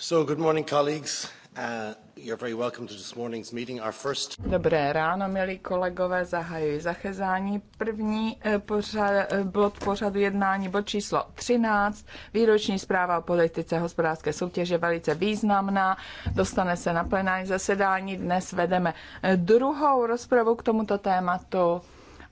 So, good morning, colleagues. Uh, you're very welcome to this morning's meeting. Our first... Dobré ráno, milí kolegové, zahajuji zachezání. První eh, pořad, eh, bod pořadu jednání, bod číslo 13, výroční zpráva o politice hospodářské soutěže, velice významná, dostane se na plenární zasedání. Dnes vedeme eh, druhou rozpravu k tomuto tématu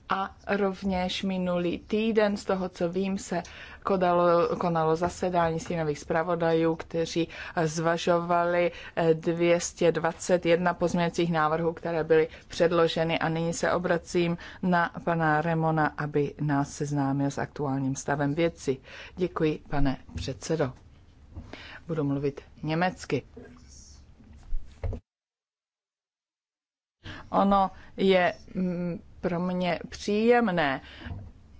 a rovněž minulý týden, z toho, co vím, se kodalo, konalo zasedání stínových zpravodajů, kteří zvažovali 221 eh, pozměňovacích návrhů, které byly předloženy a nyní se obracím na pana Remona, aby nás seznámil s aktuálním stavem věci. Děkuji, pane předsedo. Budu mluvit německy. Ono je mm, pro mě příjemné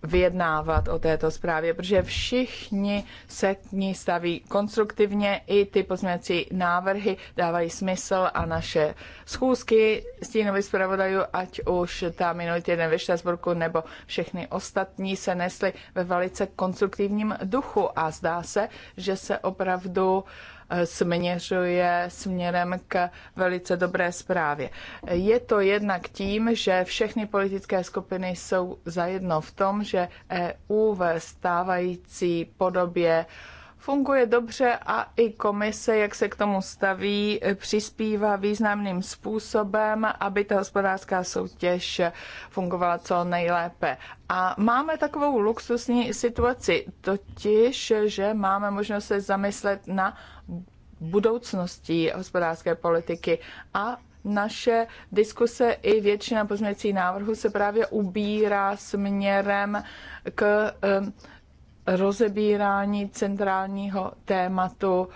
vyjednávat o této zprávě, protože všichni se k ní staví konstruktivně, i ty pozměňovací návrhy dávají smysl a naše schůzky stínových zpravodajů, ať už ta minulý týden ve Štrasburku nebo všechny ostatní, se nesly ve velice konstruktivním duchu a zdá se, že se opravdu uh, Eh, směřuje směrem k velice dobré zprávě. Je to jednak tím, že všechny politické skupiny jsou zajedno v tom, že EU ve stávající podobě uh, funguje dobře a i komise, jak se k tomu staví, přispívá významným způsobem, aby ta hospodářská soutěž fungovala co nejlépe. A máme takovou luxusní situaci, totiž, že máme možnost se zamyslet na budoucností hospodářské politiky a naše diskuse i většina pozměcí návrhu se právě ubírá směrem k eh, rozebírání centrálního tématu,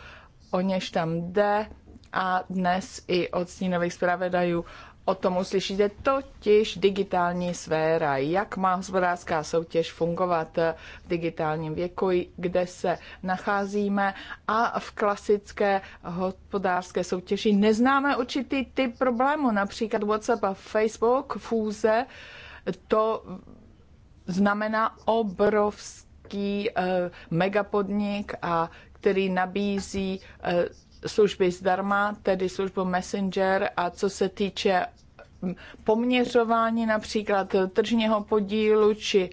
o něž tam jde a dnes i od stínových zpravedajů o tom uslyšíte, totiž digitální sféra, jak má hospodářská soutěž fungovat v digitálním věku, kde se nacházíme a v klasické hospodářské soutěži neznáme určitý typ problému, například WhatsApp a Facebook, fůze, to znamená obrovské velký eh, megapodnik a který nabízí eh, služby zdarma, tedy službu Messenger a co se týče mm, poměřování například tržního podílu či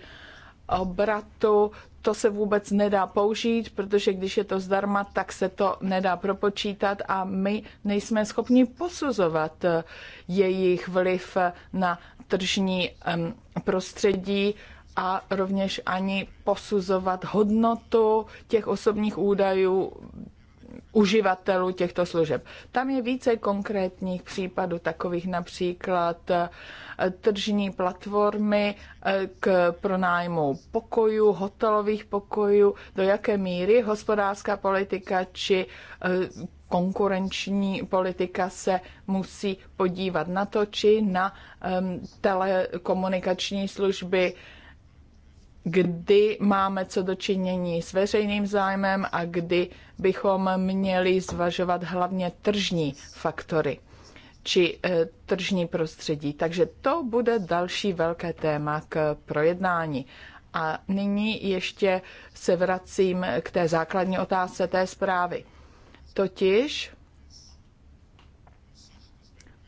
obratu, to se vůbec nedá použít, protože když je to zdarma, tak se to nedá propočítat a my nejsme schopni posuzovat eh, jejich vliv na tržní prostředí a rovněž ani posuzovat hodnotu těch osobních údajů uživatelů těchto služeb. Tam je více konkrétních případů, takových například eh, tržní platformy eh, k pronájmu pokojů, hotelových pokojů, do jaké míry hospodářská politika či eh, konkurenční politika se musí podívat na to, či na telekomunikační služby, kdy máme co dočinění s veřejným zájmem a kdy bychom měli zvažovat hlavně tržní faktory či e, tržní prostředí. Takže to bude další velké téma k projednání. A nyní ještě se vracím k té základní otázce té zprávy. Totiž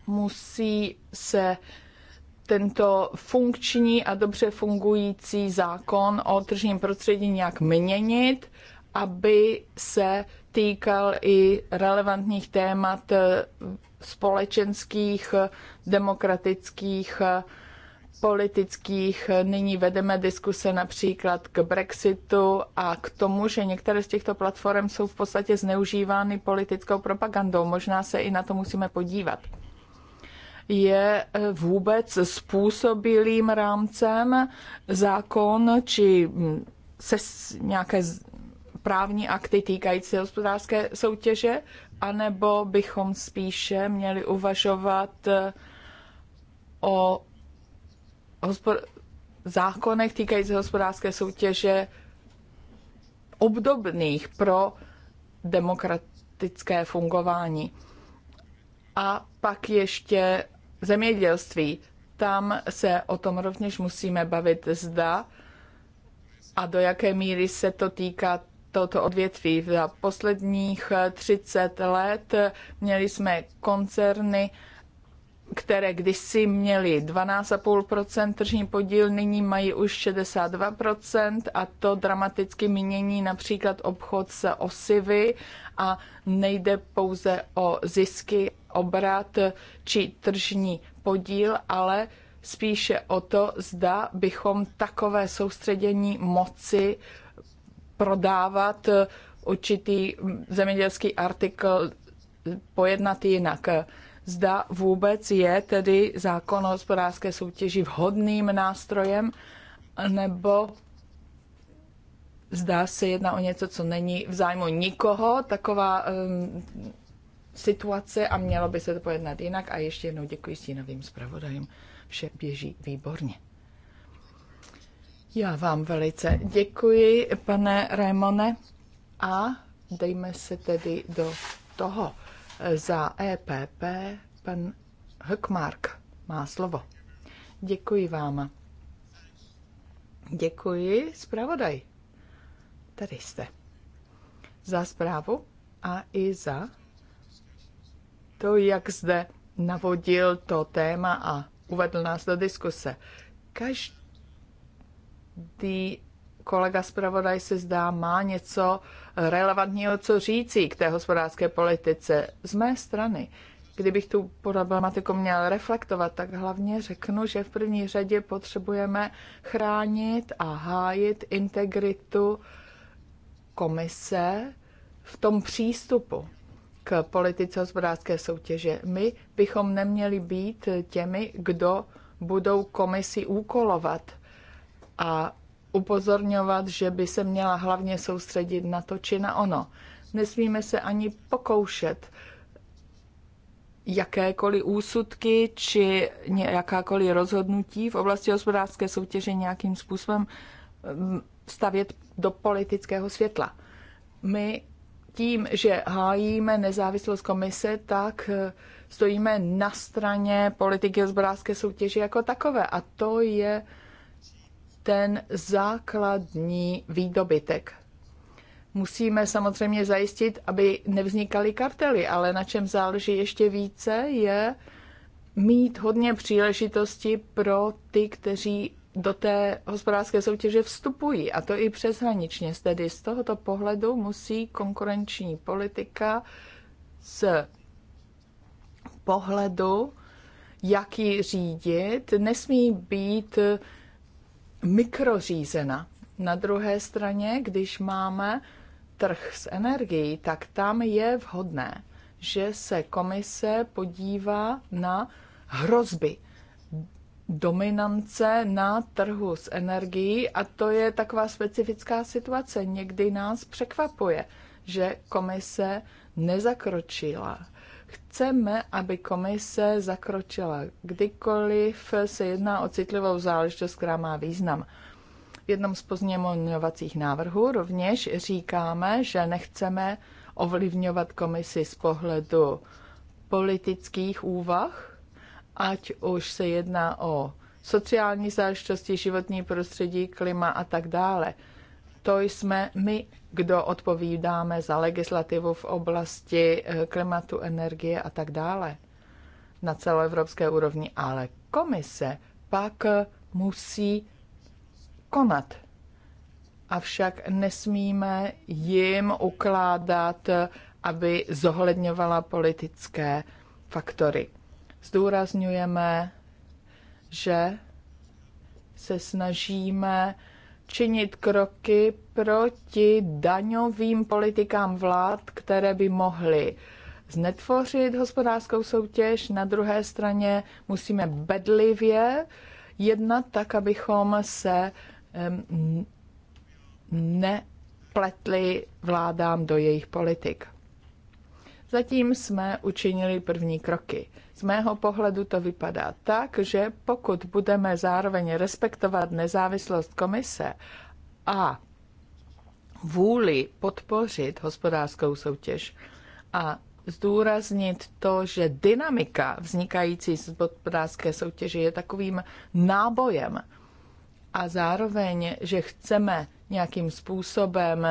musí se tento funkční a dobře fungující zákon o tržním prostředí nějak měnit, aby se týkal i relevantních témat eh, společenských, demokratických, politických. Nyní vedeme diskuse například k Brexitu a k tomu, že některé z těchto platform jsou v podstatě zneužívány politickou propagandou. Možná se i na to musíme podívat je eh, vůbec způsobilým rámcem zákon či hm, se nějaké právní akty týkající hospodářské soutěže, anebo bychom spíše měli uvažovat eh, o hospod- zákonech týkající hospodářské soutěže obdobných pro demokratické fungování. A pak ještě zemědělství. Tam se o tom rovněž musíme bavit zda a do jaké míry se to týká toto odvětví. Za posledních 30 let měli jsme koncerny, které kdysi měly 12,5% tržní podíl, nyní mají už 62% a to dramaticky mění například obchod s osivy a nejde pouze o zisky, obrat či tržní podíl, ale spíše o to, zda bychom takové soustředění moci prodávat určitý zemědělský artikl pojednat jinak. Zda vůbec je tedy zákon o hospodářské soutěži vhodným nástrojem, nebo zdá se jedná o něco, co není v zájmu nikoho, taková um, situace a mělo by se to pojednat jinak. A ještě jednou děkuji novým zpravodajům. Vše běží výborně. Já vám velice děkuji, pane Raimone, a dejme se tedy do toho. Za EPP pan Hökmark má slovo. Děkuji vám. Děkuji, zpravodaj. Tady jste. Za zprávu a i za to, jak zde navodil to téma a uvedl nás do diskuse. Každý kolega zpravodaj se zdá má něco relevantního, co říci k té hospodářské politice. Z mé strany, kdybych tu problematiku měl reflektovat, tak hlavně řeknu, že v první řadě potřebujeme chránit a hájit integritu komise v tom přístupu k politice hospodářské soutěže. My bychom neměli být těmi, kdo budou komisi úkolovat a upozorňovat, že by se měla hlavně soustředit na to či na ono. Nesmíme se ani pokoušet jakékoliv úsudky či jakákoliv rozhodnutí v oblasti hospodářské soutěže nějakým způsobem mm, stavět do politického světla. My tím, že hájíme nezávislost komise, tak eh, stojíme na straně politiky hospodářské soutěže jako takové. A to je ten základní výdobytek. Musíme samozřejmě zajistit, aby nevznikaly kartely, ale na čem záleží ještě více, je mít hodně příležitostí pro ty, kteří do té hospodářské soutěže vstupují, a to i přeshraničně. Tedy z tohoto pohledu musí konkurenční politika z pohledu, jak ji řídit, nesmí být mikrořízena. Na druhé straně, když máme trh s energií, tak tam je vhodné, že se komise podívá na hrozby, dominance na trhu s energií a to je taková specifická situace. Někdy nás překvapuje, že komise nezakročila. Chceme, aby komise zakročila, kdykoliv se jedná o citlivou záležitost, která má význam. V jednom z pozměňovacích návrhů rovněž říkáme, že nechceme ovlivňovat komisi z pohledu politických úvah, ať už se jedná o sociální záležitosti, životní prostředí, klima a tak dále. To jsme my, kdo odpovídáme za legislativu v oblasti eh, klimatu, energie a tak dále na celoevropské úrovni, ale komise pak eh, musí konat. Avšak nesmíme jim ukládat, eh, aby zohledňovala politické faktory zdůrazňujeme, že se snažíme činit kroky proti daňovým politikám vlád, které by mohly znetvořit hospodářskou soutěž. Na druhé straně musíme bedlivě jednat tak, abychom se nepletli vládám do jejich politik. Zatím jsme učinili první kroky. Z mého pohledu to vypadá tak, že pokud budeme zároveň respektovat nezávislost komise a vůli podpořit hospodářskou soutěž a zdůraznit to, že dynamika vznikající z hospodářské soutěže je takovým nábojem a zároveň, že chceme nějakým způsobem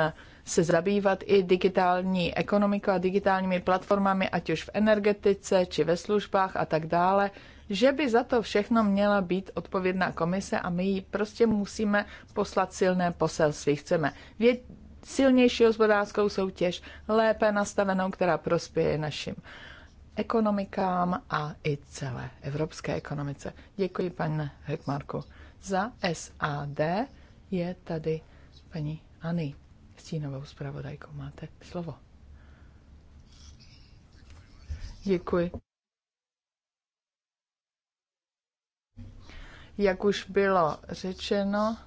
se zabývat i digitální ekonomikou a digitálními platformami, ať už v energetice, či ve službách a tak dále, že by za to všechno měla být odpovědná komise a my ji prostě musíme poslat silné poselství. Chceme vědět, silnější hospodářskou soutěž, lépe nastavenou, která prospěje našim ekonomikám a i celé evropské ekonomice. Děkuji, pane Hekmarku. Za SAD je tady paní Ani stínovou zpravodajkou. Máte slovo. Děkuji. Jak už bylo řečeno,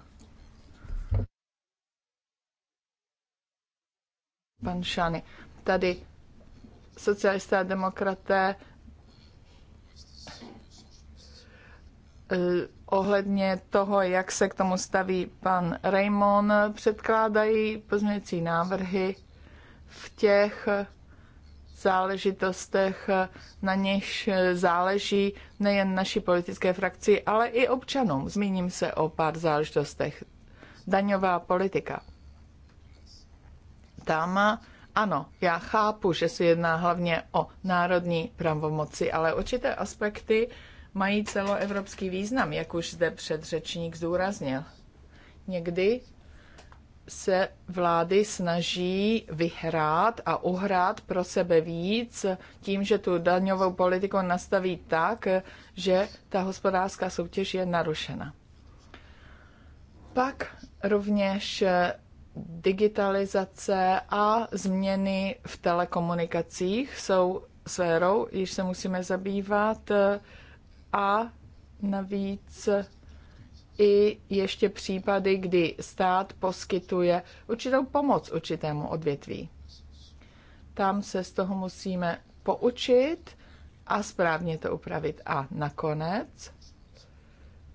pan Šany, tady socialisté a demokraté Eh, ohledně toho, jak se k tomu staví pan Raymond, předkládají pozměňující návrhy v těch záležitostech, na něž záleží nejen naší politické frakci, ale i občanům. Zmíním se o pár záležitostech. Daňová politika. Tam ano, já chápu, že se jedná hlavně o národní pravomoci, ale určité aspekty mají celoevropský význam, jak už zde předřečník zdůraznil. Někdy se vlády snaží vyhrát a uhrát pro sebe víc tím, že tu daňovou politiku nastaví tak, že ta hospodářská soutěž je narušena. Pak rovněž digitalizace a změny v telekomunikacích jsou sférou, již se musíme zabývat a navíc i ještě případy, kdy stát poskytuje určitou pomoc určitému odvětví. Tam se z toho musíme poučit a správně to upravit. A nakonec,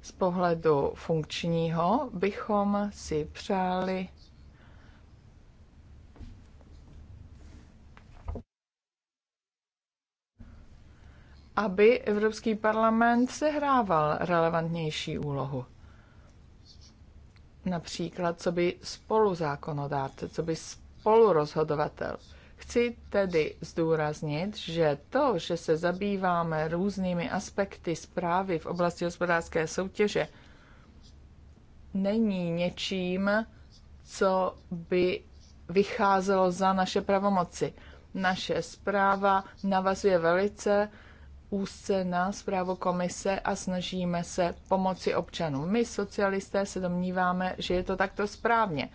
z pohledu funkčního, bychom si přáli aby Evropský parlament sehrával relevantnější úlohu. Například, co by spoluzákonodárce, co by spolurozhodovatel. Chci tedy zdůraznit, že to, že se zabýváme různými aspekty zprávy v oblasti hospodářské soutěže, není něčím, co by vycházelo za naše pravomoci. Naše zpráva navazuje velice úzce na zprávu komise a snažíme se pomoci občanům. My socialisté se domníváme, že je to takto správně,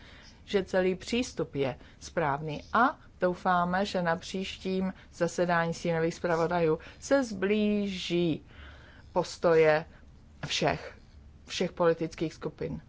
že celý přístup je správný a doufáme, že na příštím zasedání sínových zpravodajů se zblíží postoje všech, všech politických skupin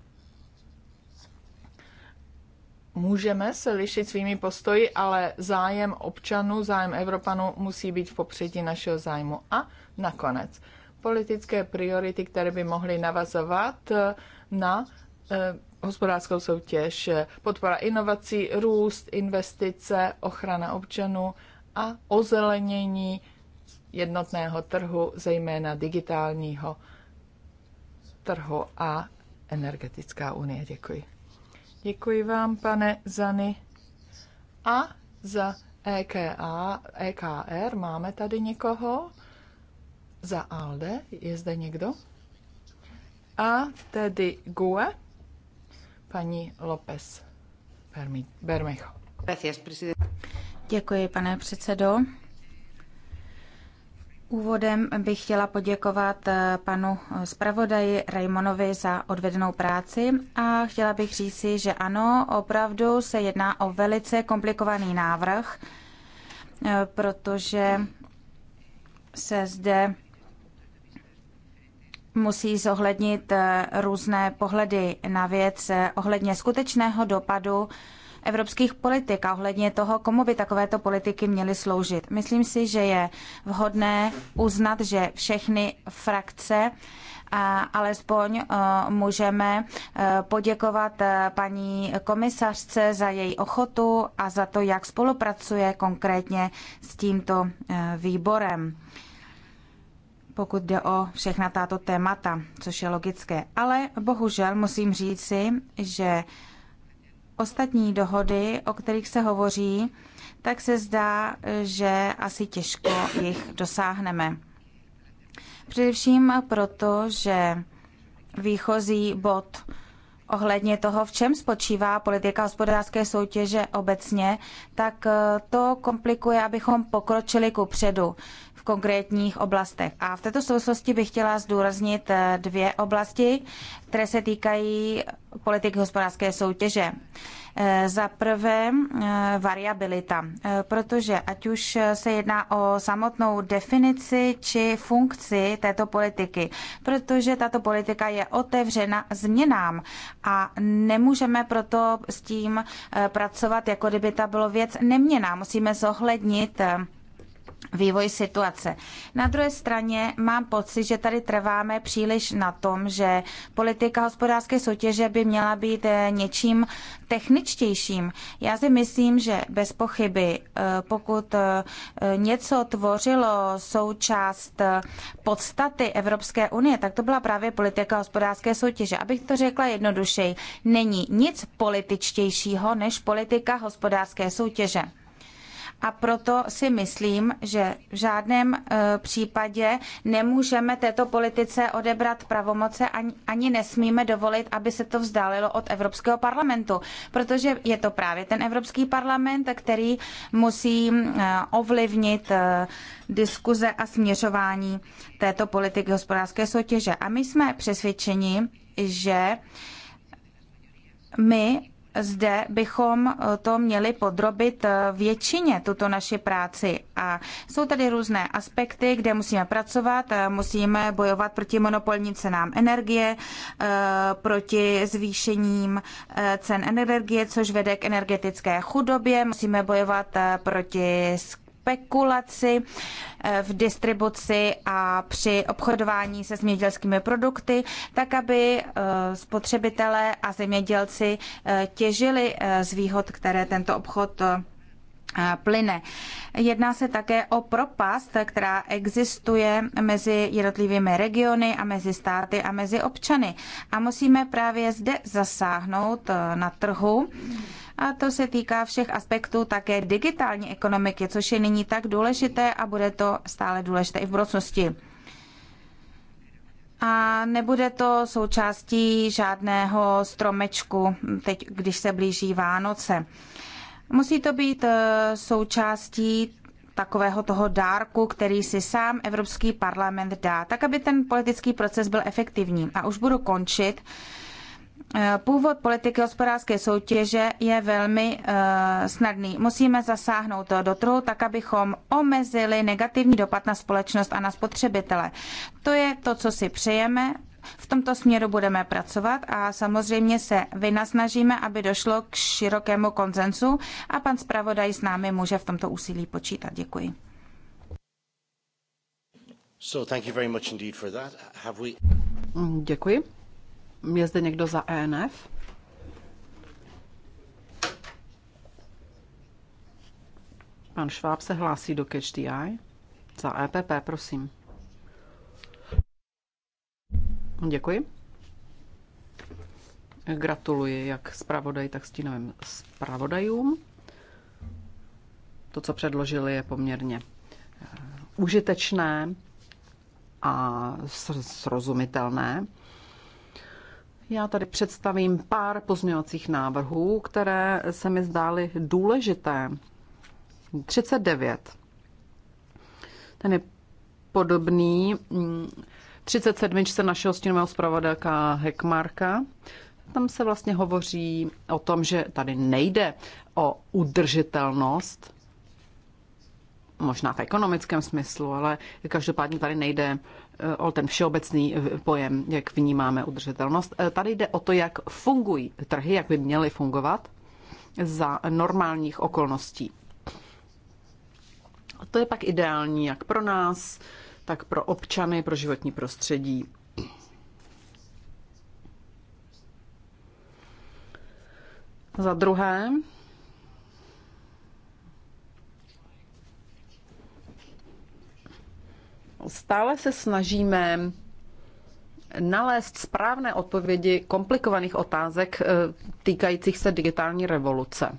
můžeme se lišit svými postoji, ale zájem občanů, zájem Evropanů musí být v popředí našeho zájmu. A nakonec, politické priority, které by mohly navazovat eh, na eh, hospodářskou soutěž, podpora inovací, růst, investice, ochrana občanů a ozelenění jednotného trhu, zejména digitálního trhu a energetická unie. Děkuji. Děkuji vám, pane Zany. A za EKA, EKR máme tady někoho. Za ALDE je zde někdo. A tedy GUE, paní López Bermejo. Děkuji, pane předsedo. Úvodem bych chtěla poděkovat eh, panu eh, zpravodaji Raymonovi za odvedenou práci a chtěla bych říci, že ano, opravdu se jedná o velice komplikovaný návrh, eh, protože se zde musí zohlednit různé pohledy na věc ohledně skutečného dopadu evropských politik a ohledně toho, komu by takovéto politiky měly sloužit. Myslím si, že je vhodné uznat, že všechny frakce a alespoň e, můžeme e, poděkovat e, paní komisařce za její ochotu a za to, jak spolupracuje konkrétně s tímto výborem pokud jde o všechna tato témata, což je logické. Ale bohužel musím říci, že ostatní dohody, o kterých se hovoří, tak se zdá, že asi těžko jich dosáhneme. Především proto, že výchozí bod ohledně toho, v čem spočívá politika hospodářské soutěže obecně, tak to komplikuje, abychom pokročili ku předu v konkrétních oblastech. A v této souvislosti bych chtěla zdůraznit eh, dvě oblasti, které se týkají politiky hospodářské soutěže. Eh, za prvé eh, variabilita, protože ať už se jedná o samotnou definici či funkci této politiky, protože tato politika je otevřena změnám a nemůžeme proto s tím pracovat, jako kdyby ta bylo věc neměná. Musíme zohlednit vývoj situace. Na druhé straně mám pocit, že tady trváme příliš na tom, že politika hospodářské soutěže by měla být eh, něčím techničtějším. Já si myslím, že bez pochyby, eh, pokud eh, něco tvořilo součást podstaty Evropské unie, tak to byla právě politika hospodářské soutěže. Abych to řekla jednodušeji, není nic političtějšího než politika hospodářské soutěže a proto si myslím, že v žádném eh, případě nemůžeme této politice odebrat pravomoce ani, ani nesmíme dovolit, aby se to vzdálilo od Evropského parlamentu, protože je to právě ten Evropský parlament, který musí eh, ovlivnit eh, diskuze a směřování této politiky hospodářské soutěže. A my jsme přesvědčeni, že my zde bychom eh, to měli podrobit eh, většině, tuto naši práci. A jsou tady různé aspekty, kde musíme pracovat, eh, musíme bojovat proti monopolním cenám energie, proti zvýšením cen energie, což vede k energetické chudobě, musíme bojovat proti spekulaci eh, v distribuci a při obchodování se zemědělskými produkty, tak aby eh, spotřebitelé a zemědělci eh, těžili z výhod, které tento obchod plyne. Jedná se také o propast, která existuje mezi jednotlivými regiony a mezi státy a mezi občany. A musíme právě zde zasáhnout na trhu. A to se týká všech aspektů také digitální ekonomiky, což je nyní tak důležité a bude to stále důležité i v budoucnosti. A nebude to součástí žádného stromečku, teď, když se blíží Vánoce. Musí to být e, součástí takového toho dárku, který si sám Evropský parlament dá, tak aby ten politický proces byl efektivní. A už budu končit. Eh, původ politiky hospodářské soutěže je velmi eh, snadný. Musíme zasáhnout do trhu tak, abychom omezili negativní dopad na společnost a na spotřebitele. To je to, co si přejeme v tomto směru budeme pracovat a samozřejmě se vynasnažíme, aby došlo k širokému konsenzu a pan zpravodaj s námi může v tomto úsilí počítat. Děkuji. Děkuji. Je zde někdo za ENF? Pan Šváb se hlásí do Catch the Eye. Za EPP, prosím. Děkuji. Gratuluji jak zpravodaj, tak stínovým zpravodajům. To, co předložili, je poměrně eh, užitečné a srozumitelné. Já tady představím pár pozměňovacích návrhů, které se mi zdály důležité. 39. Ten je podobný 37. Mm, našeho stínového zpravodajka Hekmarka. Tam se vlastně hovoří o tom, že tady nejde o udržitelnost, možná v ekonomickém smyslu, ale každopádně tady nejde o ten všeobecný pojem, jak vnímáme udržitelnost. E, tady jde o to, jak fungují trhy, jak by měly fungovat za normálních okolností. A to je pak ideální jak pro nás, tak pro občany, pro životní prostředí. Za druhé, Stále se snažíme nalézt správné odpovědi komplikovaných otázek eh, týkajících se digitální revoluce.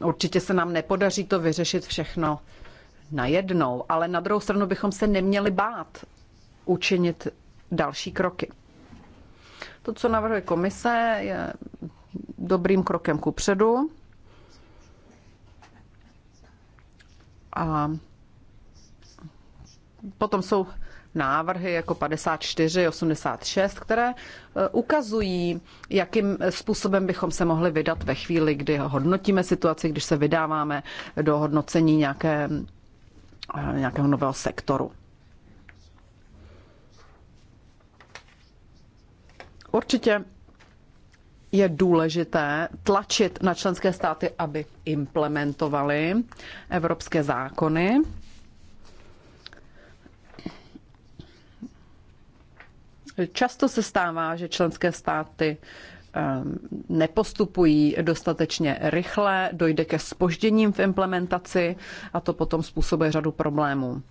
Určitě se nám nepodaří to vyřešit všechno najednou, ale na druhou stranu bychom se neměli bát učinit další kroky. To, co navrhuje komise, je dobrým krokem ku předu. A Potom jsou návrhy jako 54, 86, které e, ukazují, jakým způsobem bychom se mohli vydat ve chvíli, kdy hodnotíme situaci, když se vydáváme do hodnocení nějaké, e, nějakého nového sektoru. Určitě je důležité tlačit na členské státy, aby implementovali evropské zákony Často se stává, že členské státy ehm, nepostupují dostatečně rychle, dojde ke spožděním v implementaci a to potom způsobuje řadu problémů.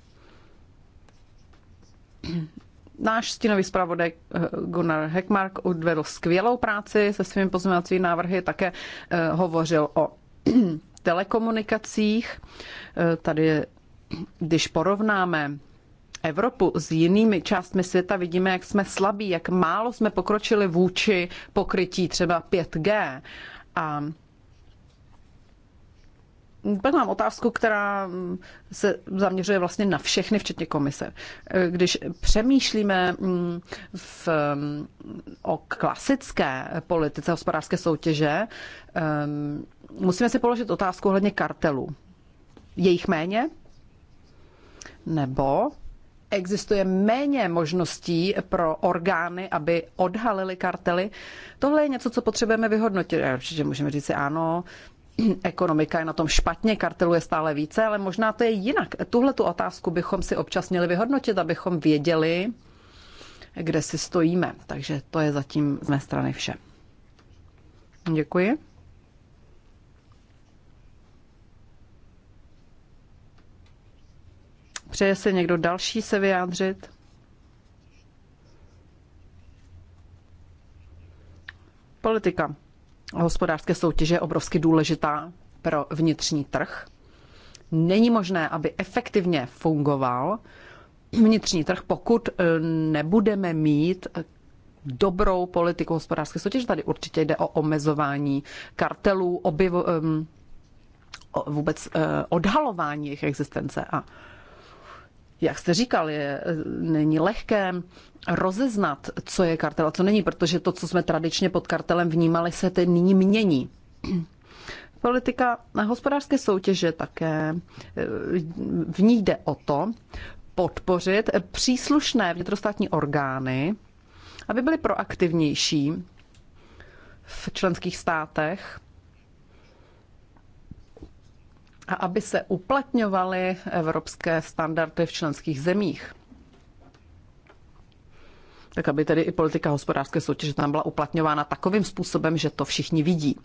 Náš stínový zpravodaj eh, Gunnar Heckmark odvedl skvělou práci se svými pozměňovacími návrhy, také eh, hovořil o telekomunikacích. Eh, tady, když porovnáme Evropu s jinými částmi světa, vidíme, jak jsme slabí, jak málo jsme pokročili vůči pokrytí třeba 5G. A Mám otázku, která se zaměřuje vlastně na všechny, včetně komise. Když přemýšlíme mm, v, mm, o klasické politice hospodářské soutěže, mm, musíme si položit otázku ohledně kartelů. Je jich méně? Nebo existuje méně možností pro orgány, aby odhalily kartely. Tohle je něco, co potřebujeme vyhodnotit. Já určitě můžeme říct si ano, ekonomika je na tom špatně, kartelů je stále více, ale možná to je jinak. Tuhle tu otázku bychom si občas měli vyhodnotit, abychom věděli, kde si stojíme. Takže to je zatím z mé strany vše. Děkuji. Přeje se někdo další se vyjádřit? Politika hospodářské soutěže je obrovsky důležitá pro vnitřní trh. Není možné, aby efektivně fungoval vnitřní trh, pokud eh, nebudeme mít dobrou politiku hospodářské soutěže. Tady určitě jde o omezování kartelů, objev, vůbec eh, odhalování jejich existence a jak jste říkal, je, e, není lehké rozeznat, co je kartel a co není, protože to, co jsme tradičně pod kartelem vnímali, se teď nyní mění. Politika na hospodářské soutěže také e, v ní jde o to podpořit příslušné vnitrostátní orgány, aby byly proaktivnější v členských státech a aby se uplatňovaly evropské standardy v členských zemích. Tak aby tedy i politika hospodářské soutěže tam byla uplatňována takovým způsobem, že to všichni vidí.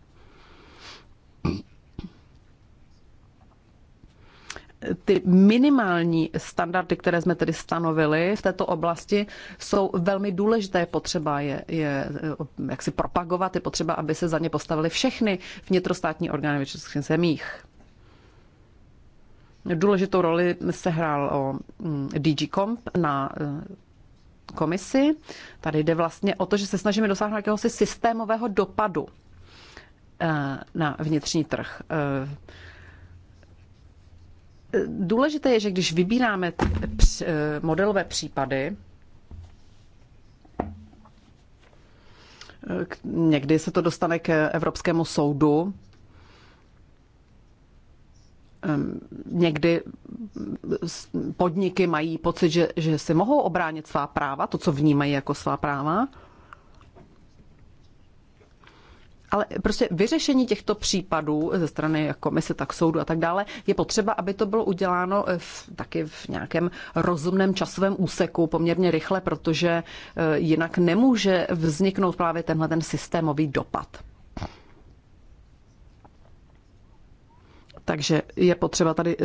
ty minimální standardy, které jsme tedy stanovili v této oblasti, jsou velmi důležité. Potřeba je, je eh, jak si propagovat, je potřeba, aby se za ně postavili všechny vnitrostátní orgány ve českých zemích. Důležitou roli hrál o mm, DG Comp na e, komisi. Tady jde vlastně o to, že se snažíme dosáhnout jakéhosi systémového dopadu e, na vnitřní trh. E, důležité je, že když vybíráme modelové případy, někdy se to dostane k Evropskému soudu, Ehm, někdy podniky mají pocit, že, že si mohou obránit svá práva, to, co vnímají jako svá práva. Ale prostě vyřešení těchto případů ze strany jako komise, tak soudu a tak dále, je potřeba, aby to bylo uděláno eh, v, taky v nějakém rozumném časovém úseku poměrně rychle, protože eh, jinak nemůže vzniknout právě tenhle ten systémový dopad. Takže je potřeba tady eh,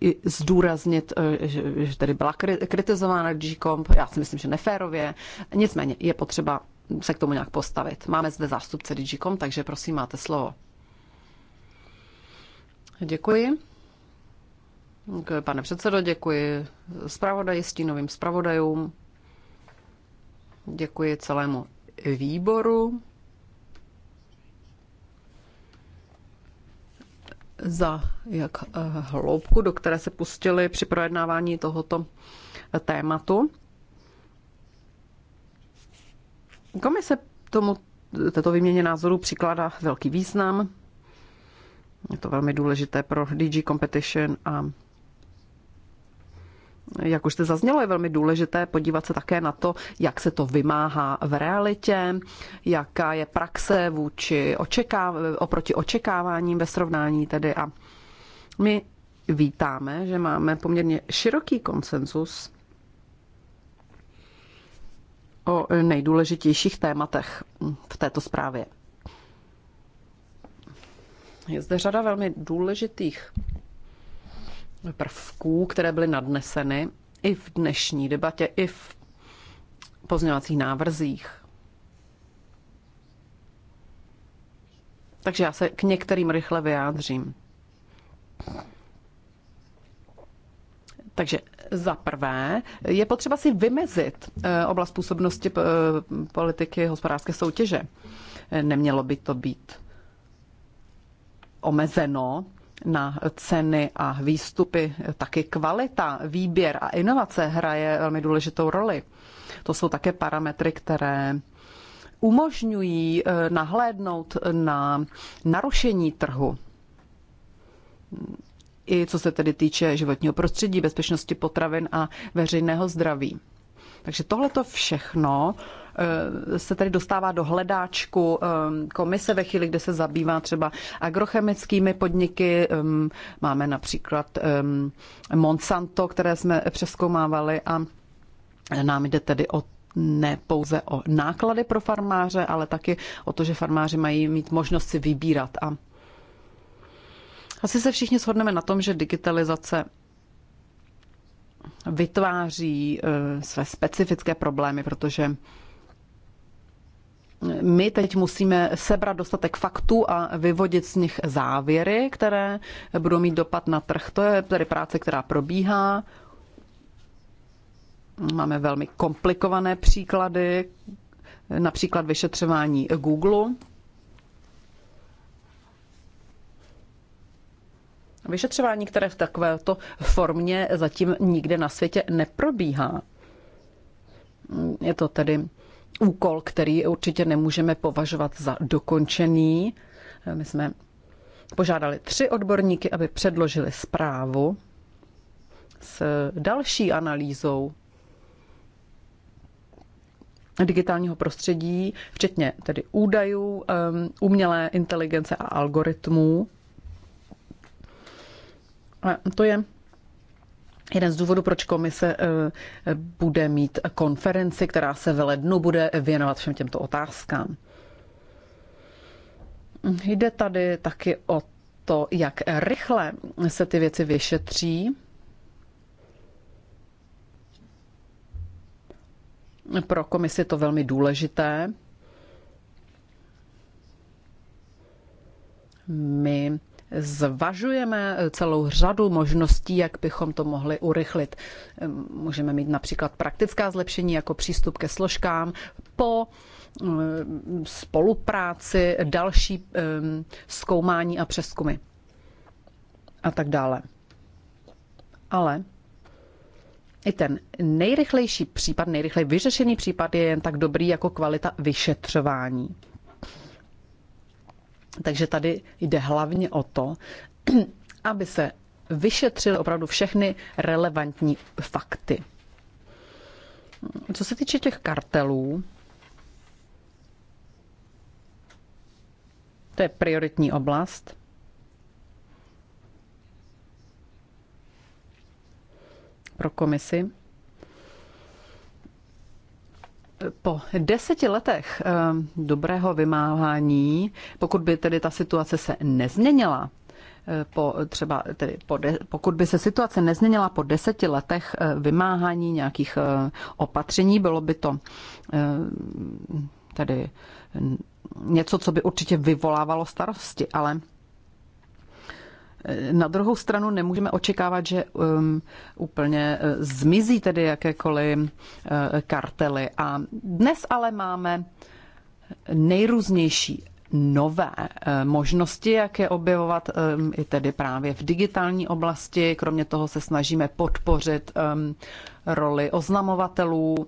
i zdůraznit, eh, že tady byla kritizována g já si myslím, že neférově. Nicméně je potřeba se k tomu nějak postavit. Máme zde zástupce DigiCom, takže prosím, máte slovo. Děkuji. děkuji pane předsedo, děkuji zpravodaji, stínovým zpravodajům. Děkuji celému výboru. za jak eh, hloubku, do které se pustili při projednávání tohoto eh, tématu. Komise tomu, této výměně názorů přikládá velký význam. Je to velmi důležité pro DG Competition a jak už jste zaznělo, je velmi důležité podívat se také na to, jak se to vymáhá v realitě, jaká je praxe vůči očekáv- oproti očekáváním ve srovnání tedy a my vítáme, že máme poměrně široký konsenzus o nejdůležitějších tématech v této zprávě. Je zde řada velmi důležitých prvků, které byly nadneseny i v dnešní debatě, i v pozměňovacích návrzích. Takže já se k některým rychle vyjádřím. Takže za prvé je potřeba si vymezit eh, oblast působnosti eh, politiky hospodářské soutěže. Nemělo by to být omezeno na ceny a výstupy, taky kvalita, výběr a inovace hraje velmi důležitou roli. To jsou také parametry, které umožňují eh, nahlédnout na narušení trhu. I co se tedy týče životního prostředí, bezpečnosti potravin a veřejného zdraví. Takže tohle to všechno Eh, se tedy dostává do hledáčku eh, komise ve chvíli, kde se zabývá třeba agrochemickými podniky. Eh, máme například Monsanto, které jsme přeskoumávali a nám jde tedy o ne pouze o náklady pro farmáře, ale taky o to, že farmáři mají mít možnost si vybírat. A asi se všichni shodneme na tom, že digitalizace vytváří své specifické problémy, protože my teď musíme sebrat dostatek faktů a vyvodit z nich závěry, které budou mít dopad na trh. To je tedy práce, která probíhá. Máme velmi komplikované příklady, například vyšetřování Google. Vyšetřování, které v takovéto formě zatím nikde na světě neprobíhá. Je to tedy úkol, který určitě nemůžeme považovat za dokončený. Eh, my jsme požádali tři odborníky, aby předložili zprávu s další analýzou digitálního prostředí, včetně tedy údajů, umělé inteligence a algoritmů. A to je Jeden z důvodů, proč komise eh, bude mít konferenci, která se v lednu bude věnovat všem těmto otázkám. Jde tady taky o to, jak rychle se ty věci vyšetří. Pro komisi je to velmi důležité. My zvažujeme celou řadu možností, jak bychom to mohli urychlit. Můžeme mít například praktická zlepšení jako přístup ke složkám po mm, spolupráci, další mm, zkoumání a přeskumy a tak dále. Ale i ten nejrychlejší případ, nejrychleji vyřešený případ je jen tak dobrý jako kvalita vyšetřování. Takže tady jde hlavně o to, aby se vyšetřily opravdu všechny relevantní fakty. Co se týče těch kartelů, to je prioritní oblast. Pro komisi po deseti letech ehm, dobrého vymáhání, pokud by tedy ta situace se nezměnila, eh, po, třeba tedy po de, pokud by se situace nezměnila po deseti letech eh, vymáhání nějakých eh, opatření, bylo by to ehm, tedy něco, co by určitě vyvolávalo starosti, ale na druhou stranu nemůžeme očekávat, že um, úplně eh, zmizí tedy jakékoliv uh, kartely. A dnes ale máme nejrůznější nové eh, možnosti, jak je objevovat i tedy právě v digitální oblasti. Kromě toho se snažíme podpořit roli oznamovatelů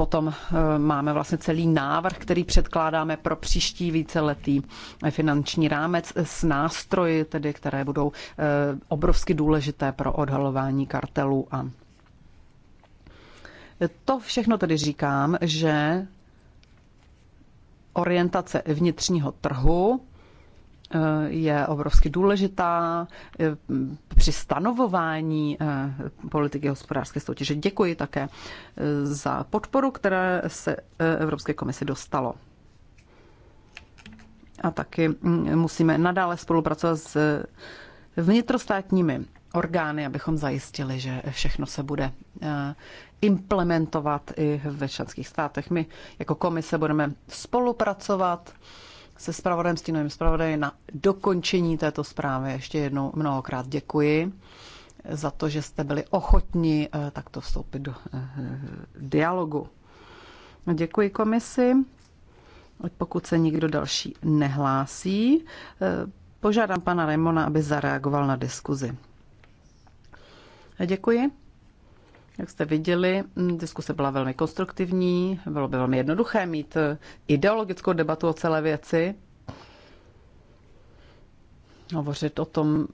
Potom eh, máme vlastně celý návrh, který předkládáme pro příští víceletý finanční rámec s nástroji, tedy, které budou eh, obrovsky důležité pro odhalování kartelů. A to všechno tedy říkám, že orientace vnitřního trhu je obrovsky důležitá eh, při stanovování eh, politiky hospodářské soutěže. Děkuji také eh, za podporu, které se Evropské komisi dostalo. A taky mm, musíme nadále spolupracovat s vnitrostátními orgány, abychom zajistili, že všechno se bude implementovat i ve členských státech. My jako komise budeme spolupracovat se spravodajem, stínovým spravodajem na dokončení této zprávy. Ještě jednou mnohokrát děkuji za to, že jste byli ochotni eh, takto vstoupit do eh, dialogu. Děkuji komisi. Pokud se nikdo další nehlásí, eh, požádám pana Raimona, aby zareagoval na diskuzi. Děkuji. Jak jste viděli, diskuse byla velmi konstruktivní, bylo by velmi jednoduché mít eh, ideologickou debatu o celé věci, hovořit o tom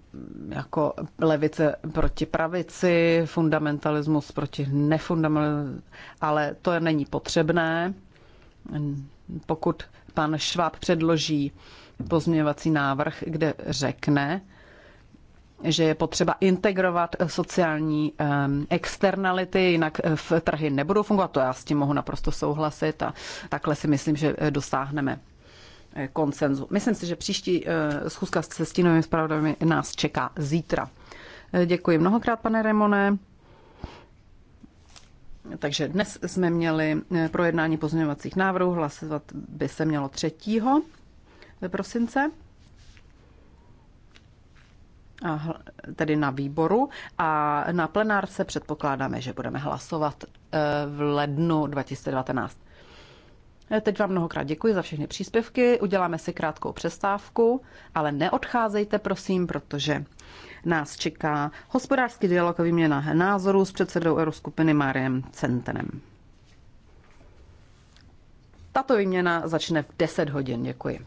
jako levice proti pravici, fundamentalismus proti nefundamentalismu, ale to není potřebné. Pokud pan Šváb předloží pozměňovací návrh, kde řekne, že je potřeba integrovat eh, sociální externality, jinak eh, v trhy nebudou fungovat. To já s tím mohu naprosto souhlasit a takhle si myslím, že eh, dosáhneme konsenzu. Myslím si, že příští schůzka se stínovými zpravodajmi nás čeká zítra. Děkuji mnohokrát, pane Remone. Takže dnes jsme měli projednání pozměňovacích návrhů, hlasovat by se mělo 3. prosince a tedy na výboru a na plenárce předpokládáme, že budeme hlasovat eh, v lednu 2019. Eh, teď vám mnohokrát děkuji za všechny příspěvky, uděláme si krátkou přestávku, ale neodcházejte prosím, protože nás čeká hospodářský dialog a výměna názorů s předsedou Euroskupiny Mariem Centenem. Tato výměna začne v 10 hodin. Děkuji.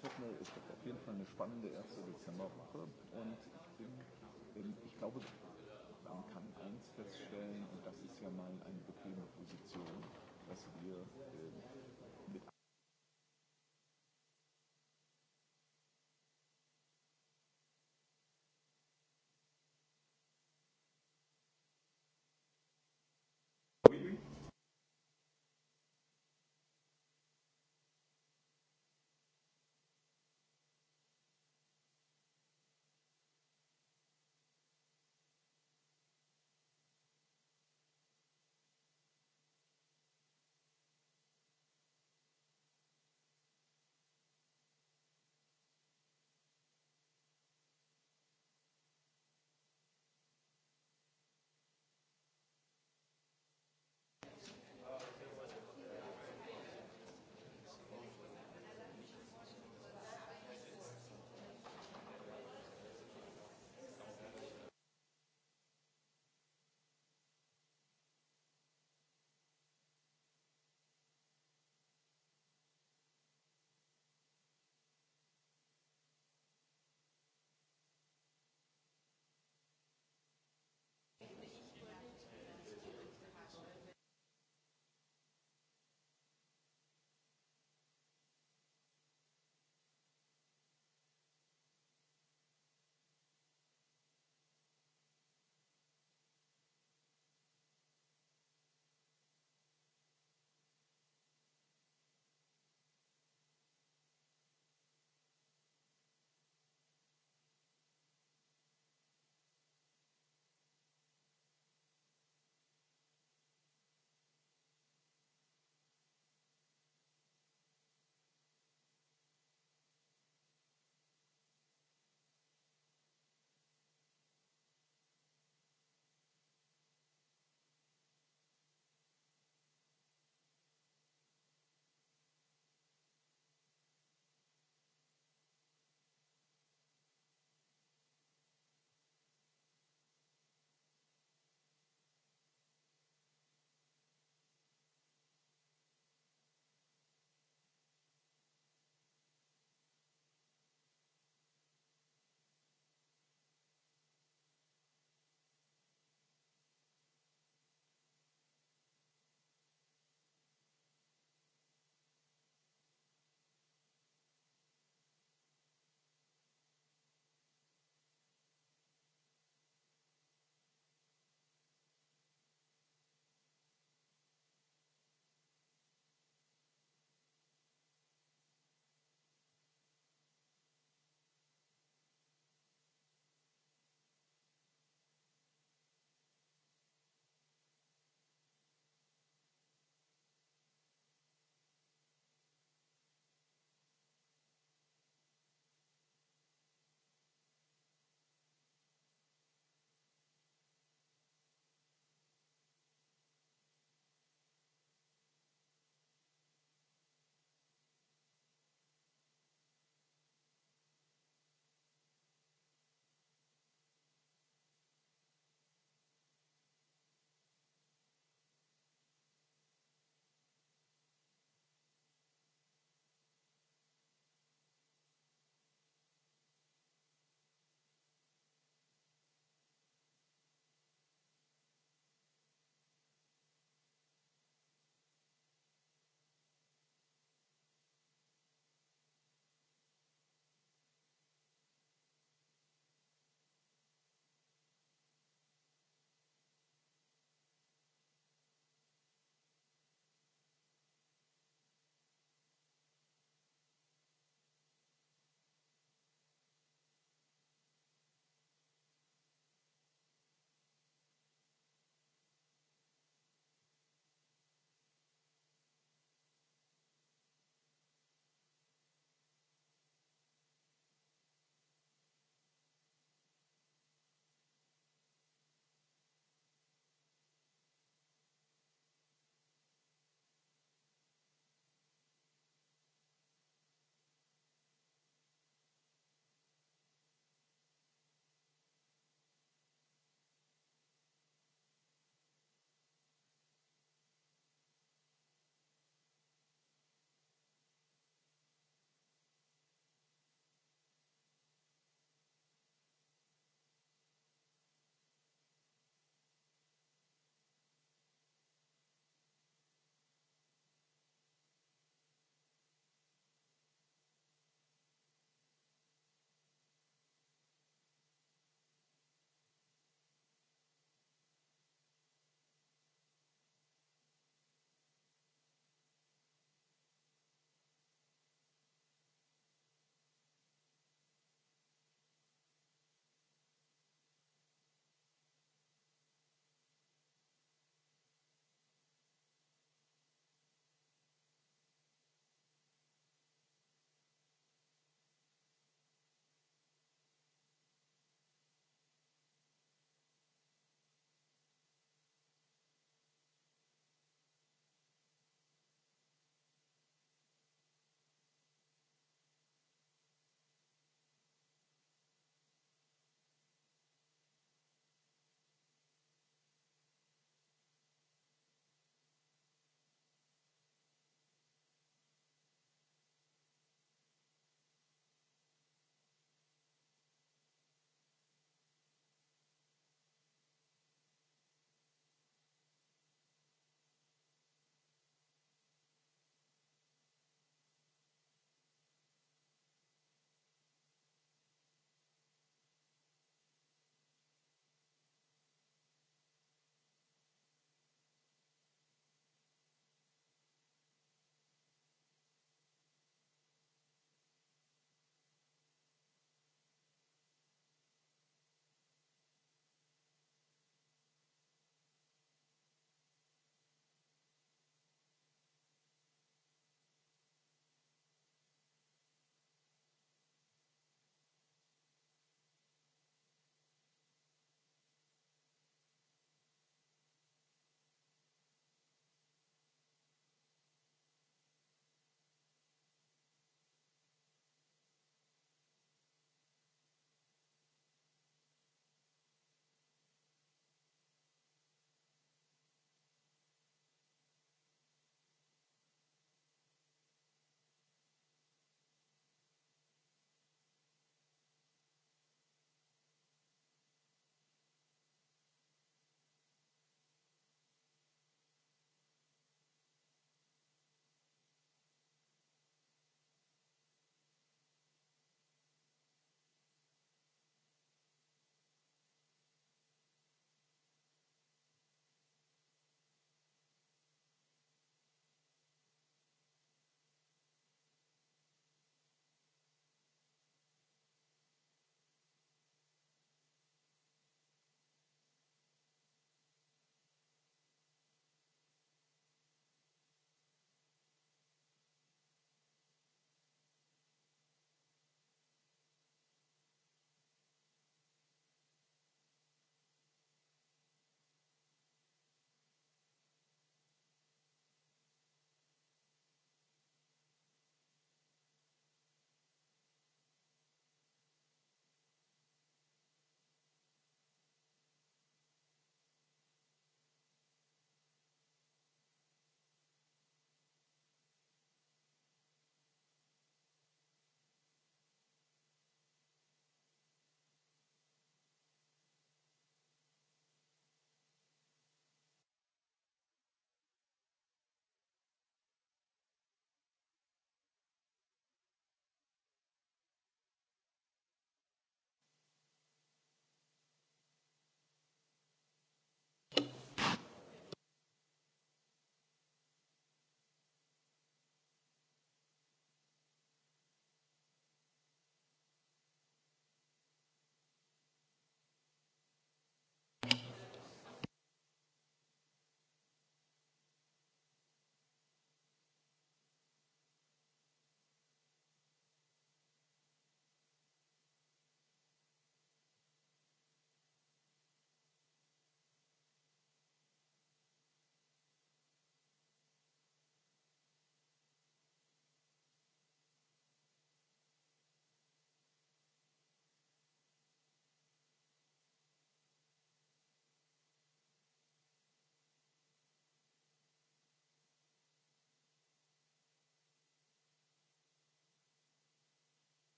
Viertel ist das auf jeden Fall eine spannende erste Dezemberwoche. Und ich, bin, ähm, ich glaube, man kann eins feststellen, und das ist ja mal eine bequeme Position, dass wir ähm,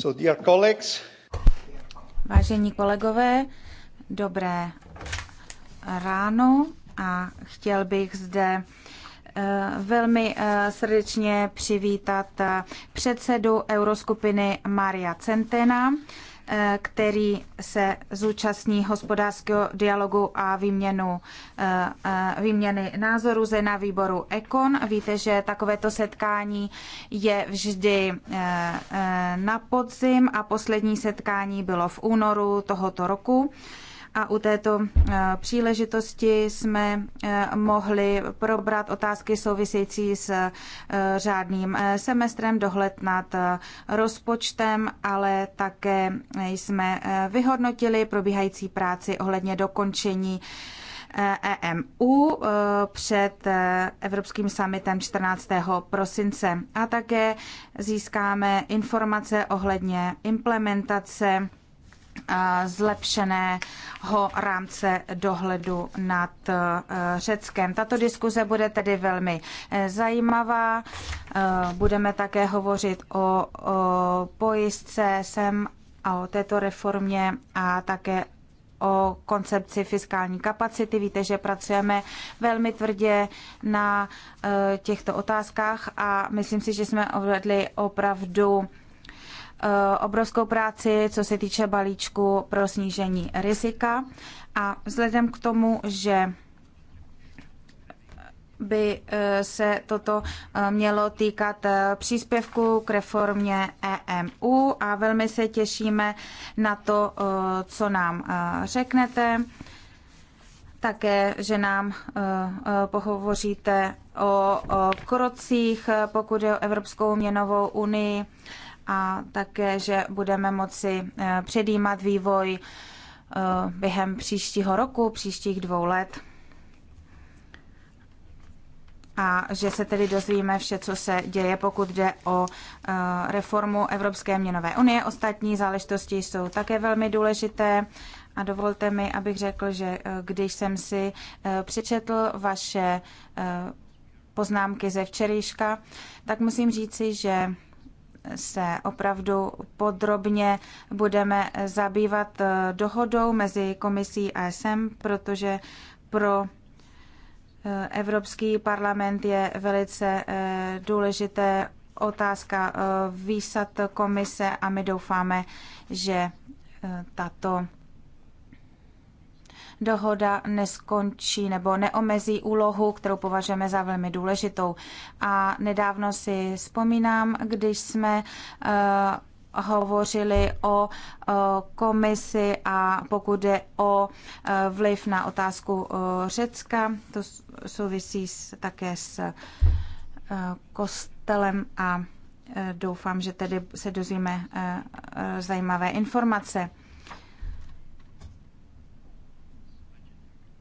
So dear colleagues. Vážení kolegové, dobré ráno a chtěl bych zde eh, velmi eh, srdečně přivítat eh, předsedu euroskupiny Maria Centena, který se zúčastní hospodářského dialogu a výměnu, výměny názorů ze na výboru Ekon. Víte, že takovéto setkání je vždy na podzim a poslední setkání bylo v únoru tohoto roku a u této eh, příležitosti jsme eh, mohli probrat otázky související s eh, řádným semestrem, dohled nad rozpočtem, ale také jsme vyhodnotili probíhající práci ohledně dokončení EMU e před Evropským summitem 14. prosince. A také získáme informace ohledně implementace zlepšeného rámce dohledu nad e, Řeckem. Tato diskuze bude tedy velmi e, zajímavá. E, budeme také hovořit o, o pojistce sem a o této reformě a také o koncepci fiskální kapacity. Víte, že pracujeme velmi tvrdě na těchto otázkách a myslím si, že jsme odvedli opravdu Eh, obrovskou práci, co se týče balíčku pro snížení rizika. A vzhledem k tomu, že by eh, se toto eh, mělo týkat příspěvku k reformě EMU a velmi se těšíme na to, co nám řeknete. Také, že nám pohovoříte o krocích, pokud je o Evropskou měnovou unii a také, že budeme moci eh, předjímat vývoj eh, během příštího roku, příštích dvou let a že se tedy dozvíme vše, co se děje, pokud jde o eh, reformu Evropské měnové unie. Ostatní záležitosti jsou také velmi důležité. A dovolte mi, abych řekl, že když jsem si přečetl vaše poznámky ze včerejška, tak musím říci, že se opravdu podrobně budeme zabývat eh, dohodou mezi komisí a SM, protože pro eh, Evropský parlament je velice eh, důležité otázka výsad komise a my doufáme, že tato dohoda neskončí nebo neomezí úlohu, kterou považujeme za velmi důležitou. A nedávno si vzpomínám, když jsme eh, hovořili o eh, komisi a pokud je o eh, vliv na otázku Řecka, to souvisí také s kostelem a doufám, že tedy se dozvíme zajímavé informace.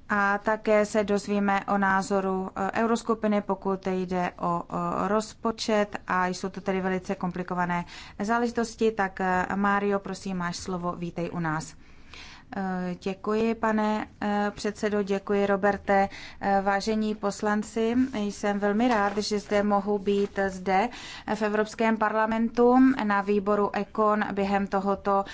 a také se dozvíme o názoru eh, euroskupiny, pokud jde o eh, rozpočet a jsou to tedy velice komplikované záležitosti, tak eh, Mário, prosím, máš slovo, vítej u nás. Eh, děkuji, pane eh, předsedo, děkuji, Roberte. Eh, vážení poslanci, jsem velmi rád, že zde mohu být zde v Evropském parlamentu na výboru EKON během tohoto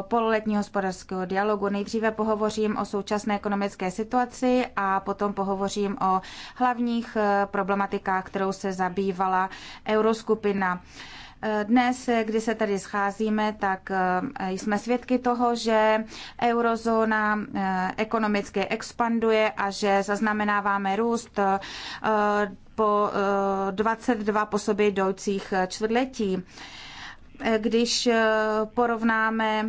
pololetního hospodářského dialogu. Nejdříve pohovořím o současné ekonomické situaci a potom pohovořím o hlavních problematikách, kterou se zabývala euroskupina. Dnes, kdy se tady scházíme, tak eh, jsme svědky toho, že eurozóna eh, ekonomicky expanduje a že zaznamenáváme růst eh, po 22 po sobě jdoucích čtvrtletí když porovnáme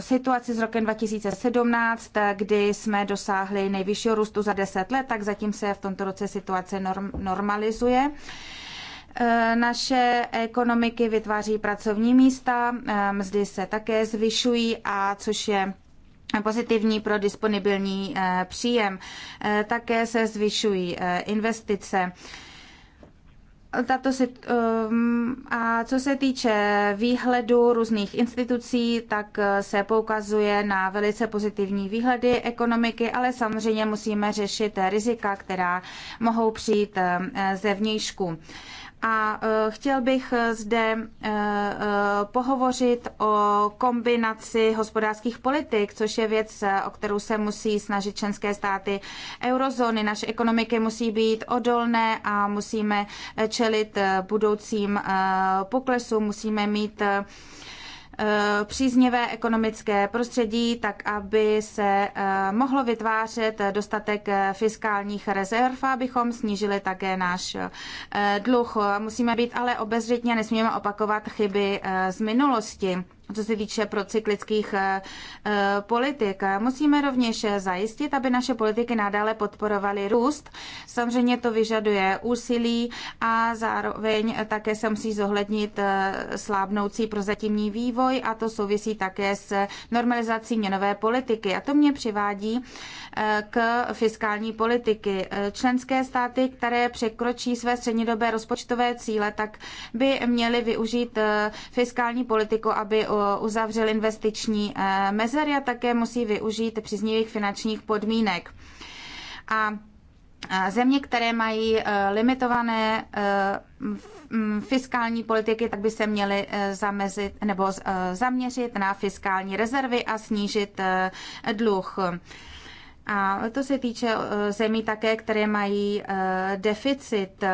situaci s rokem 2017, kdy jsme dosáhli nejvyššího růstu za 10 let, tak zatím se v tomto roce situace normalizuje. Eh, naše ekonomiky vytváří pracovní místa, eh, mzdy se také zvyšují, a což je pozitivní pro disponibilní eh, příjem. Také se zvyšují investice. Tato sit- ehm, a co se týče výhledu různých institucí, tak se poukazuje na velice pozitivní výhledy ekonomiky, ale samozřejmě musíme řešit rizika, která mohou přijít ehm, ze vnějšku. A e, chtěl bych e, zde e, pohovořit o kombinaci hospodářských politik, což je věc, o kterou se musí snažit členské státy eurozóny. Naše ekonomiky musí být odolné a musíme čelit budoucím poklesům, musíme mít Eh, příznivé ekonomické prostředí, tak aby se eh, mohlo vytvářet dostatek eh, fiskálních rezerv, abychom snížili také náš dluh. Musíme být ale obezřetně, nesmíme opakovat chyby z minulosti co se týče procyklických eh, eh, politik. Musíme rovněž zajistit, aby naše politiky nadále podporovaly růst. Samozřejmě to vyžaduje úsilí a zároveň také se musí zohlednit eh, slábnoucí prozatímní vývoj a to souvisí také s normalizací měnové politiky. A to mě přivádí k fiskální politiky. Členské státy, které překročí své střednědobé rozpočtové cíle, tak by měly využít fiskální politiku, aby uzavřel investiční eh, mezery a také musí využít příznivých finančních podmínek. A eh, země, které mají eh, limitované fiskální politiky, tak by se měly zamezit nebo zaměřit na fiskální rezervy a snížit dluh. A to se týče zemí také, které mají deficit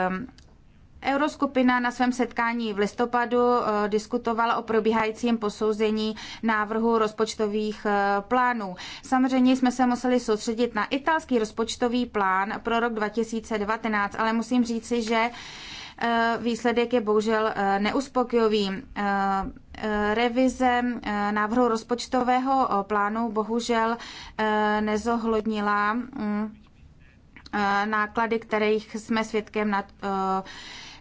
Euroskupina na svém setkání v listopadu eh, diskutovala o probíhajícím posouzení návrhu rozpočtových eh, plánů. Samozřejmě jsme se museli soustředit na italský rozpočtový plán pro rok 2019, ale musím říci, že eh, výsledek je bohužel neuspokojivý. Revize návrhu rozpočtového plánu bohužel nezohlednila mm, náklady, kterých jsme svědkem na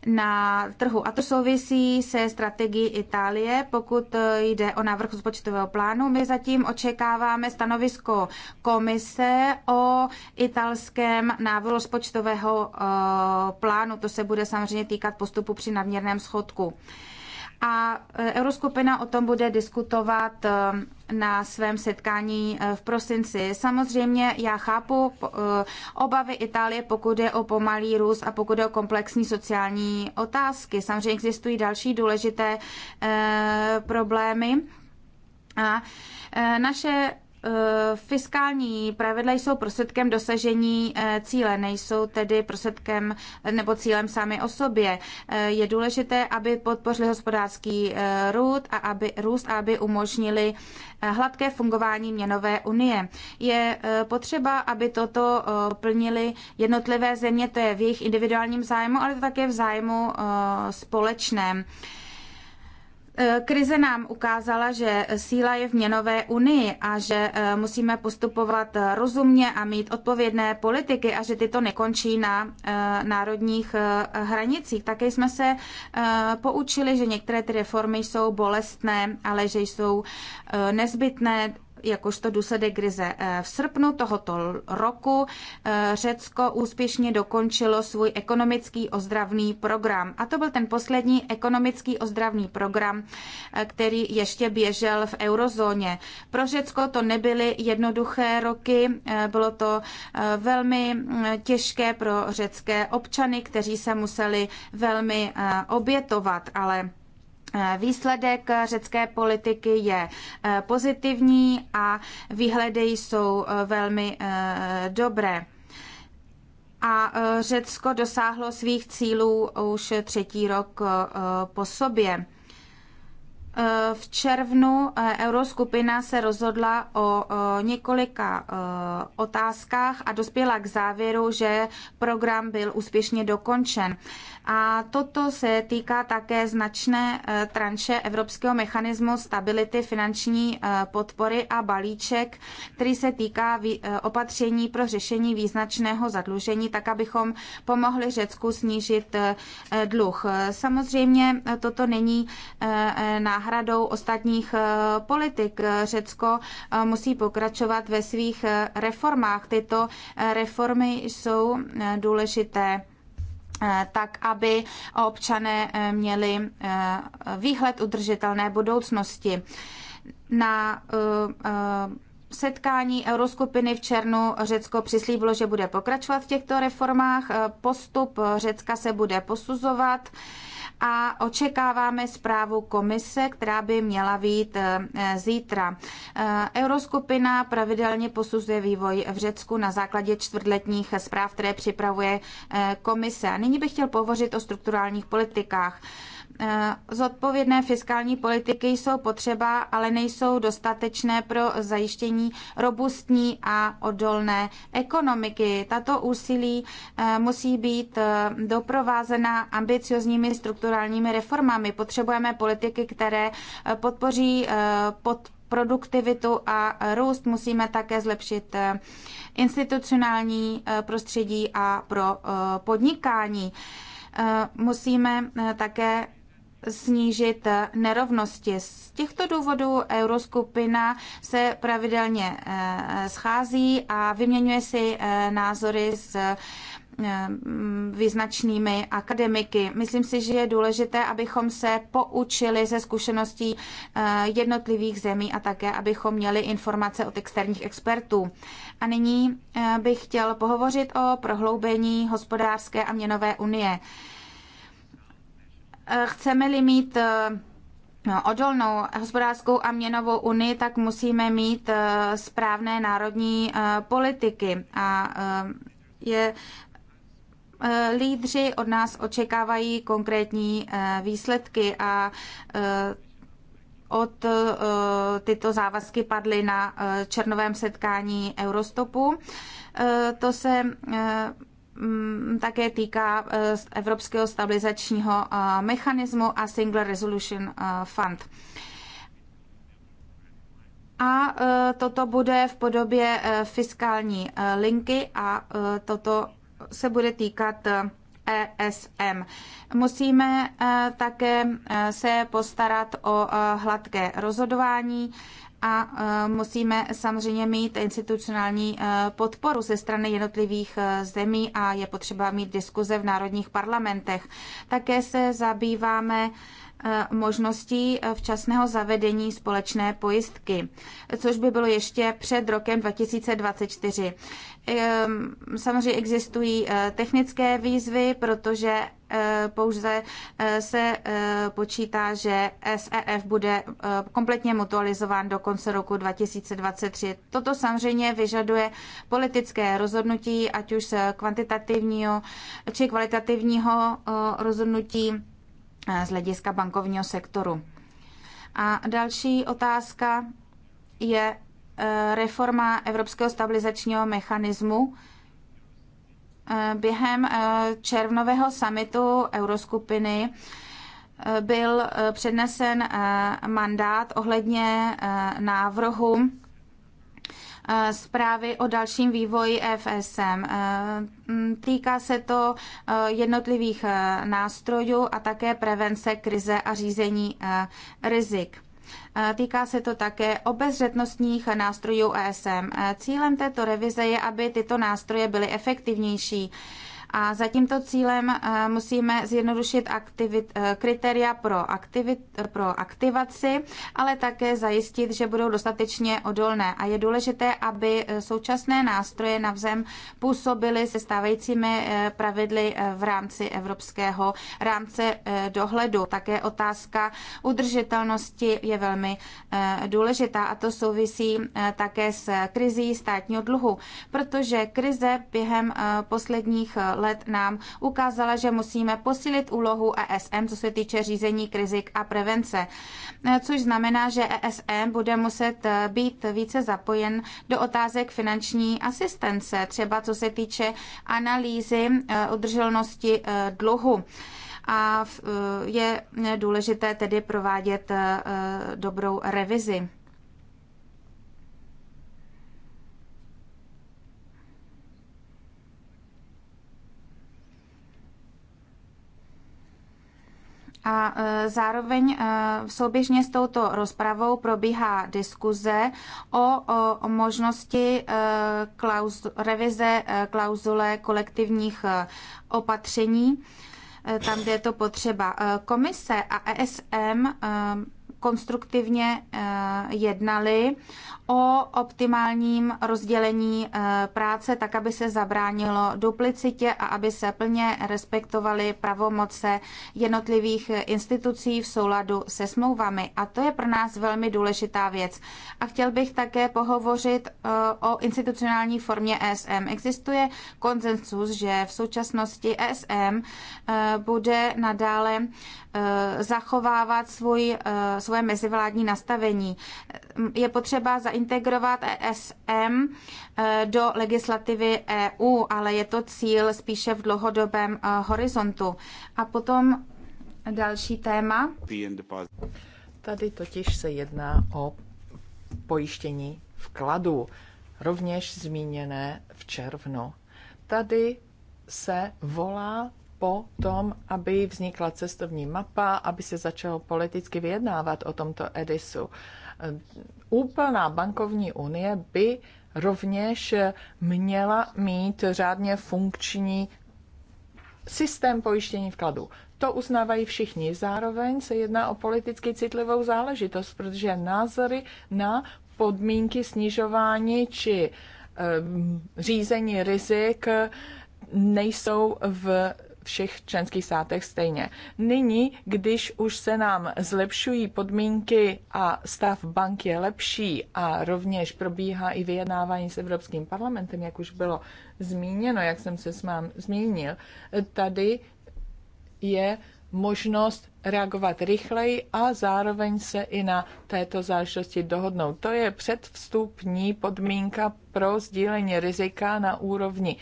na trhu. A to souvisí se strategií Itálie. Pokud e, jde o návrh rozpočtového plánu, my zatím očekáváme stanovisko komise o italském návrhu rozpočtového e, plánu. To se bude samozřejmě týkat postupu při nadměrném schodku a e, Euroskupina o tom bude diskutovat e, na svém setkání e, v prosinci. Samozřejmě já chápu obavy Itálie, pokud je o pomalý růst a pokud je o komplexní sociální otázky. Samozřejmě existují další důležité problémy. A naše Eh, fiskální pravidla jsou prostředkem dosažení eh, cíle, nejsou tedy prostředkem eh, nebo cílem sami o sobě. Je důležité, aby podpořili hospodářský růst a aby, růst a aby umožnili hladké fungování měnové unie. Je potřeba, aby toto plnili jednotlivé země, to je v jejich individuálním zájmu, ale to také v zájmu společném. Eh, krize nám ukázala, že síla je v měnové unii a že eh, musíme postupovat eh, rozumně a mít odpovědné politiky a že tyto nekončí na národních hranicích. Také jsme se poučili, že některé ty reformy jsou bolestné, ale že jsou nezbytné jakožto důsledek krize. Eh, v srpnu tohoto roku eh, Řecko úspěšně dokončilo svůj ekonomický ozdravný program. A to byl ten poslední ekonomický ozdravný program, eh, který ještě běžel v eurozóně. Pro Řecko to nebyly jednoduché roky, bylo to velmi mm, těžké pro řecké občany, kteří se museli velmi obětovat, ale Eh, výsledek řecké politiky je eh, pozitivní a výhledy jsou eh, velmi dobré. A Řecko dosáhlo svých cílů už třetí rok po sobě. V červnu euroskupina se rozhodla o několika otázkách a dospěla k závěru, že program byl úspěšně dokončen. A toto se týká také značné e, tranše Evropského mechanismu stability finanční e, podpory a balíček, který se týká e, opatření pro řešení význačného zadlužení, tak abychom pomohli Řecku snížit dluh. Samozřejmě toto není náhradou ostatních politik. Řecko musí pokračovat ve svých reformách. Tyto reformy jsou důležité Eh, tak aby občané eh, měli eh, výhled udržitelné budoucnosti. Na setkání euroskupiny v černu Řecko přislíbilo, že bude pokračovat v těchto reformách. Postup Řecka se bude posuzovat a očekáváme zprávu komise, která by měla být eh, zítra. Eh, Euroskupina pravidelně posuzuje vývoj v Řecku na základě čtvrtletních zpráv, které připravuje eh, komise. A nyní bych chtěl pohovořit o strukturálních politikách. Eh, zodpovědné fiskální politiky jsou potřeba, ale nejsou dostatečné pro zajištění robustní a odolné ekonomiky. Tato úsilí eh, musí být eh, doprovázena ambiciozními strukturálními reformami. Potřebujeme politiky, které podpoří pod produktivitu a růst. Musíme také zlepšit institucionální prostředí a pro podnikání musíme také snížit nerovnosti. Z těchto důvodů euroskupina se pravidelně eh, schází a vyměňuje si eh, názory s eh, mm, význačnými akademiky. Myslím si, že je důležité, abychom se poučili ze zkušeností jednotlivých zemí a také, abychom měli informace od externích expertů. A nyní bych chtěl pohovořit o prohloubení hospodářské a měnové unie. Eh, chceme-li mít eh, no, odolnou hospodářskou a měnovou unii, tak musíme mít eh, správné národní politiky. A je lídři od nás očekávají konkrétní výsledky a od tyto závazky padly na černovém setkání Eurostopu. To se Mm, také týká eh, Evropského stabilizačního eh, mechanismu a Single Resolution eh, Fund. A toto bude v podobě fiskální linky a toto se bude týkat ESM. E Musíme také se postarat o hladké rozhodování a e, musíme samozřejmě mít institucionální e, podporu ze strany jednotlivých e, zemí a je potřeba mít diskuze v národních parlamentech. Také se zabýváme možností včasného zavedení společné pojistky, což by bylo ještě před rokem 2024. Samozřejmě existují technické výzvy, protože Eh, pouze eh, se eh, počítá, že SEF bude kompletně mutualizován do konce roku 2023. Toto samozřejmě vyžaduje politické rozhodnutí, ať už z kvantitativního či kvalitativního rozhodnutí z hlediska bankovního sektoru. A další otázka je reforma Evropského stabilizačního mechanismu, Eh, během eh, červnového samitu euroskupiny eh, byl přednesen mandát ohledně návrhu zprávy o dalším vývoji FSM. Týká se to jednotlivých nástrojů a také prevence krize a řízení rizik. Týká se to také obezřetnostních nástrojů ESM. Cílem této revize je, aby tyto nástroje byly efektivnější a za tímto cílem eh, musíme zjednodušit aktivit, eh, kritéria pro, aktivit, pro aktivaci, ale také zajistit, že budou dostatečně odolné. A je důležité, aby eh, současné nástroje navzem působily se stávajícími pravidly v rámci evropského rámce dohledu. Také otázka udržitelnosti je velmi důležitá a to souvisí také s krizí státního dluhu, protože krize během posledních let let nám ukázala, že musíme posílit úlohu ESM, co se týče řízení krizik a prevence, eh, což znamená, že ESM bude muset eh, být více zapojen do otázek finanční asistence, třeba co se týče analýzy eh, udrželnosti dluhu a je důležité tedy provádět dobrou revizi. A e, zároveň e, souběžně s touto rozpravou probíhá diskuze o, o možnosti e, klauz, revize klauzule kolektivních opatření, tam, kde je to potřeba. Komise a ESM konstruktivně jednali o optimálním rozdělení eh, práce, tak aby se zabránilo duplicitě a aby se plně respektovaly pravomoce jednotlivých institucí v souladu se smlouvami. A to je pro nás velmi důležitá věc. A chtěl bych také pohovořit eh, o institucionální formě ESM. Existuje konsensus, že v současnosti ESM eh, bude nadále zachovávat svůj, svoje mezivládní nastavení. Je potřeba za integrovat ESM eh, do legislativy EU, ale je to cíl spíše v dlouhodobém eh, horizontu. A potom další téma. Tady totiž se jedná o pojištění vkladů, rovněž zmíněné v červnu. Tady se volá po tom, aby vznikla cestovní mapa, aby se začalo politicky vyjednávat o tomto Edisu. Eh, úplná bankovní unie by rovněž měla mít řádně funkční systém pojištění vkladů. To uznávají všichni. Zároveň se jedná o politicky citlivou záležitost, protože názory na podmínky snižování či eh, řízení rizik nejsou v všech členských státech stejně. Nyní, když už se nám zlepšují podmínky a stav bank je lepší a rovněž probíhá i vyjednávání s Evropským parlamentem, jak už bylo zmíněno, jak jsem se s vám zmínil, tady je možnost reagovat rychleji a zároveň se i na této záležitosti dohodnout. To je předvstupní podmínka pro sdílení rizika na úrovni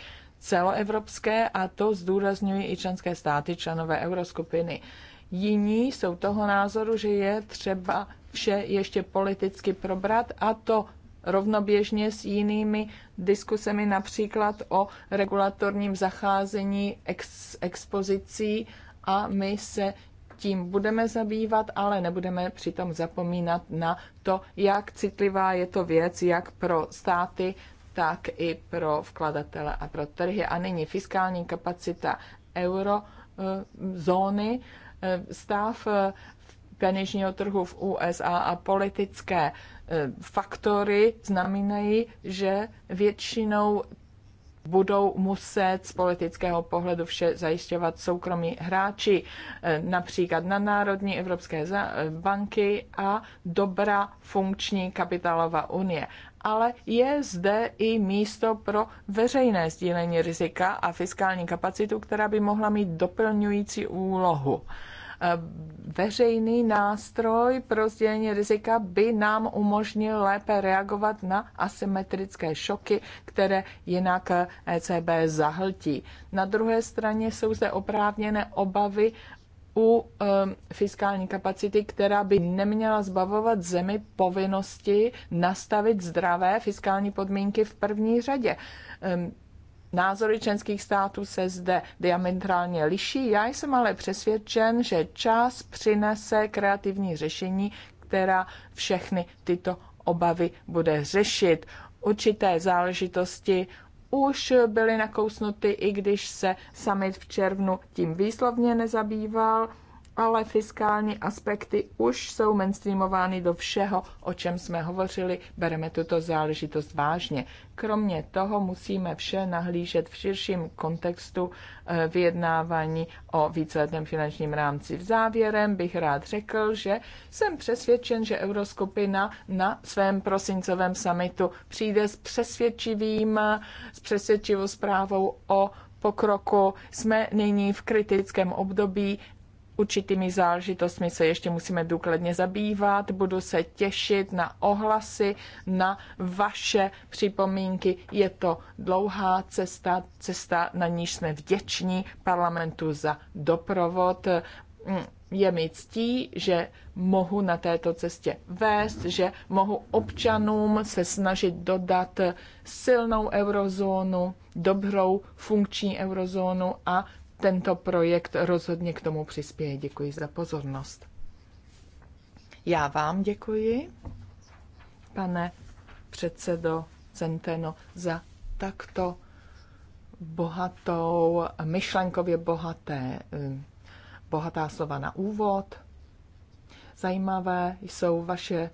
celoevropské a to zdůrazňují i členské státy, členové euroskupiny. Jiní jsou toho názoru, že je třeba vše ještě politicky probrat a to rovnoběžně s jinými diskusemi například o regulatorním zacházení ex, expozicí a my se tím budeme zabývat, ale nebudeme přitom zapomínat na to, jak citlivá je to věc, jak pro státy, tak i pro vkladatele a pro trhy. A nyní fiskální kapacita eurozóny, eh, eh, stav eh, peněžního trhu v USA a politické faktory znamenají, že většinou budou muset z politického pohledu vše zajišťovat soukromí hráči, například na národní evropské banky a dobrá funkční kapitálová unie ale je zde i místo pro veřejné sdílení rizika a fiskální kapacitu, která by mohla mít doplňující úlohu eh, veřejný nástroj pro sdělení rizika by nám umožnil lépe reagovat na asymetrické šoky, které jinak ECB eh, e zahltí. Na druhé straně jsou zde oprávněné obavy u um, fiskální kapacity, která by neměla zbavovat zemi povinnosti nastavit zdravé fiskální podmínky v první řadě. Um, Názory členských států se zde diametrálně liší. Já jsem ale přesvědčen, že čas přinese kreativní řešení, která všechny tyto obavy bude řešit. Určité záležitosti už byly nakousnuty, i když se summit v červnu tím výslovně nezabýval ale fiskální aspekty už jsou mainstreamovány do všeho, o čem jsme hovořili, bereme tuto záležitost vážně. Kromě toho musíme vše nahlížet v širším kontextu eh, vyjednávání o víceletém finančním rámci. V závěrem bych rád řekl, že jsem přesvědčen, že Euroskupina na svém prosincovém samitu přijde s přesvědčivým, s přesvědčivou zprávou o pokroku. Jsme nyní v kritickém období, určitými záležitostmi se ještě musíme důkladně zabývat. Budu se těšit na ohlasy, na vaše připomínky. Je to dlouhá cesta, cesta, na níž jsme vděční parlamentu za doprovod. Je mi ctí, že mohu na této cestě vést, že mohu občanům se snažit dodat silnou eurozónu, dobrou funkční eurozónu a tento projekt rozhodně k tomu přispěje. Děkuji za pozornost. Já vám děkuji, pane předsedo Centeno, za takto bohatou, myšlenkově bohaté, eh, bohatá slova na úvod. Zajímavé jsou vaše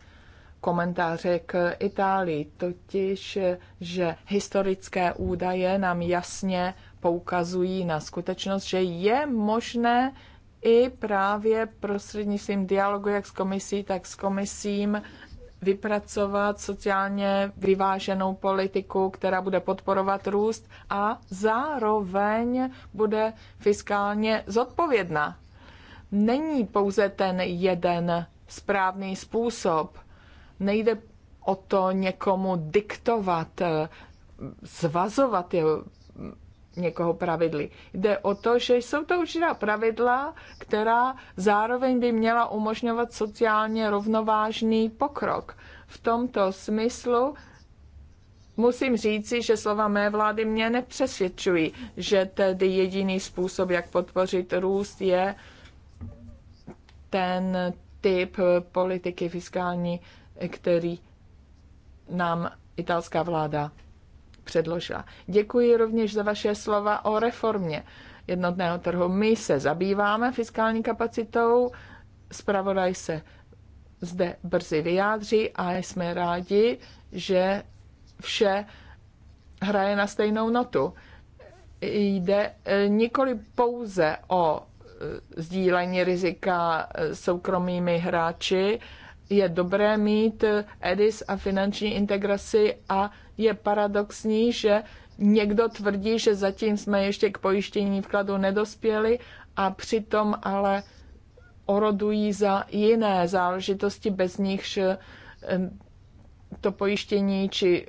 komentáře k Itálii, totiž, že historické údaje nám jasně poukazují na skutečnost, že je možné i právě prostřednictvím dialogu jak s komisí, tak s komisím vypracovat sociálně vyváženou politiku, která bude podporovat růst a zároveň bude fiskálně zodpovědná. Není pouze ten jeden správný způsob. Nejde o to někomu diktovat, eh, zvazovat je někoho pravidly. Jde o to, že jsou to určitá pravidla, která zároveň by měla umožňovat sociálně rovnovážný pokrok. V tomto smyslu musím říci, že slova mé vlády mě nepřesvědčují, že tedy jediný způsob, jak podpořit růst, je ten typ politiky fiskální, který nám italská vláda předložila. Děkuji rovněž za vaše slova o reformě jednotného trhu. My se zabýváme fiskální kapacitou, zpravodaj se zde brzy vyjádří a jsme rádi, že vše hraje na stejnou notu. Jde eh, nikoli pouze o eh, sdílení rizika eh, soukromými hráči, je dobré mít EDIS a finanční integraci a je paradoxní, že někdo tvrdí, že zatím jsme ještě k pojištění vkladu nedospěli a přitom ale orodují za jiné záležitosti, bez nichž eh, to pojištění či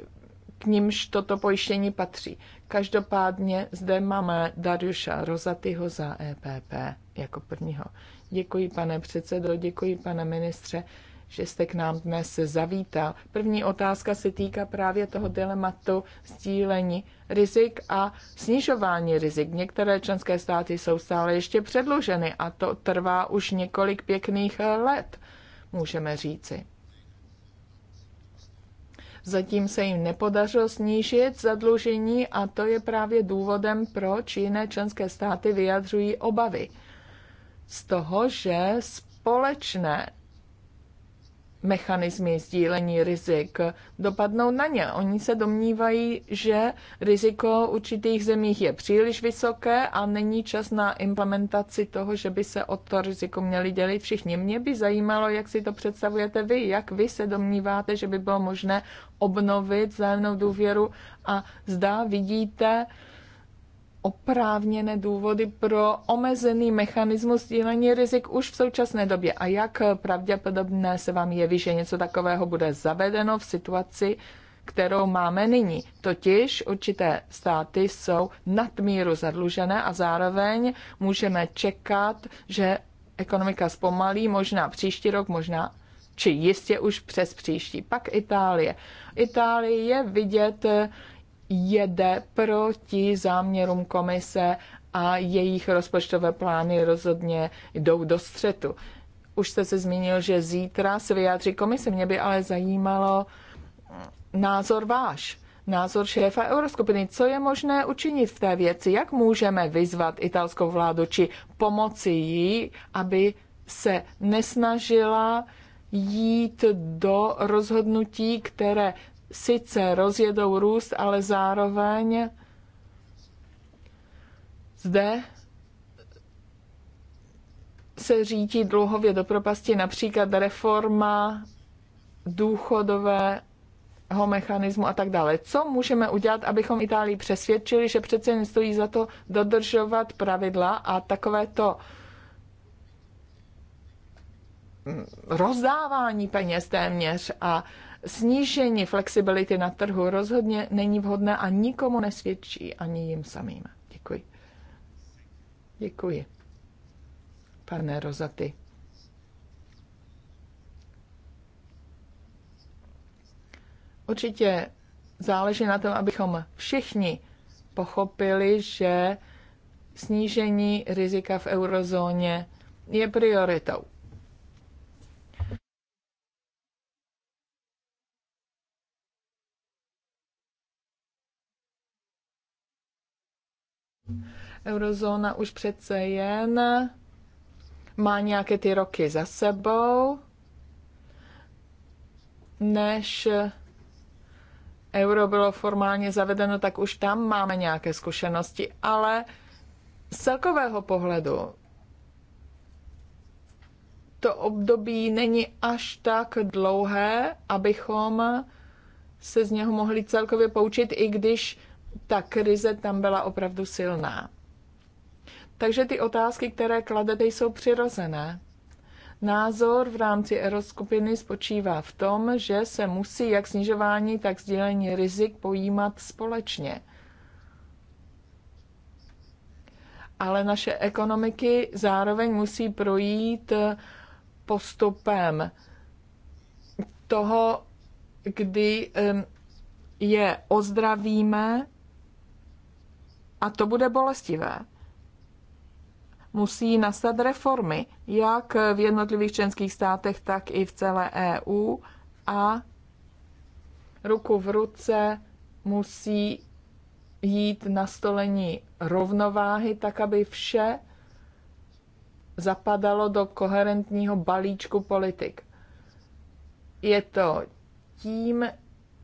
k nímž toto pojištění patří. Každopádně zde máme Dariuša Rozatyho za EPP jako prvního. Děkuji, pane předsedo, děkuji, pane ministře že jste k nám dnes zavítal. První otázka se týká právě toho dilematu sdílení rizik a snižování rizik. Některé členské státy jsou stále ještě předluženy a to trvá už několik pěkných let, můžeme říci. Zatím se jim nepodařilo snížit zadlužení a to je právě důvodem, proč jiné členské státy vyjadřují obavy z toho, že společné mechanismy sdílení rizik dopadnou na ně. Oni se domnívají, že riziko určitých zemích je příliš vysoké a není čas na implementaci toho, že by se o to riziko měli dělit všichni. Mě by zajímalo, jak si to představujete vy, jak vy se domníváte, že by bylo možné obnovit vzájemnou důvěru a zdá vidíte oprávněné důvody pro omezený mechanismus sdílení rizik už v současné době. A jak pravděpodobné se vám jeví, že něco takového bude zavedeno v situaci, kterou máme nyní. Totiž určité státy jsou nadmíru zadlužené a zároveň můžeme čekat, že ekonomika zpomalí možná příští rok, možná či jistě už přes příští. Pak Itálie. Itálie je vidět, jede proti záměrům komise a jejich rozpočtové plány rozhodně jdou do střetu. Už jste se zmínil, že zítra se vyjádří komise. Mě by ale zajímalo mm, názor váš, názor šéfa Euroskupiny. Co je možné učinit v té věci? Jak můžeme vyzvat italskou vládu či pomoci jí, aby se nesnažila jít do rozhodnutí, které sice rozjedou růst, ale zároveň zde se řídí dlouhově do propasti například reforma důchodového mechanismu a tak dále. Co můžeme udělat, abychom Itálii přesvědčili, že přece jen stojí za to dodržovat pravidla a takovéto rozdávání peněz téměř a Snížení flexibility na trhu rozhodně není vhodné a nikomu nesvědčí, ani jim samým. Děkuji. Děkuji, pane Rozaty. Určitě záleží na tom, abychom všichni pochopili, že snížení rizika v eurozóně je prioritou. Eurozóna už přece jen má nějaké ty roky za sebou, než euro bylo formálně zavedeno, tak už tam máme nějaké zkušenosti, ale z celkového pohledu to období není až tak dlouhé, abychom se z něho mohli celkově poučit, i když ta krize tam byla opravdu silná. Takže ty otázky, které kladete, jsou přirozené. Názor v rámci euroskupiny spočívá v tom, že se musí jak snižování, tak sdílení rizik pojímat společně. Ale naše ekonomiky zároveň musí projít postupem toho, kdy je ozdravíme a to bude bolestivé. Musí nastat reformy, jak v jednotlivých členských státech, tak i v celé EU a ruku v ruce musí jít nastolení rovnováhy, tak aby vše zapadalo do koherentního balíčku politik. Je to tím,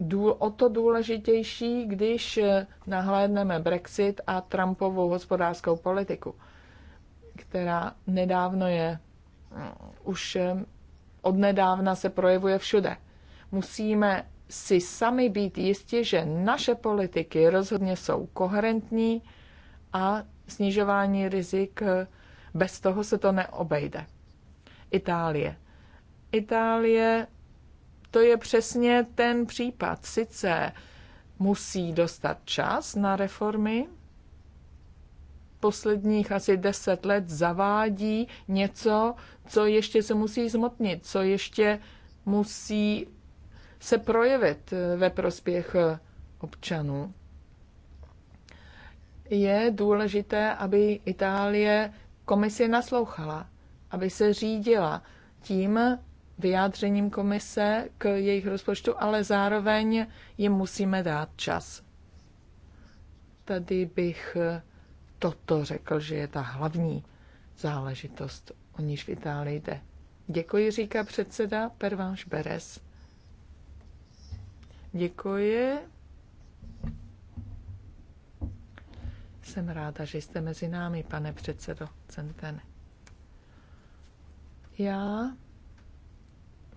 důl, o to důležitější, když eh, nahlédneme Brexit a Trumpovou hospodářskou politiku, která nedávno je, mm, už eh, od nedávna se projevuje všude. Musíme si sami být jistí, že naše politiky rozhodně jsou koherentní a snižování rizik, eh, bez toho se to neobejde. Itálie. Itálie to je přesně ten případ. Sice musí dostat čas na reformy, posledních asi deset let zavádí něco, co ještě se musí zmotnit, co ještě musí se projevit ve prospěch občanů. Je důležité, aby Itálie komisi naslouchala, aby se řídila tím, vyjádřením komise k jejich rozpočtu, ale zároveň jim musíme dát čas. Tady bych toto řekl, že je ta hlavní záležitost, o níž v Itálii jde. Děkuji, říká předseda Perváš Beres. Děkuji. Jsem ráda, že jste mezi námi, pane předsedo Centene. Já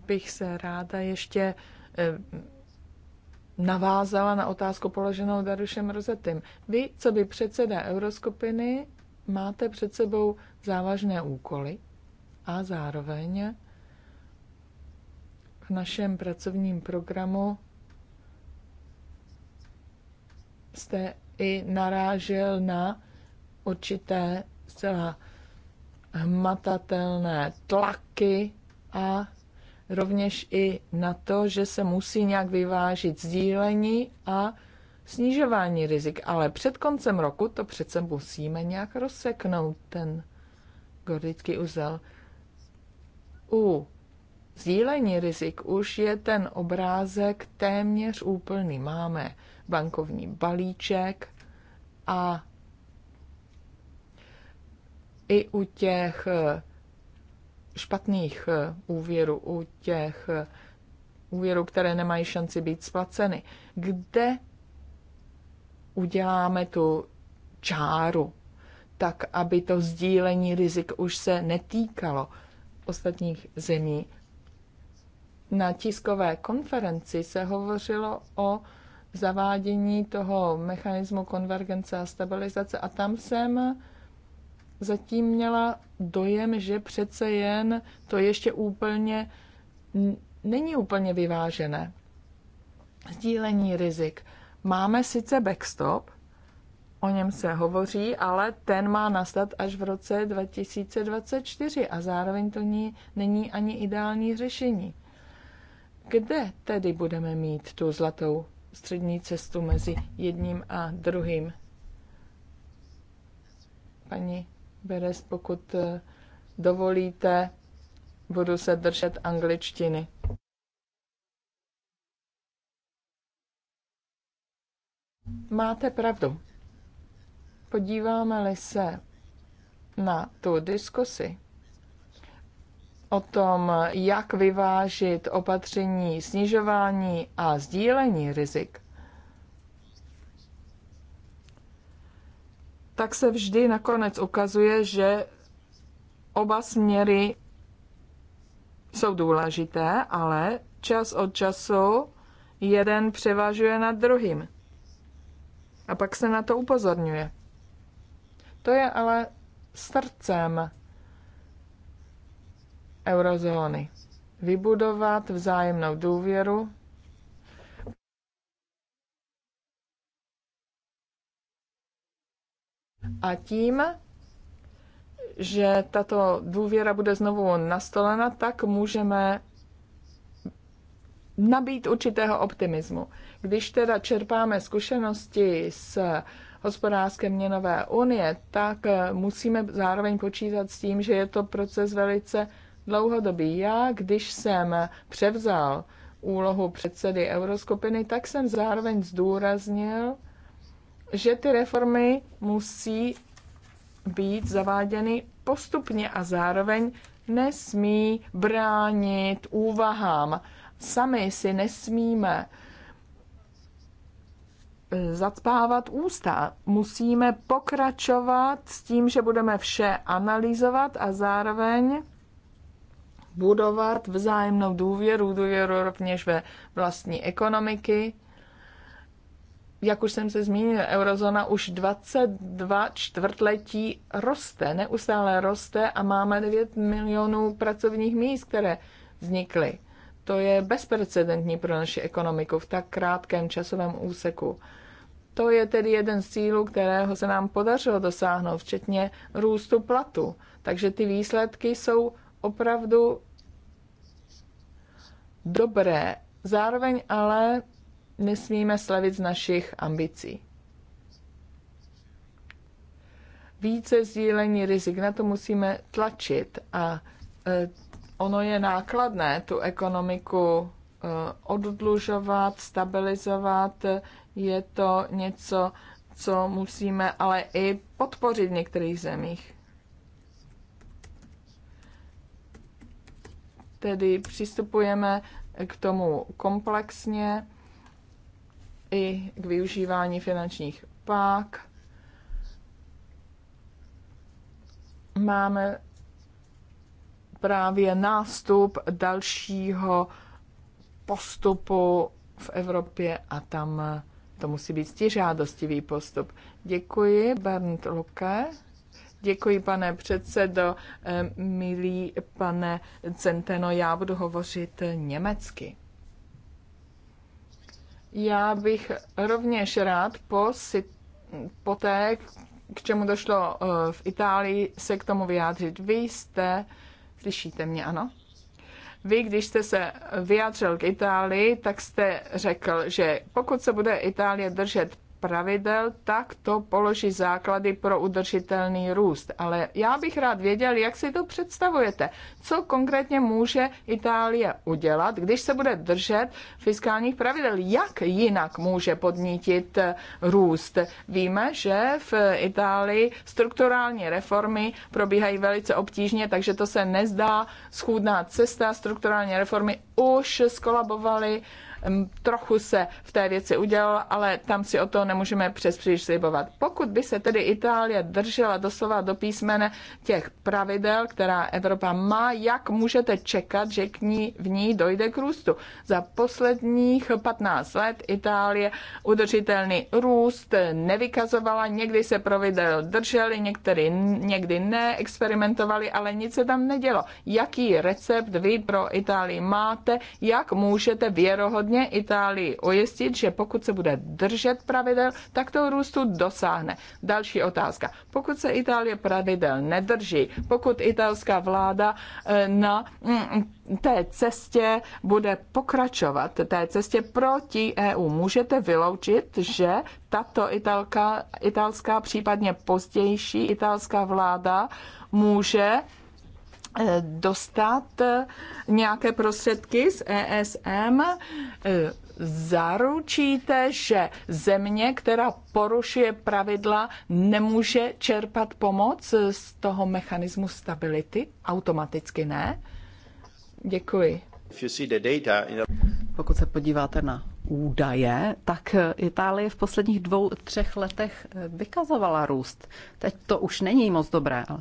bych se ráda ještě eh, navázala na otázku položenou Darušem Rozetym. Vy, co by předseda Euroskupiny, máte před sebou závažné úkoly a zároveň v našem pracovním programu jste i narážel na určité zcela hmatatelné tlaky a rovněž i na to, že se musí nějak vyvážit sdílení a snižování rizik. Ale před koncem roku to přece musíme nějak rozseknout, ten gordický uzel. U sdílení rizik už je ten obrázek téměř úplný. Máme bankovní balíček a i u těch eh, špatných eh, úvěrů, u těch eh, úvěrů, které nemají šanci být splaceny. Kde uděláme tu čáru, tak aby to sdílení rizik už se netýkalo ostatních zemí. Na tiskové konferenci se hovořilo o zavádění toho mechanismu konvergence a stabilizace a tam jsem zatím měla dojem, že přece jen to ještě úplně není úplně vyvážené. Sdílení rizik. Máme sice backstop, o něm se hovoří, ale ten má nastat až v roce 2024 a zároveň to ní, není ani ideální řešení. Kde tedy budeme mít tu zlatou střední cestu mezi jedním a druhým? Paní Beres, pokud eh, dovolíte, budu se držet angličtiny. Máte pravdu. Podíváme-li se na tu diskusi o tom, jak vyvážit opatření snižování a sdílení rizik, tak se vždy nakonec ukazuje, že oba směry jsou důležité, ale čas od času jeden převažuje nad druhým. A pak se na to upozorňuje. To je ale srdcem eurozóny. Vybudovat vzájemnou důvěru A tím, že tato důvěra bude znovu nastolena, tak můžeme nabít určitého optimismu. Když teda čerpáme zkušenosti s hospodářské měnové unie, tak musíme zároveň počítat s tím, že je to proces velice dlouhodobý. Já, když jsem převzal úlohu předsedy Euroskupiny, tak jsem zároveň zdůraznil, že ty reformy musí být zaváděny postupně a zároveň nesmí bránit úvahám. Sami si nesmíme eh, zacpávat ústa. Musíme pokračovat s tím, že budeme vše analyzovat a zároveň budovat vzájemnou důvěru, důvěru rovněž ve vlastní ekonomiky, jak už jsem se zmínil, eurozóna už 22 čtvrtletí roste, neustále roste a máme 9 milionů pracovních míst, které vznikly. To je bezprecedentní pro naši ekonomiku v tak krátkém časovém úseku. To je tedy jeden z cílů, kterého se nám podařilo dosáhnout, včetně růstu platu. Takže ty výsledky jsou opravdu dobré. Zároveň ale nesmíme slavit z našich ambicí. Více sdílení rizik, na to musíme tlačit a e, ono je nákladné tu ekonomiku e, oddlužovat, stabilizovat. Je to něco, co musíme ale i podpořit v některých zemích. Tedy přistupujeme k tomu komplexně i k využívání finančních pák. Máme právě nástup dalšího postupu v Evropě a tam to musí být stěžádostivý postup. Děkuji, Bernd Luke. Děkuji, pane předsedo, milý pane Centeno, já budu hovořit německy. Já bych rovněž rád po, po té, k čemu došlo eh, v Itálii, se k tomu vyjádřit. Vy jste, slyšíte mě, ano? Vy, když jste se vyjádřil k Itálii, tak jste řekl, že pokud se bude Itálie držet pravidel, tak to položí základy pro udržitelný růst. Ale já bych rád věděl, jak si to představujete. Co konkrétně může Itálie udělat, když se bude držet fiskálních pravidel? Jak jinak může podnítit eh, růst? Víme, že v Itálii strukturální reformy probíhají velice obtížně, takže to se nezdá schůdná cesta. Strukturální reformy už skolabovaly Trochu se v té věci udělalo, ale tam si o to nemůžeme přes příliš slibovat. Pokud by se tedy Itálie držela doslova do písmene těch pravidel, která Evropa má, jak můžete čekat, že k ní, v ní dojde k růstu? Za posledních 15 let Itálie udržitelný růst nevykazovala, někdy se pravidel drželi, některý, někdy ne, experimentovali, ale nic se tam nedělo. Jaký recept vy pro Itálii máte, jak můžete věrohodně hodně Itálii ujistit, že pokud se bude držet pravidel, tak toho růstu dosáhne. Další otázka. Pokud se Itálie pravidel nedrží, pokud italská vláda eh, na mm, té cestě bude pokračovat, té cestě proti EU, můžete vyloučit, že tato italka, italská, případně pozdější italská vláda může Eh, dostat eh, nějaké prostředky z ESM, eh, zaručíte, že země, která porušuje pravidla, nemůže čerpat pomoc z toho mechanismu stability? Automaticky ne? Děkuji. Pokud se podíváte na údaje, tak Itálie v posledních dvou, třech letech vykazovala růst. Teď to už není moc dobré, ale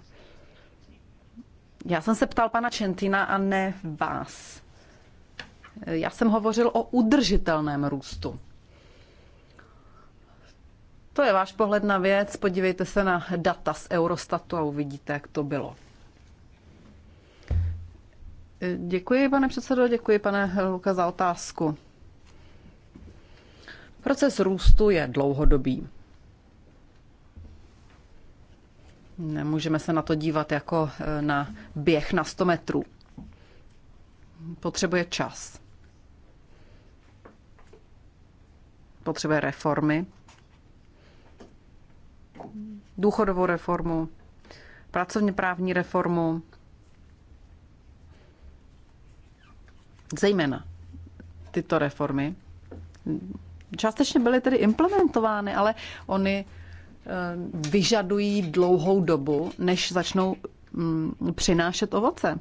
já jsem se ptal pana Čentina a ne vás. Já jsem hovořil o udržitelném růstu. To je váš pohled na věc. Podívejte se na data z Eurostatu a uvidíte, jak to bylo. Děkuji, pane předsedo, děkuji, pane Luka, za otázku. Proces růstu je dlouhodobý. Nemůžeme se na to dívat jako e, na běh na 100 metrů. Potřebuje čas. Potřebuje reformy. Důchodovou reformu, pracovně právní reformu, zejména tyto reformy částečně byly tedy implementovány, ale oni Eh, vyžadují dlouhou dobu, než začnou mm, přinášet ovoce.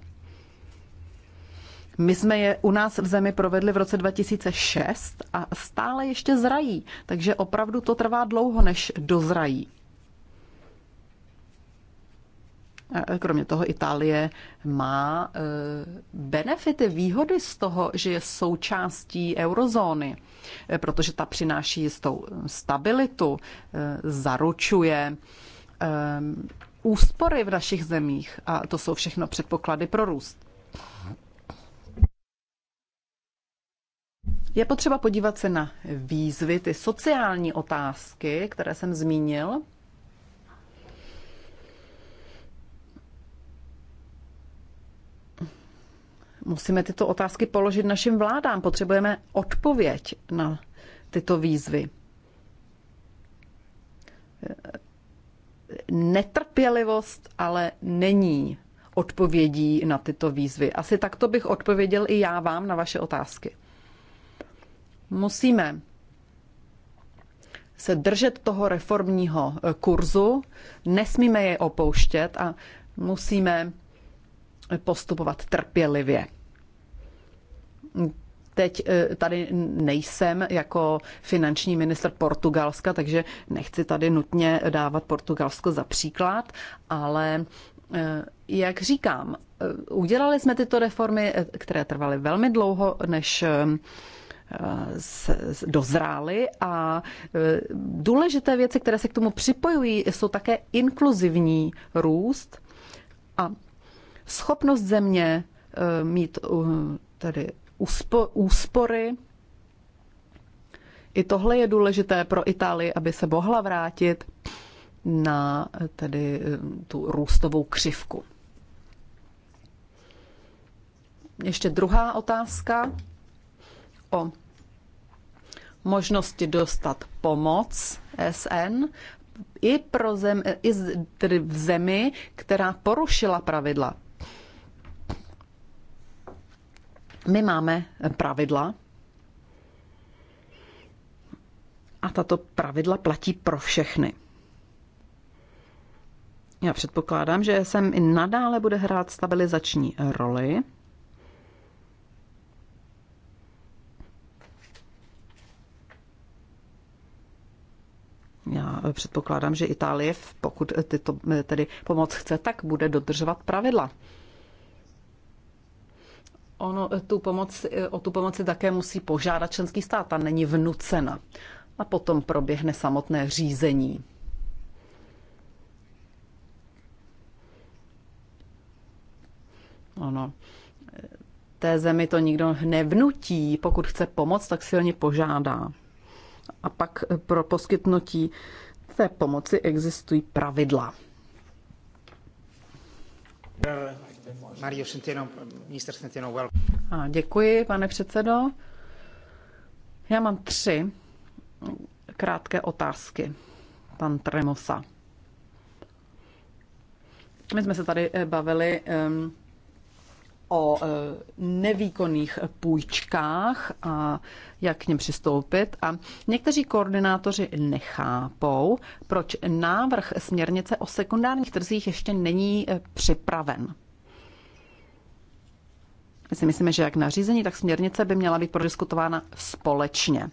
My jsme je u nás v zemi provedli v roce 2006 a stále ještě zrají, takže opravdu to trvá dlouho, než dozrají. Eh, kromě toho Itálie má eh, benefity, výhody z toho, že je součástí eurozóny, eh, protože ta přináší jistou stabilitu, zaručuje úspory v našich zemích a to jsou všechno předpoklady pro růst. Je potřeba podívat se na výzvy, ty sociální otázky, které jsem zmínil, Musíme tyto otázky položit našim vládám. Potřebujeme odpověď na tyto výzvy. Netrpělivost ale není odpovědí na tyto výzvy. Asi takto bych odpověděl i já vám na vaše otázky. Musíme se držet toho reformního kurzu, nesmíme je opouštět a musíme postupovat trpělivě. Teď e, tady nejsem jako finanční minister Portugalska, takže nechci tady nutně dávat Portugalsko za příklad, ale e, jak říkám, e, udělali jsme tyto reformy, které trvaly velmi dlouho, než dozrály a důležité věci, které se k tomu připojují, jsou také inkluzivní růst a schopnost země eh, mít eh, tedy úspory. I tohle je důležité pro Itálii, aby se mohla vrátit na eh, tedy tu růstovou křivku. Ještě druhá otázka o možnosti dostat pomoc SN i pro zem, i tedy v zemi, která porušila pravidla. My máme pravidla a tato pravidla platí pro všechny. Já předpokládám, že sem i nadále bude hrát stabilizační roli. Já předpokládám, že Itálie, pokud tyto tedy pomoc chce, tak bude dodržovat pravidla ono eh, tu pomoc, eh, o tu pomoci také musí požádat členský stát a není vnucena. A potom proběhne samotné řízení. Ono, eh, té zemi to nikdo nevnutí. Pokud chce pomoc, tak silně požádá. A pak pro poskytnutí té pomoci existují pravidla. Mario Centeno, minister Centeno, welcome. děkuji, pane předsedo. Já mám tři krátké otázky. Pan Tremosa. My jsme se tady eh, bavili um, o eh, nevýkonných půjčkách a jak k něm přistoupit. A někteří koordinátoři nechápou, proč návrh směrnice o sekundárních trzích ještě není eh, připraven. My si myslíme, že jak nařízení, tak směrnice by měla být prodiskutována společně.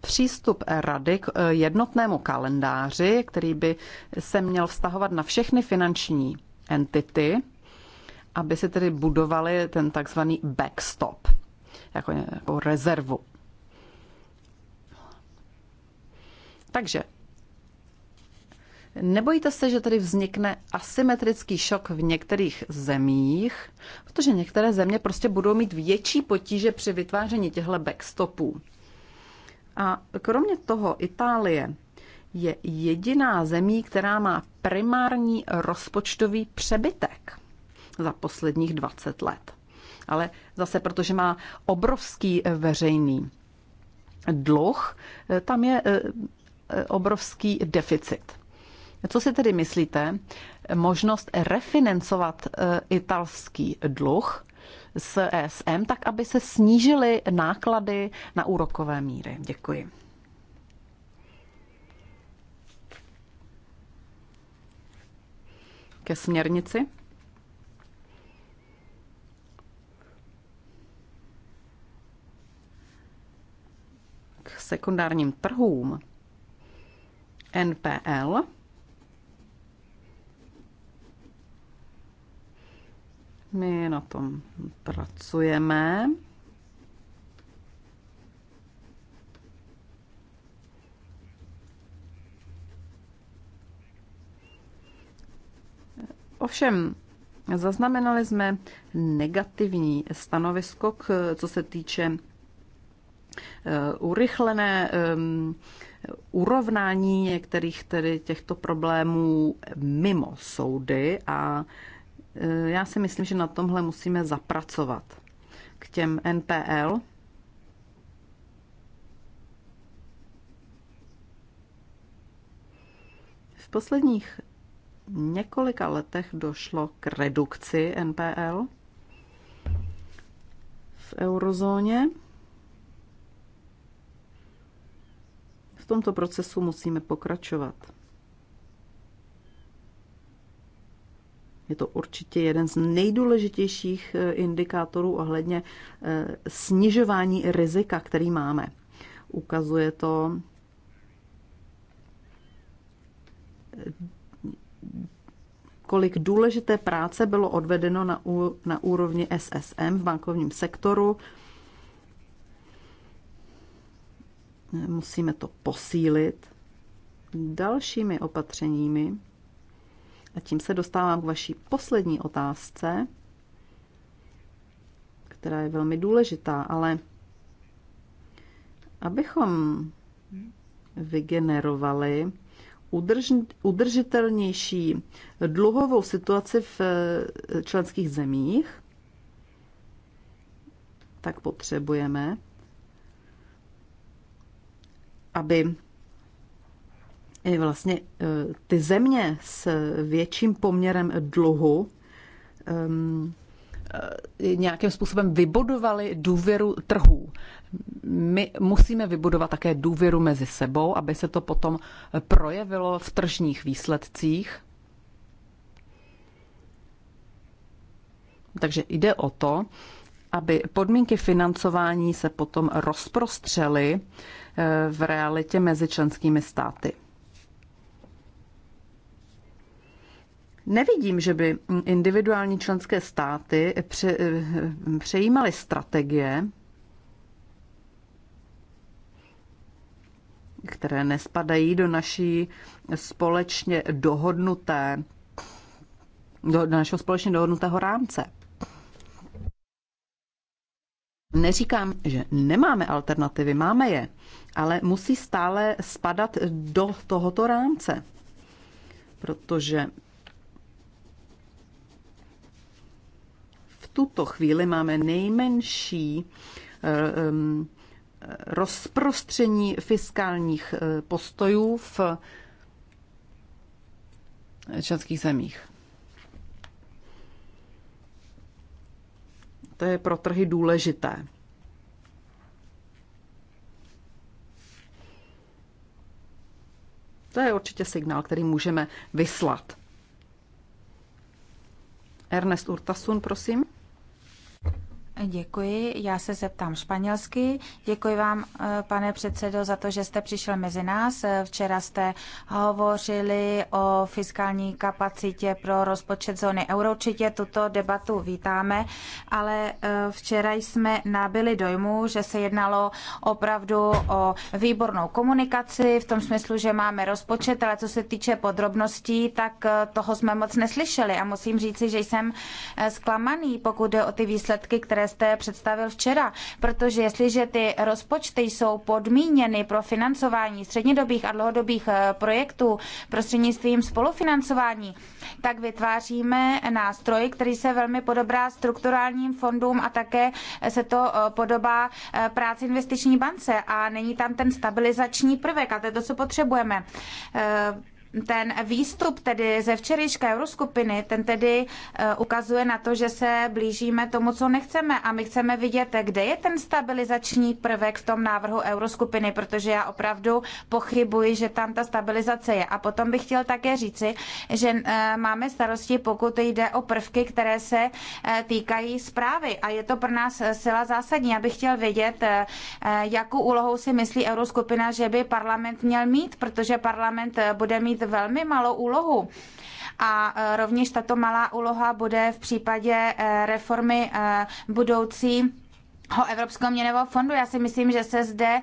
Přístup rady k eh, jednotnému kalendáři, který by se měl vztahovat na všechny finanční entity, aby si tedy budovali ten takzvaný backstop, jako, jako rezervu. Takže Nebojíte se, že tady vznikne asymetrický šok v některých zemích, protože některé země prostě budou mít větší potíže při vytváření těchto backstopů. A kromě toho Itálie je jediná zemí, která má primární rozpočtový přebytek za posledních 20 let. Ale zase protože má obrovský eh, veřejný dluh, eh, tam je eh, obrovský deficit. Co si tedy myslíte? Možnost refinancovat e, italský dluh s ESM, tak aby se snížily náklady na úrokové míry. Děkuji. Ke směrnici. K sekundárním trhům. NPL My na tom pracujeme. Ovšem, zaznamenali jsme negativní stanovisko, k, co se týče eh, urychlené um, urovnání některých tedy těchto problémů mimo soudy a Eh, já si myslím, že na tomhle musíme zapracovat k těm NPL. V posledních několika letech došlo k redukci NPL v eurozóně. V tomto procesu musíme pokračovat. Je to určitě jeden z nejdůležitějších eh, indikátorů ohledně eh, snižování rizika, který máme. Ukazuje to eh, kolik důležité práce bylo odvedeno na, ú, na úrovni SSM v bankovním sektoru. Musíme to posílit dalšími opatřeními, a tím se dostávám k vaší poslední otázce, která je velmi důležitá, ale abychom vygenerovali udrž, udržitelnější dluhovou situaci v eh, členských zemích, tak potřebujeme, aby vlastně eh, ty země s větším poměrem dluhu ehm, eh, nějakým způsobem vybudovaly důvěru trhů. My musíme vybudovat také důvěru mezi sebou, aby se to potom projevilo v tržních výsledcích. Takže jde o to, aby podmínky financování se potom rozprostřely eh, v realitě mezi členskými státy. Nevidím, že by individuální členské státy pře, přejímaly strategie, které nespadají do naší společně dohodnuté, do, do našeho společně dohodnutého rámce. Neříkám, že nemáme alternativy, máme je, ale musí stále spadat do tohoto rámce, protože tuto chvíli máme nejmenší eh, eh, rozprostření fiskálních eh, postojů v členských zemích. To je pro trhy důležité. To je určitě signál, který můžeme vyslat. Ernest Urtasun, prosím. Děkuji, já se zeptám španělsky. Děkuji vám, eh, pane předsedo, za to, že jste přišel mezi nás. Eh, včera jste hovořili o fiskální kapacitě pro rozpočet zóny euro. Určitě tuto debatu vítáme, ale eh, včera jsme nabili dojmu, že se jednalo opravdu o výbornou komunikaci, v tom smyslu, že máme rozpočet, ale co se týče podrobností, tak toho jsme moc neslyšeli. A musím říci, že jsem zklamaný, pokud jde o ty výsledky, které jste představil včera, protože jestliže ty rozpočty jsou podmíněny pro financování střednědobých a dlouhodobých eh, projektů prostřednictvím spolufinancování, tak vytváříme nástroj, který se velmi podobá strukturálním fondům a také se to eh, podobá eh, práci investiční bance a není tam ten stabilizační prvek a to je to, co potřebujeme ten výstup tedy ze včerejška euroskupiny, ten tedy e, ukazuje na to, že se blížíme tomu, co nechceme a my chceme vidět, kde je ten stabilizační prvek v tom návrhu euroskupiny, protože já opravdu pochybuji, že tam ta stabilizace je. A potom bych chtěl také říci, že e, máme starosti, pokud jde o prvky, které se e, týkají zprávy a je to pro nás sila zásadní. Já bych chtěl vědět, jakou úlohou si myslí euroskupina, že by parlament měl mít, protože parlament bude mít mít velmi malou úlohu. A e, rovněž tato malá úloha bude v případě e, reformy e, budoucí o Evropského měnového fondu. Já si myslím, že se zde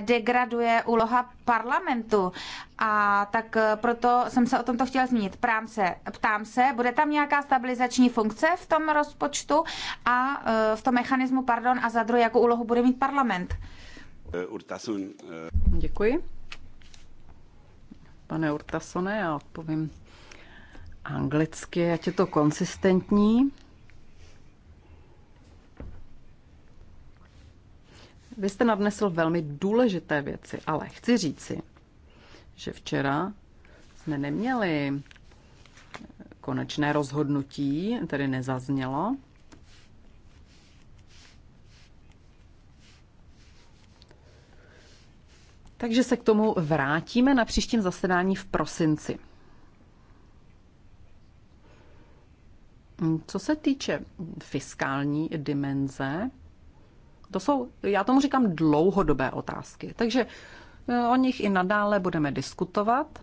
degraduje úloha parlamentu. A tak proto jsem se o tomto chtěla zmínit. Prám se, ptám se, bude tam nějaká stabilizační funkce v tom rozpočtu a v tom mechanismu, pardon, a za druhé, jakou úlohu bude mít parlament? Děkuji pane Urtasone, já odpovím anglicky, ať je to konsistentní. Vy jste nadnesl velmi důležité věci, ale chci říci, že včera jsme neměli konečné rozhodnutí, tedy nezaznělo, Takže se k tomu vrátíme na příštím zasedání v prosinci. Co se týče fiskální dimenze, to jsou, já tomu říkám, dlouhodobé otázky. Takže eh, o nich i nadále budeme diskutovat.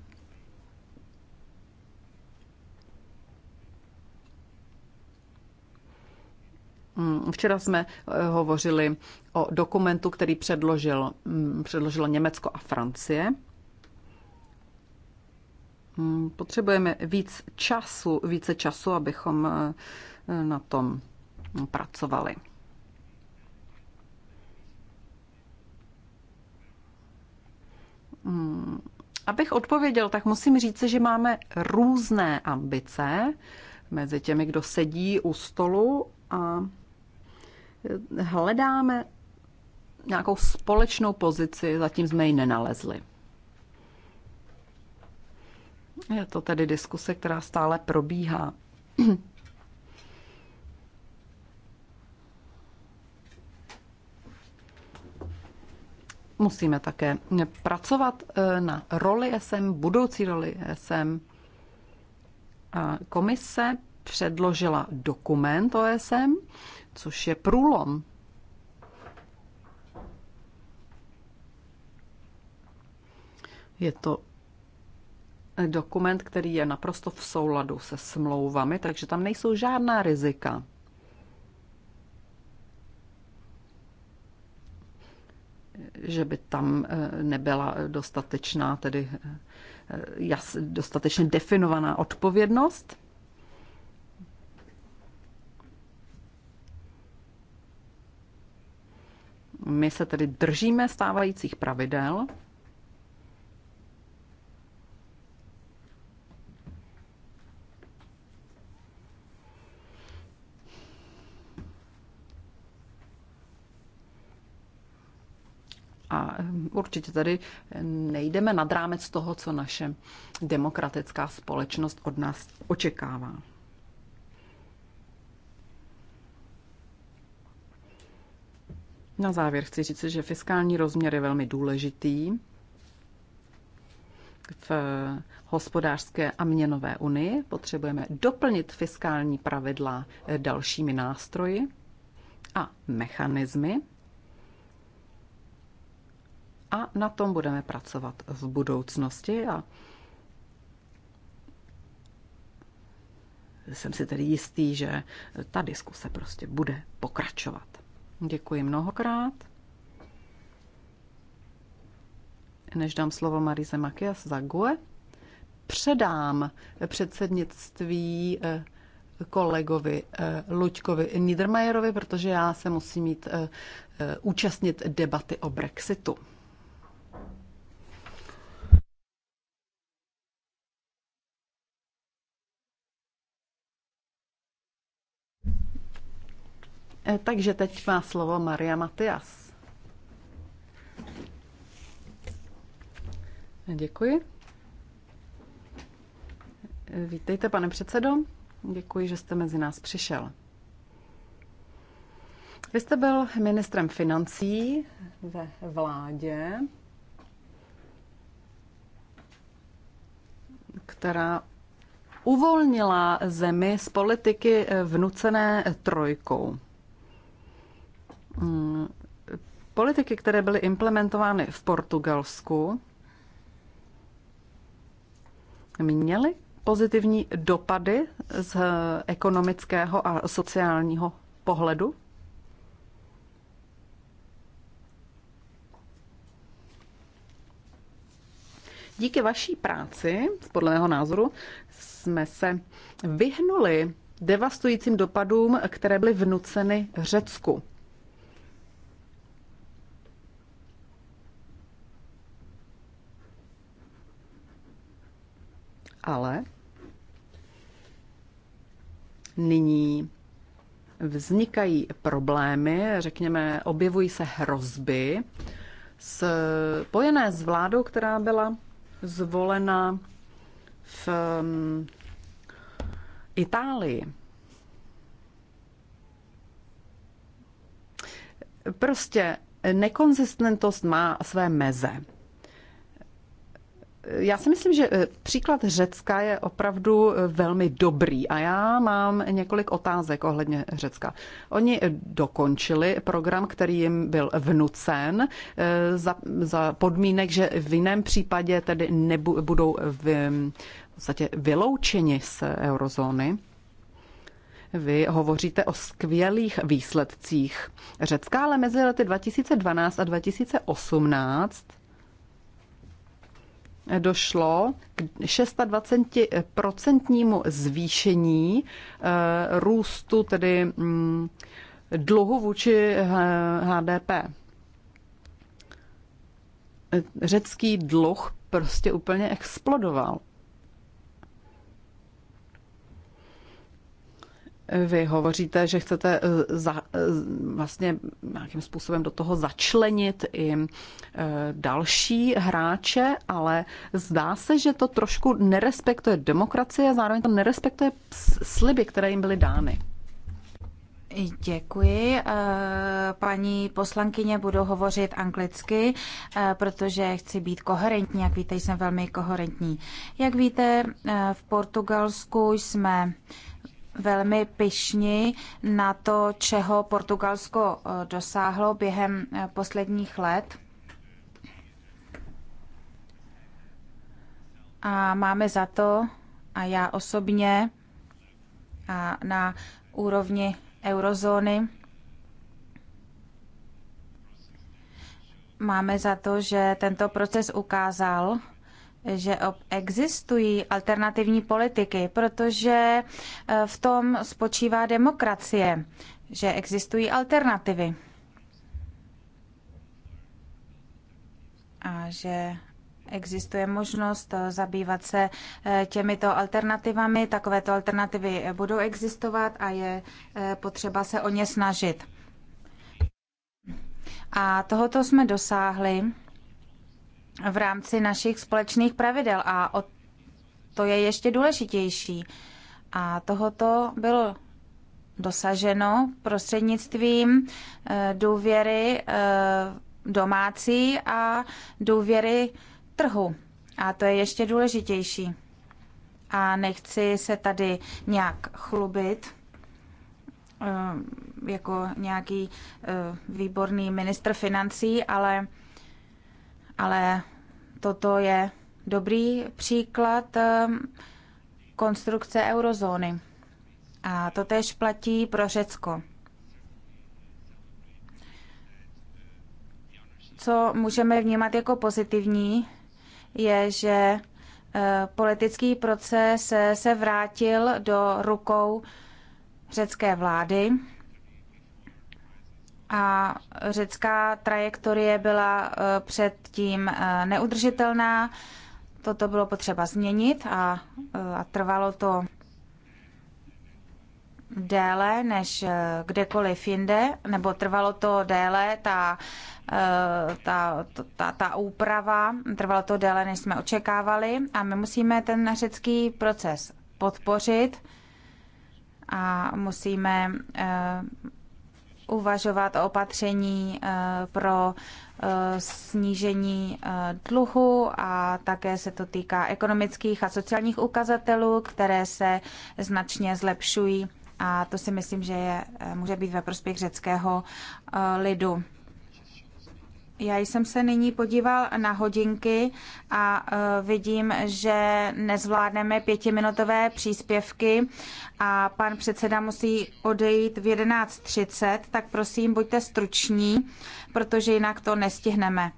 Mm, včera jsme eh, hovořili o dokumentu, který předložil, mm, předložilo Německo a Francie. Mm, potřebujeme víc času, více času, abychom eh, na tom pracovali. Abych odpověděl, tak musím říct, že máme různé ambice mezi těmi, kdo sedí u stolu a hledáme nějakou společnou pozici, zatím jsme ji nenalezli. Je to tedy diskuse, která stále probíhá. Musíme také pracovat eh, na roli SM, budoucí roli SM. A komise předložila dokument OSM, což je průlom. Je to dokument, který je naprosto v souladu se smlouvami, takže tam nejsou žádná rizika. že by tam eh, nebyla dostatečná, tedy eh, eh, jas, dostatečně definovaná odpovědnost. My se tedy držíme stávajících pravidel. A určitě tady nejdeme nad rámec toho, co naše demokratická společnost od nás očekává. Na závěr chci říct, že fiskální rozměr je velmi důležitý v hospodářské a měnové unii. Potřebujeme doplnit fiskální pravidla dalšími nástroji a mechanismy. A na tom budeme pracovat v budoucnosti. A jsem si tedy jistý, že ta diskuse prostě bude pokračovat. Děkuji mnohokrát. Než dám slovo Marise Makias za GUE, předám předsednictví eh, kolegovi eh, Luďkovi Niedermayerovi, protože já se musím mít eh, účastnit debaty o Brexitu. E, takže teď má slovo Maria Matias. Děkuji. E, vítejte, pane předsedo. Děkuji, že jste mezi nás přišel. Vy jste byl ministrem financí ve vládě, která uvolnila zemi z politiky vnucené trojkou. Mm, politiky, které byly implementovány v Portugalsku, měly pozitivní dopady z ekonomického a sociálního pohledu? Díky vaší práci, podle mého názoru, jsme se vyhnuli devastujícím dopadům, které byly vnuceny Řecku. ale nyní vznikají problémy, řekněme, objevují se hrozby spojené s vládou, která byla zvolena v mm, Itálii. Prostě nekonzistentnost má své meze já si myslím, že eh, příklad Řecka je opravdu eh, velmi dobrý a já mám několik otázek ohledně Řecka. Oni eh, dokončili program, který jim byl vnucen za, za podmínek, že v jiném případě tedy nebudou v, mm, v podstatě vyloučeni z eurozóny. Vy hovoříte o skvělých výsledcích Řecka, ale mezi lety 2012 a 2018 došlo k 26% zvýšení eh, růstu tedy mm, dluhu vůči HDP. Eh, řecký dluh prostě úplně explodoval. Vy hovoříte, že chcete eh, za, eh, vlastně nějakým způsobem do toho začlenit i eh, další hráče, ale zdá se, že to trošku nerespektuje demokracie a zároveň to nerespektuje sliby, které jim byly dány. Děkuji. Paní poslankyně, budu hovořit anglicky, protože chci být koherentní. Jak víte, jsem velmi koherentní. Jak víte, v Portugalsku jsme velmi pyšní na to, čeho Portugalsko eh, dosáhlo během eh, posledních let. A máme za to, a já osobně, a na úrovni eurozóny, máme za to, že tento proces ukázal, že existují alternativní politiky, protože eh, v tom spočívá demokracie, že existují alternativy. A že existuje možnost eh, zabývat se eh, těmito alternativami. Takovéto alternativy budou existovat a je potřeba se o ně snažit. A tohoto jsme dosáhli v rámci našich společných pravidel a o, to je ještě důležitější. A tohoto bylo dosaženo prostřednictvím eh, důvěry eh, domácí a důvěry trhu. A to je ještě důležitější. A nechci se tady nějak chlubit eh, jako nějaký výborný ministr financí, ale ale toto je dobrý příklad eh, konstrukce eurozóny. A to tež platí pro Řecko. Co můžeme vnímat jako pozitivní, je, že eh, politický proces se vrátil do rukou řecké vlády. A řecká trajektorie byla eh, předtím eh, neudržitelná. Toto bylo potřeba změnit a, eh, a trvalo to déle než kdekoliv jinde, nebo trvalo to déle, ta, ta, ta, ta úprava, trvalo to déle, než jsme očekávali a my musíme ten řecký proces podpořit a musíme uvažovat o opatření eh, pro eh, snížení eh, dluhu a také se to týká ekonomických a sociálních ukazatelů, které se značně zlepšují a to si myslím, že je, může být ve prospěch řeckého lidu. Já jsem se nyní podíval na hodinky a e, vidím, že nezvládneme pětiminutové příspěvky a pan předseda musí odejít v 11.30, tak prosím, buďte struční, protože jinak to nestihneme.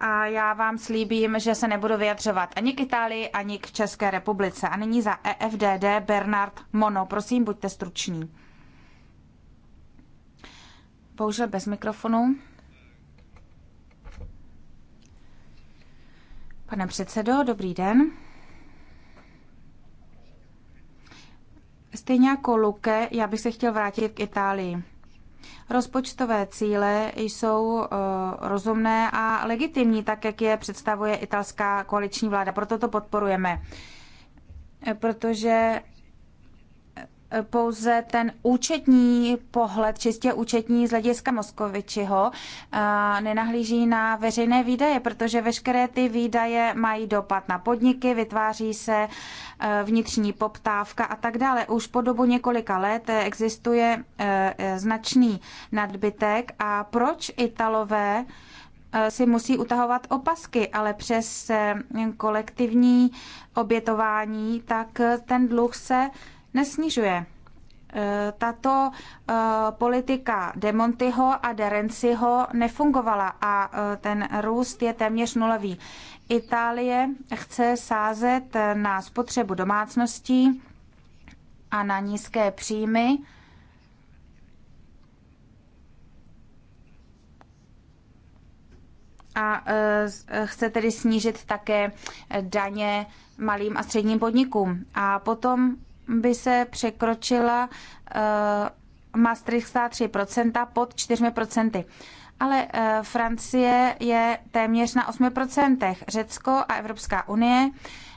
A já vám slíbím, že se nebudu vyjadřovat ani k Itálii, ani k České republice. A nyní za EFDD Bernard Mono. Prosím, buďte struční bohužel bez mikrofonu. Pane předsedo, dobrý den. Stejně jako Luke, já bych se chtěl vrátit k Itálii. Rozpočtové cíle jsou eh, rozumné a legitimní, tak jak je představuje italská koaliční vláda. Proto to podporujeme. Eh, protože pouze ten účetní pohled, čistě účetní z hlediska Moskovičiho, nenahlíží na veřejné výdaje, protože veškeré ty výdaje mají dopad na podniky, vytváří se e, vnitřní poptávka a tak dále. Už po dobu několika let existuje e, e, značný nadbytek a proč Italové si musí utahovat opasky, ale přes kolektivní obětování, tak ten dluh se nesnižuje. E, tato e, politika Demontyho a Derenciho nefungovala a e, ten růst je téměř nulový. Itálie chce sázet na spotřebu domácností a na nízké příjmy. a chce tedy snížit také daně malým a středním podnikům. A potom by se překročila uh, eh, Maastrichtská 3% pod 4%. Ale uh, Francie je téměř na 8%. Řecko a Evropská unie,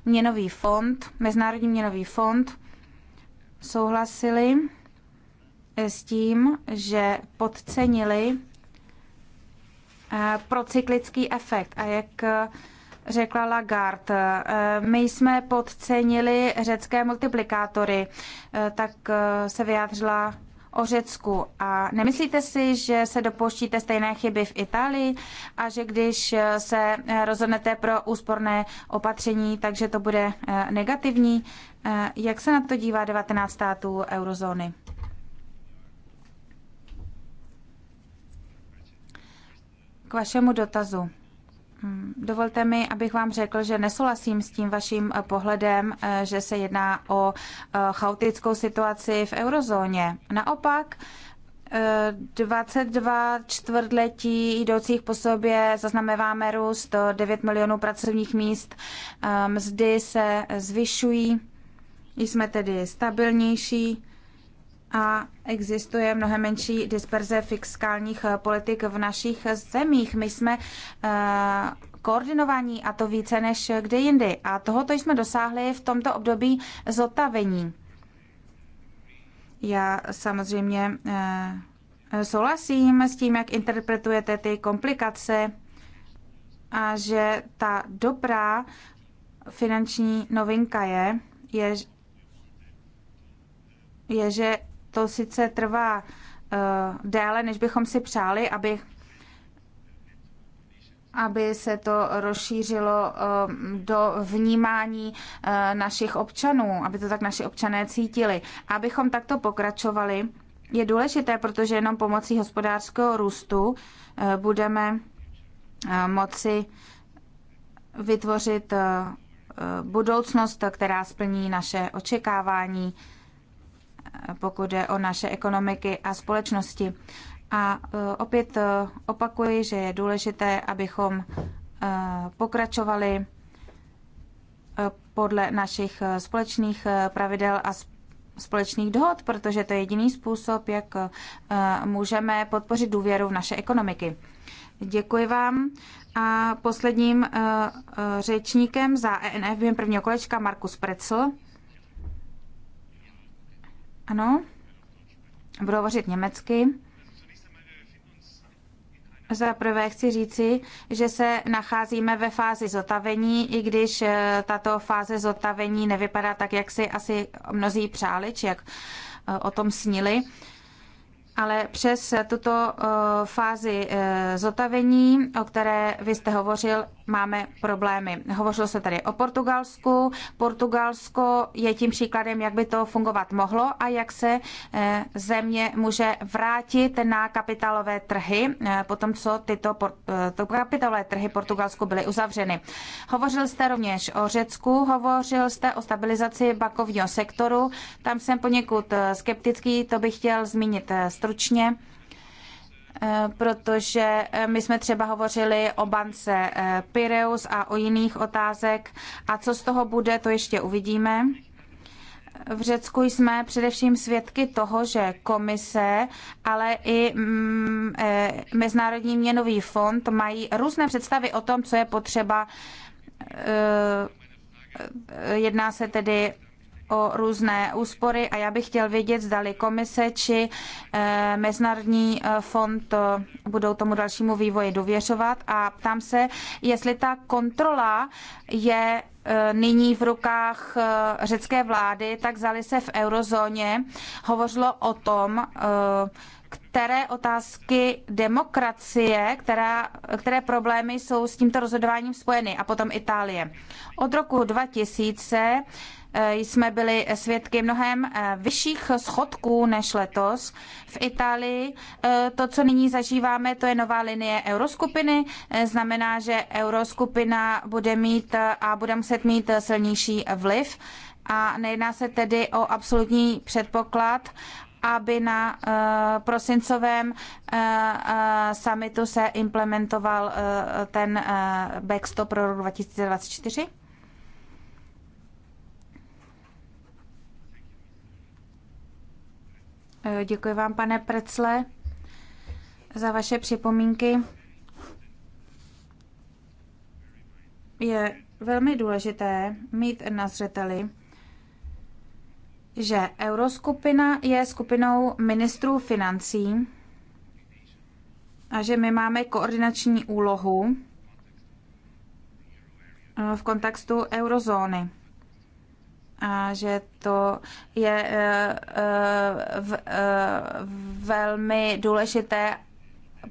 měnový fond, Mezinárodní měnový fond souhlasili eh, s tím, že podcenili procyklický efekt a jak uh, řekla Lagarde. Eh, my jsme podcenili řecké multiplikátory, eh, tak eh, se vyjádřila o Řecku. A nemyslíte si, že se dopouštíte stejné chyby v Itálii a že když se rozhodnete pro úsporné opatření, takže to bude negativní? Jak se na to dívá 19 států eurozóny? K vašemu dotazu. Hmm, dovolte mi, abych vám řekl, že nesouhlasím s tím vaším eh, pohledem, eh, že se jedná o eh, chaotickou situaci v eurozóně. Naopak, 22 čtvrtletí jdoucích po sobě zaznamenáváme růst 9 milionů pracovních míst, mzdy se zvyšují, jsme tedy stabilnější a existuje mnohem menší disperze fiskálních eh, politik v našich zemích. My jsme eh, koordinovaní a to více než eh, kde jindy. A tohoto jsme dosáhli v tomto období zotavení. Já samozřejmě souhlasím s tím, jak interpretujete ty komplikace a že ta dobrá finanční novinka je, je, je že to sice trvá eh, déle, než bychom si přáli, aby aby se to rozšířilo eh, do vnímání eh, našich občanů, aby to tak naši občané cítili. Abychom takto pokračovali, je důležité, protože jenom pomocí hospodářského růstu budeme moci vytvořit budoucnost, která splní naše očekávání pokud jde o naše ekonomiky a společnosti. A e, opět e, opakuji, že je důležité, abychom e, pokračovali podle našich společných pravidel a společných dohod, protože to je jediný způsob, jak můžeme podpořit důvěru v naše ekonomiky. Děkuji vám. A posledním řečníkem za ENF během prvního kolečka Markus Precl. Ano, budu hovořit německy. Za prvé chci říci, že se nacházíme ve fázi zotavení, i když eh, tato fáze zotavení nevypadá tak, jak si asi mnozí přáli, či jak eh, o tom snili. Ale přes tuto eh, fázi zotavení, o které vy jste hovořil, máme problémy. Hovořilo se tady o Portugalsku. Portugalsko je tím příkladem, jak by to fungovat mohlo a jak se eh, země může vrátit na kapitálové trhy, eh, potom co tyto eh, to kapitálové trhy Portugalsku byly uzavřeny. Hovořil jste rovněž o Řecku, hovořil jste o stabilizaci bankovního sektoru. Tam jsem poněkud skeptický, to bych chtěl zmínit stručně. Eh, protože eh, my jsme třeba hovořili o bance eh, Pireus a o jiných otázek. A co z toho bude, to ještě uvidíme. V Řecku jsme především svědky toho, že komise, ale i mm, Mezinárodní měnový fond mají různé představy o tom, co je potřeba. Jedná se tedy o různé úspory a já bych chtěl vědět, zdali komise či eh, Mezinárodní eh, fond budou tomu dalšímu vývoji dověřovat a ptám se, jestli ta kontrola je eh, nyní v rukách řecké vlády, tak zali se v eurozóně hovořilo o tom, které otázky demokracie, která, které problémy jsou s tímto rozhodováním spojeny a potom Itálie. Od roku 2000 Eh, jsme byli svědky mnohem eh, vyšších schodků než letos. V Itálii eh, to, co nyní zažíváme, to je nová linie euroskupiny. Znamená, že euroskupina bude mít a bude muset mít silnější vliv. A nejedná se tedy o absolutní předpoklad, aby na prosincovém summitu se implementoval ten backstop pro rok 2024? Eh, děkuji vám, pane Precle, za vaše připomínky. Je velmi důležité mít na zřeteli, že euroskupina je skupinou ministrů financí a že my máme koordinační úlohu eh, v kontextu eurozóny a že to je eh, eh, v, eh, velmi důležité,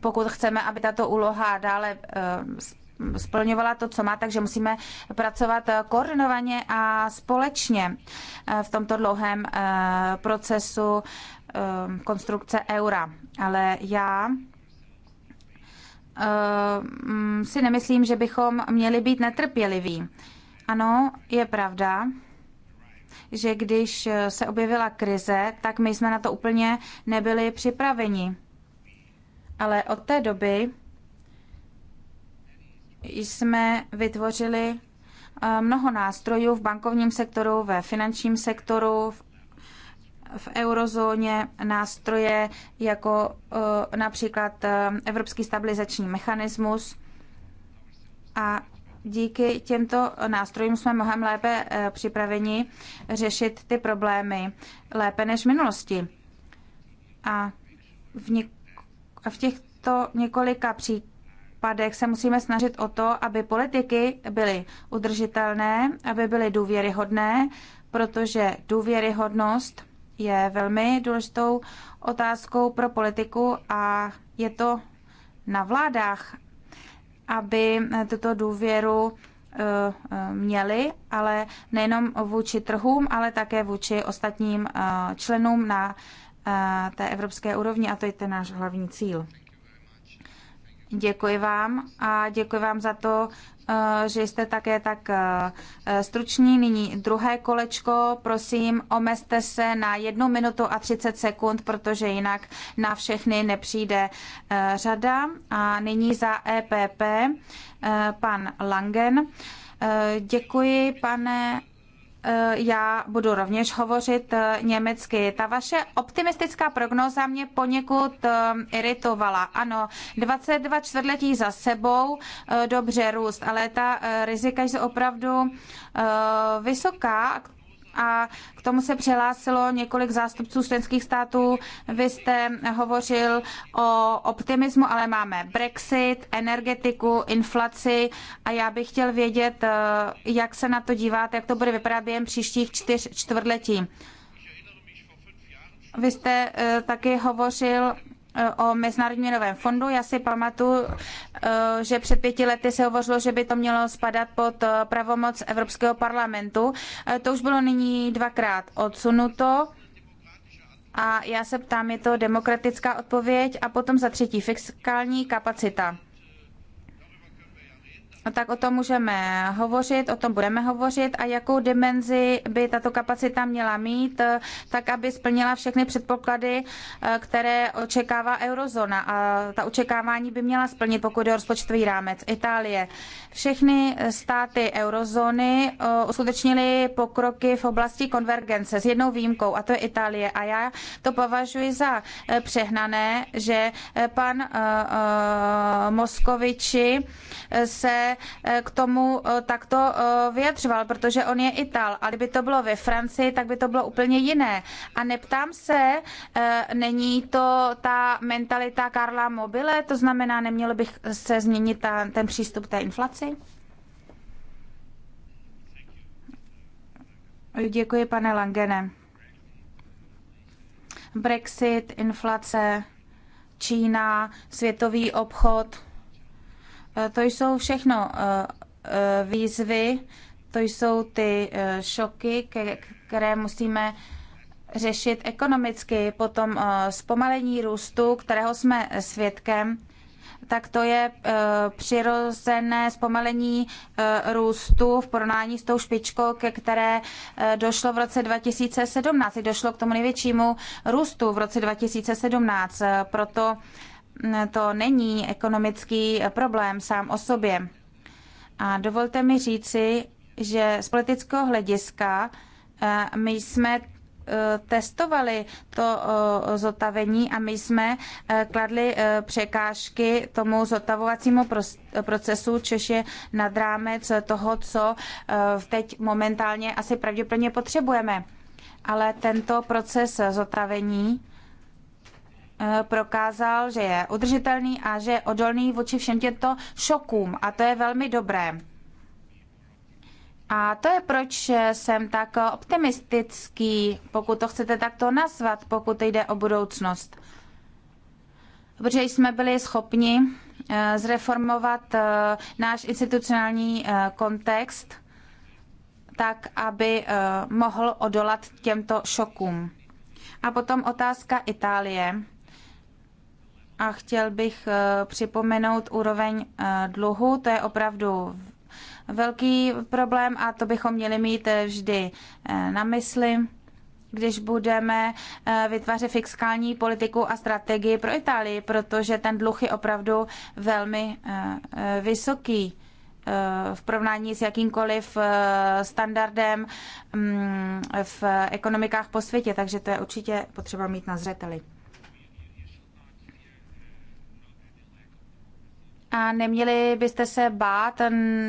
pokud chceme, aby tato úloha dále splňovala to, co má, takže musíme pracovat koordinovaně a společně v tomto dlouhém procesu konstrukce eura. Ale já mm, si nemyslím, že bychom měli být netrpěliví. Ano, je pravda, že když se objevila krize, tak my jsme na to úplně nebyli připraveni. Ale od té doby jsme vytvořili eh, mnoho nástrojů v bankovním sektoru, ve finančním sektoru, v v eurozóně nástroje jako eh, například eh, Evropský stabilizační mechanismus a díky těmto nástrojům jsme mnohem lépe eh, připraveni řešit ty problémy lépe než v minulosti. A v, něk- a v těchto několika případech se musíme snažit o to, aby politiky byly udržitelné, aby byly důvěryhodné, protože důvěryhodnost je velmi důležitou otázkou pro politiku a je to na vládách, aby eh, tuto důvěru eh, eh, měli, ale nejenom vůči trhům, ale také vůči ostatním členům na té evropské úrovni a to je ten náš hlavní cíl. Děkuji vám a děkuji vám za to, Eh, že jste také tak eh, eh, struční. Nyní druhé kolečko. Prosím, omezte se na jednu minutu a 30 sekund, protože jinak na všechny nepřijde řada. A nyní za EPP pan Langen. Děkuji, pane Eh, já budu rovněž hovořit eh, německy. Ta vaše optimistická prognóza mě poněkud eh, iritovala. Ano, 22 čtvrtletí za sebou, dobře růst, ale ta rizika jsou opravdu vysoká, a k tomu se přihlásilo několik zástupců členských států. Vy jste hovořil o optimismu, ale máme Brexit, energetiku, inflaci a já bych chtěl vědět, eh, jak se na to díváte, jak to bude vypadat během příštích čtyř čtvrtletí. Vy jste eh, taky hovořil o Mezinárodním měnovém fondu. Já si pamatuju, eh, že před pěti lety se hovořilo, že by to mělo spadat pod eh, pravomoc Evropského parlamentu. Eh, to už bylo nyní dvakrát odsunuto. A já se ptám, je to demokratická odpověď? A potom za třetí, fiskální kapacita. No tak o tom můžeme hovořit, o tom budeme hovořit a jakou dimenzi by tato kapacita měla mít, tak aby splnila všechny předpoklady, eh, které očekává Eurozona a ta očekávání by měla splnit, pokud je rozpočtový rámec. Itálie. Všechny státy eurozóny eh, uskutečnily pokroky v oblasti konvergence s jednou výjimkou a to je Itálie a já to považuji za eh, přehnané, že pan Moskoviči se Eh, k tomu eh, takto eh, vyjadřoval, protože on je Ital. A kdyby to bylo ve Francii, tak by to bylo úplně jiné. A neptám se, není to ta mentalita Karla Mobile, to znamená, nemělo bych se změnit ta, ten přístup té inflaci? Děkuji, pane Langene. Brexit, inflace, Čína, světový obchod. Eh, to jsou všechno eh, eh, výzvy, to jsou ty šoky, které musíme řešit ekonomicky, potom zpomalení růstu, kterého jsme svědkem, tak to je přirozené zpomalení růstu v porovnání s tou špičkou, ke které došlo v roce 2017. Došlo k tomu největšímu růstu v roce 2017. Proto to není ekonomický problém sám o sobě. A dovolte mi říci, že z politického hlediska eh, my jsme eh, testovali to eh, zotavení a my jsme kladli překážky tomu zotavovacímu procesu, což je nad rámec toho, co teď momentálně asi pravděpodobně potřebujeme. Ale tento proces zotavení Eh, prokázal, že je udržitelný a že je odolný vůči všem těmto šokům a to je velmi dobré. A to je, proč jsem tak optimistický, pokud to chcete takto nazvat, pokud jde o budoucnost. Protože jsme byli schopni eh, zreformovat eh, náš institucionální kontext tak, aby mohl odolat těmto šokům. A potom otázka Itálie a chtěl bych eh, připomenout úroveň eh, dluhu. To je opravdu velký problém a to bychom měli mít eh, vždy na mysli když budeme vytvářet fiskální politiku a strategii pro Itálii, protože ten dluh je opravdu velmi vysoký v porovnání s jakýmkoliv standardem mm, v ekonomikách po světě, takže to je určitě potřeba mít na zřeteli. A neměli byste se bát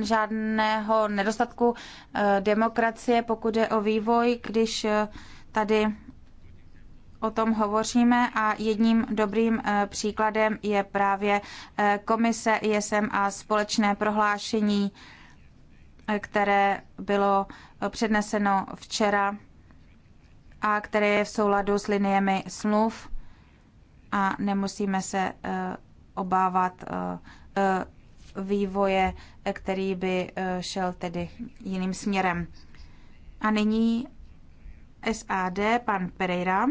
žádného nedostatku eh, demokracie, pokud je o vývoj, když eh, tady o tom hovoříme a jedním dobrým eh, příkladem je právě komise ISM a společné prohlášení, které bylo předneseno včera a které je v souladu s liniemi smluv a nemusíme se obávat Eh, vývoje, eh, který by eh, šel tedy jiným směrem. A nyní SAD, pan Pereira.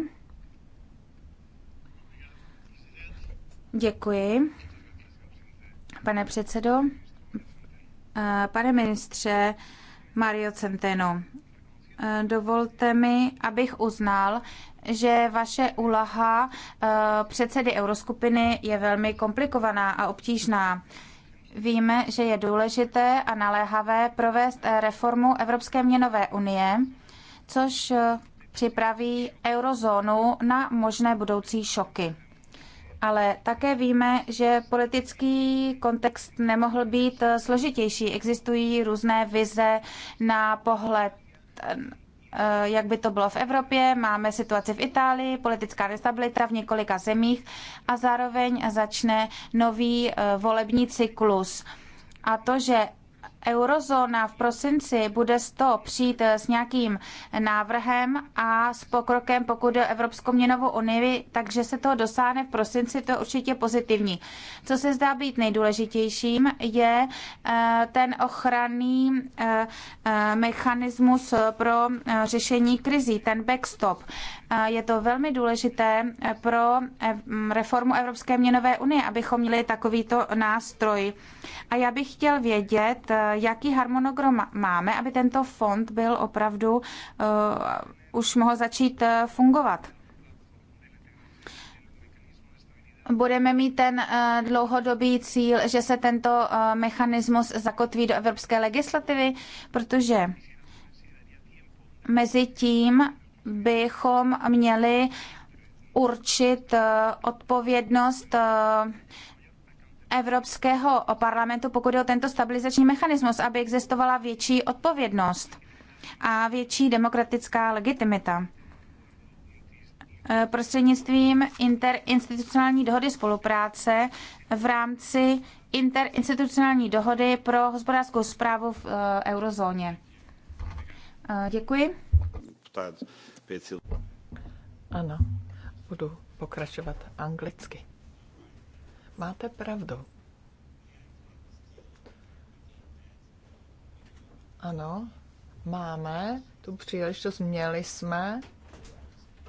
Děkuji. Pane předsedo, pane ministře Mario Centeno, dovolte mi, abych uznal, že vaše úlaha eh, předsedy euroskupiny je velmi komplikovaná a obtížná. Víme, že je důležité a naléhavé provést eh, reformu Evropské měnové unie, což eh, připraví eurozónu na možné budoucí šoky. Ale také víme, že politický kontext nemohl být složitější. Existují různé vize na pohled Eh, jak by to bylo v Evropě, máme situaci v Itálii, politická nestabilita v několika zemích a zároveň začne nový eh, volební cyklus. A to, že eurozóna v prosinci bude z toho přijít eh, s nějakým eh, návrhem a s pokrokem, pokud je Evropskou měnovou unii, takže se toho dosáhne v prosinci, to je určitě pozitivní. Co se zdá být nejdůležitějším, je eh, ten ochranný mechanismus pro řešení krizí, ten backstop. Je to velmi důležité eh, pro eh, reformu Evropské měnové unie, abychom měli takovýto nástroj. A já bych chtěl vědět, eh, jaký harmonogram máme, aby tento fond byl opravdu uh, už mohl začít fungovat budeme mít ten dlouhodobý cíl, že se tento mechanismus zakotví do evropské legislativy, protože mezi tím bychom měli určit eh, odpovědnost eh, Evropského parlamentu, pokud je o tento stabilizační mechanismus, aby existovala větší odpovědnost a větší demokratická legitimita. Eh, prostřednictvím interinstitucionální dohody spolupráce v rámci interinstitucionální dohody pro hospodářskou zprávu v eurozóně. Děkuji věci. Ano, budu pokračovat anglicky. Máte pravdu. Ano, máme tu příležitost, měli jsme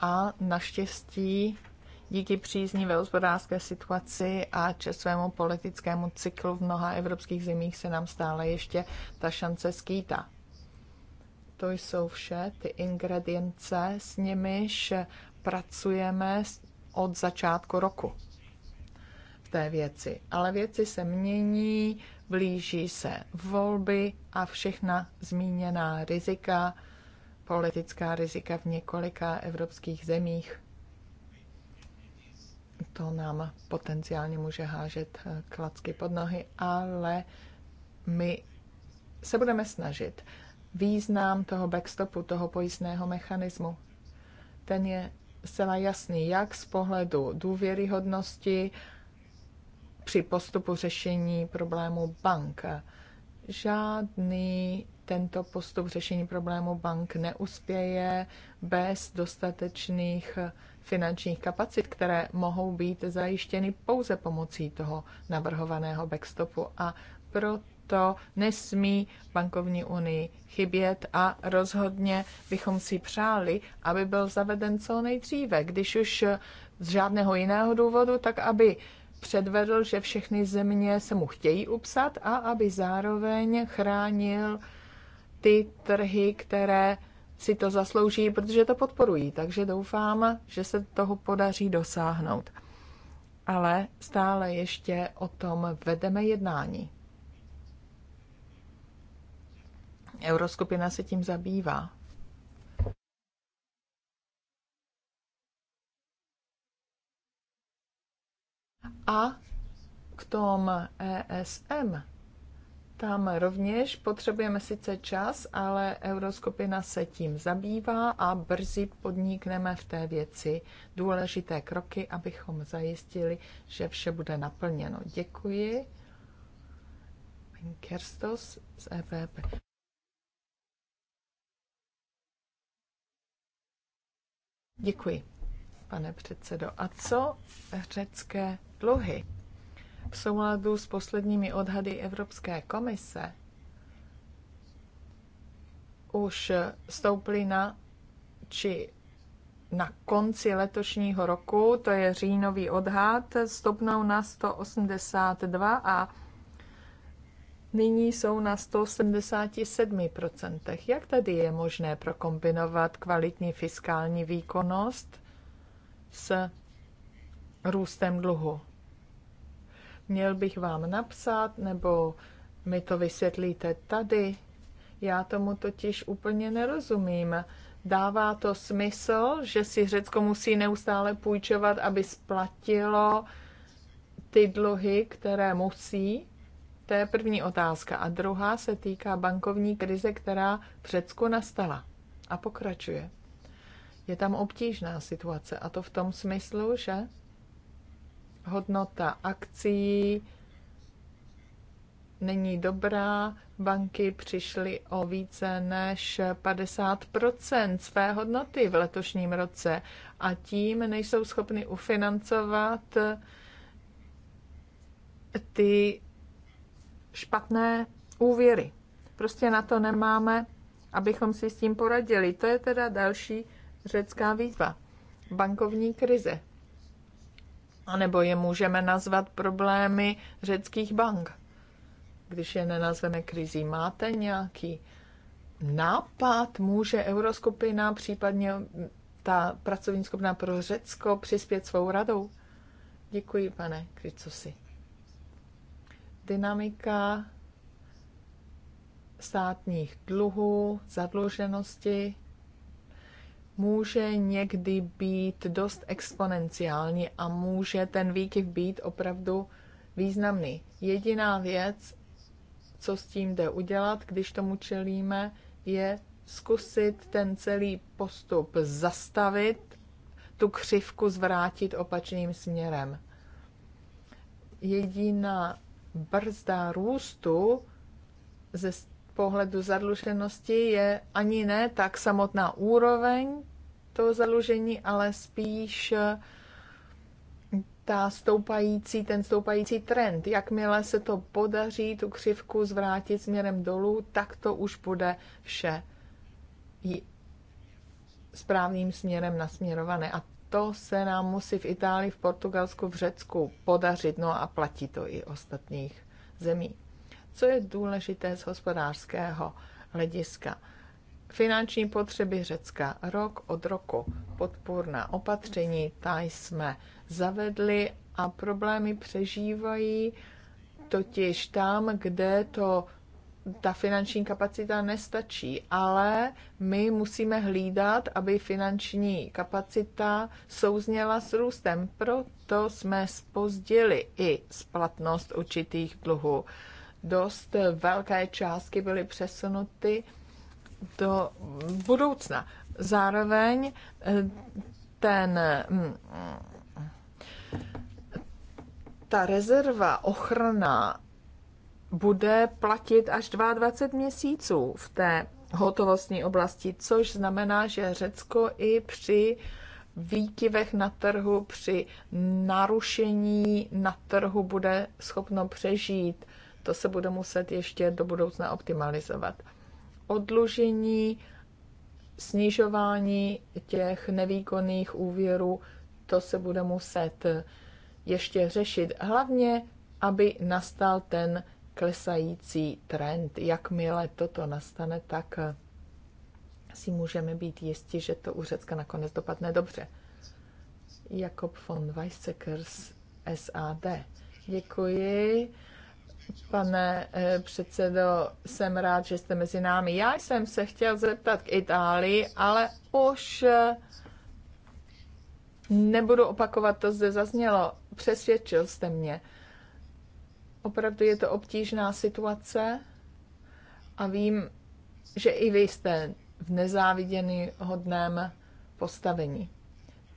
a naštěstí díky příznivé hospodářské situaci a čerstvému politickému cyklu v mnoha evropských zemích se nám stále ještě ta šance skýtá. To jsou vše ty ingredience, s nimiž pracujeme od začátku roku v té věci. Ale věci se mění, blíží se volby a všechna zmíněná rizika, politická rizika v několika evropských zemích. To nám potenciálně může hážet eh, klacky pod nohy, ale my se budeme snažit význam toho backstopu, toho pojistného mechanismu. Ten je zcela jasný, jak z pohledu důvěryhodnosti při postupu řešení problému bank. Žádný tento postup řešení problému bank neuspěje bez dostatečných finančních kapacit, které mohou být zajištěny pouze pomocí toho navrhovaného backstopu. A proto to nesmí bankovní unii chybět a rozhodně bychom si přáli, aby byl zaveden co nejdříve, když už z žádného jiného důvodu, tak aby předvedl, že všechny země se mu chtějí upsat a aby zároveň chránil ty trhy, které si to zaslouží, protože to podporují. Takže doufám, že se toho podaří dosáhnout. Ale stále ještě o tom vedeme jednání. Euroskupina se tím zabývá. A k tom ESM, tam rovněž potřebujeme sice čas, ale Euroskupina se tím zabývá a brzy podnikneme v té věci důležité kroky, abychom zajistili, že vše bude naplněno. Děkuji. Kerstos z EPP. Děkuji, pane předsedo. A co řecké dluhy? V souladu s posledními odhady Evropské komise už stouply na či na konci letošního roku, to je říjnový odhad, stopnou na 182 a nyní jsou na 177%. Jak tedy je možné prokombinovat kvalitní fiskální výkonnost s růstem dluhu? Měl bych vám napsat, nebo mi to vysvětlíte tady? Já tomu totiž úplně nerozumím. Dává to smysl, že si Řecko musí neustále půjčovat, aby splatilo ty dluhy, které musí, to je první otázka. A druhá se týká bankovní krize, která v Řecku nastala a pokračuje. Je tam obtížná situace a to v tom smyslu, že hodnota akcí není dobrá. Banky přišly o více než 50 své hodnoty v letošním roce a tím nejsou schopny ufinancovat ty špatné úvěry. Prostě na to nemáme, abychom si s tím poradili. To je teda další řecká výzva. Bankovní krize. A nebo je můžeme nazvat problémy řeckých bank, když je nenazveme krizí. Máte nějaký nápad? Může Euroskupina, případně ta pracovní skupina pro Řecko přispět svou radou? Děkuji, pane Kricusi dynamika státních dluhů, zadluženosti může někdy být dost exponenciální a může ten výkyv být opravdu významný. Jediná věc, co s tím jde udělat, když tomu čelíme, je zkusit ten celý postup zastavit, tu křivku zvrátit opačným směrem. Jediná brzda růstu ze pohledu zadluženosti je ani ne tak samotná úroveň toho zadlužení, ale spíš eh, ta stoupající, ten stoupající trend. Jakmile se to podaří tu křivku zvrátit směrem dolů, tak to už bude vše správným směrem nasměrované. A to se nám musí v Itálii, v Portugalsku, v Řecku podařit, no a platí to i ostatních zemí. Co je důležité z hospodářského hlediska? Finanční potřeby Řecka rok od roku, podpůrná opatření, ta jsme zavedli a problémy přežívají totiž tam, kde to ta finanční kapacita nestačí, ale my musíme hlídat, aby finanční kapacita souzněla s růstem. Proto jsme spozdili i splatnost určitých dluhů. Dost velké částky byly přesunuty do budoucna. Zároveň eh, ten mm, ta rezerva ochrana bude platit až 22 měsíců v té hotovostní oblasti, což znamená, že Řecko i při výkyvech na trhu, při narušení na trhu bude schopno přežít. To se bude muset ještě do budoucna optimalizovat. Odlužení, snižování těch nevýkonných úvěrů, to se bude muset ještě řešit. Hlavně, aby nastal ten klesající trend. Jakmile toto nastane, tak eh, si můžeme být jisti, že to u Řecka nakonec dopadne dobře. Jakob von Weissekers, SAD. Děkuji. Pane eh, předsedo, jsem rád, že jste mezi námi. Já jsem se chtěl zeptat k Itálii, ale už eh, nebudu opakovat to, zde zaznělo. Přesvědčil jste mě. Opravdu je to obtížná situace a vím, že i vy jste v nezáviděný hodném postavení.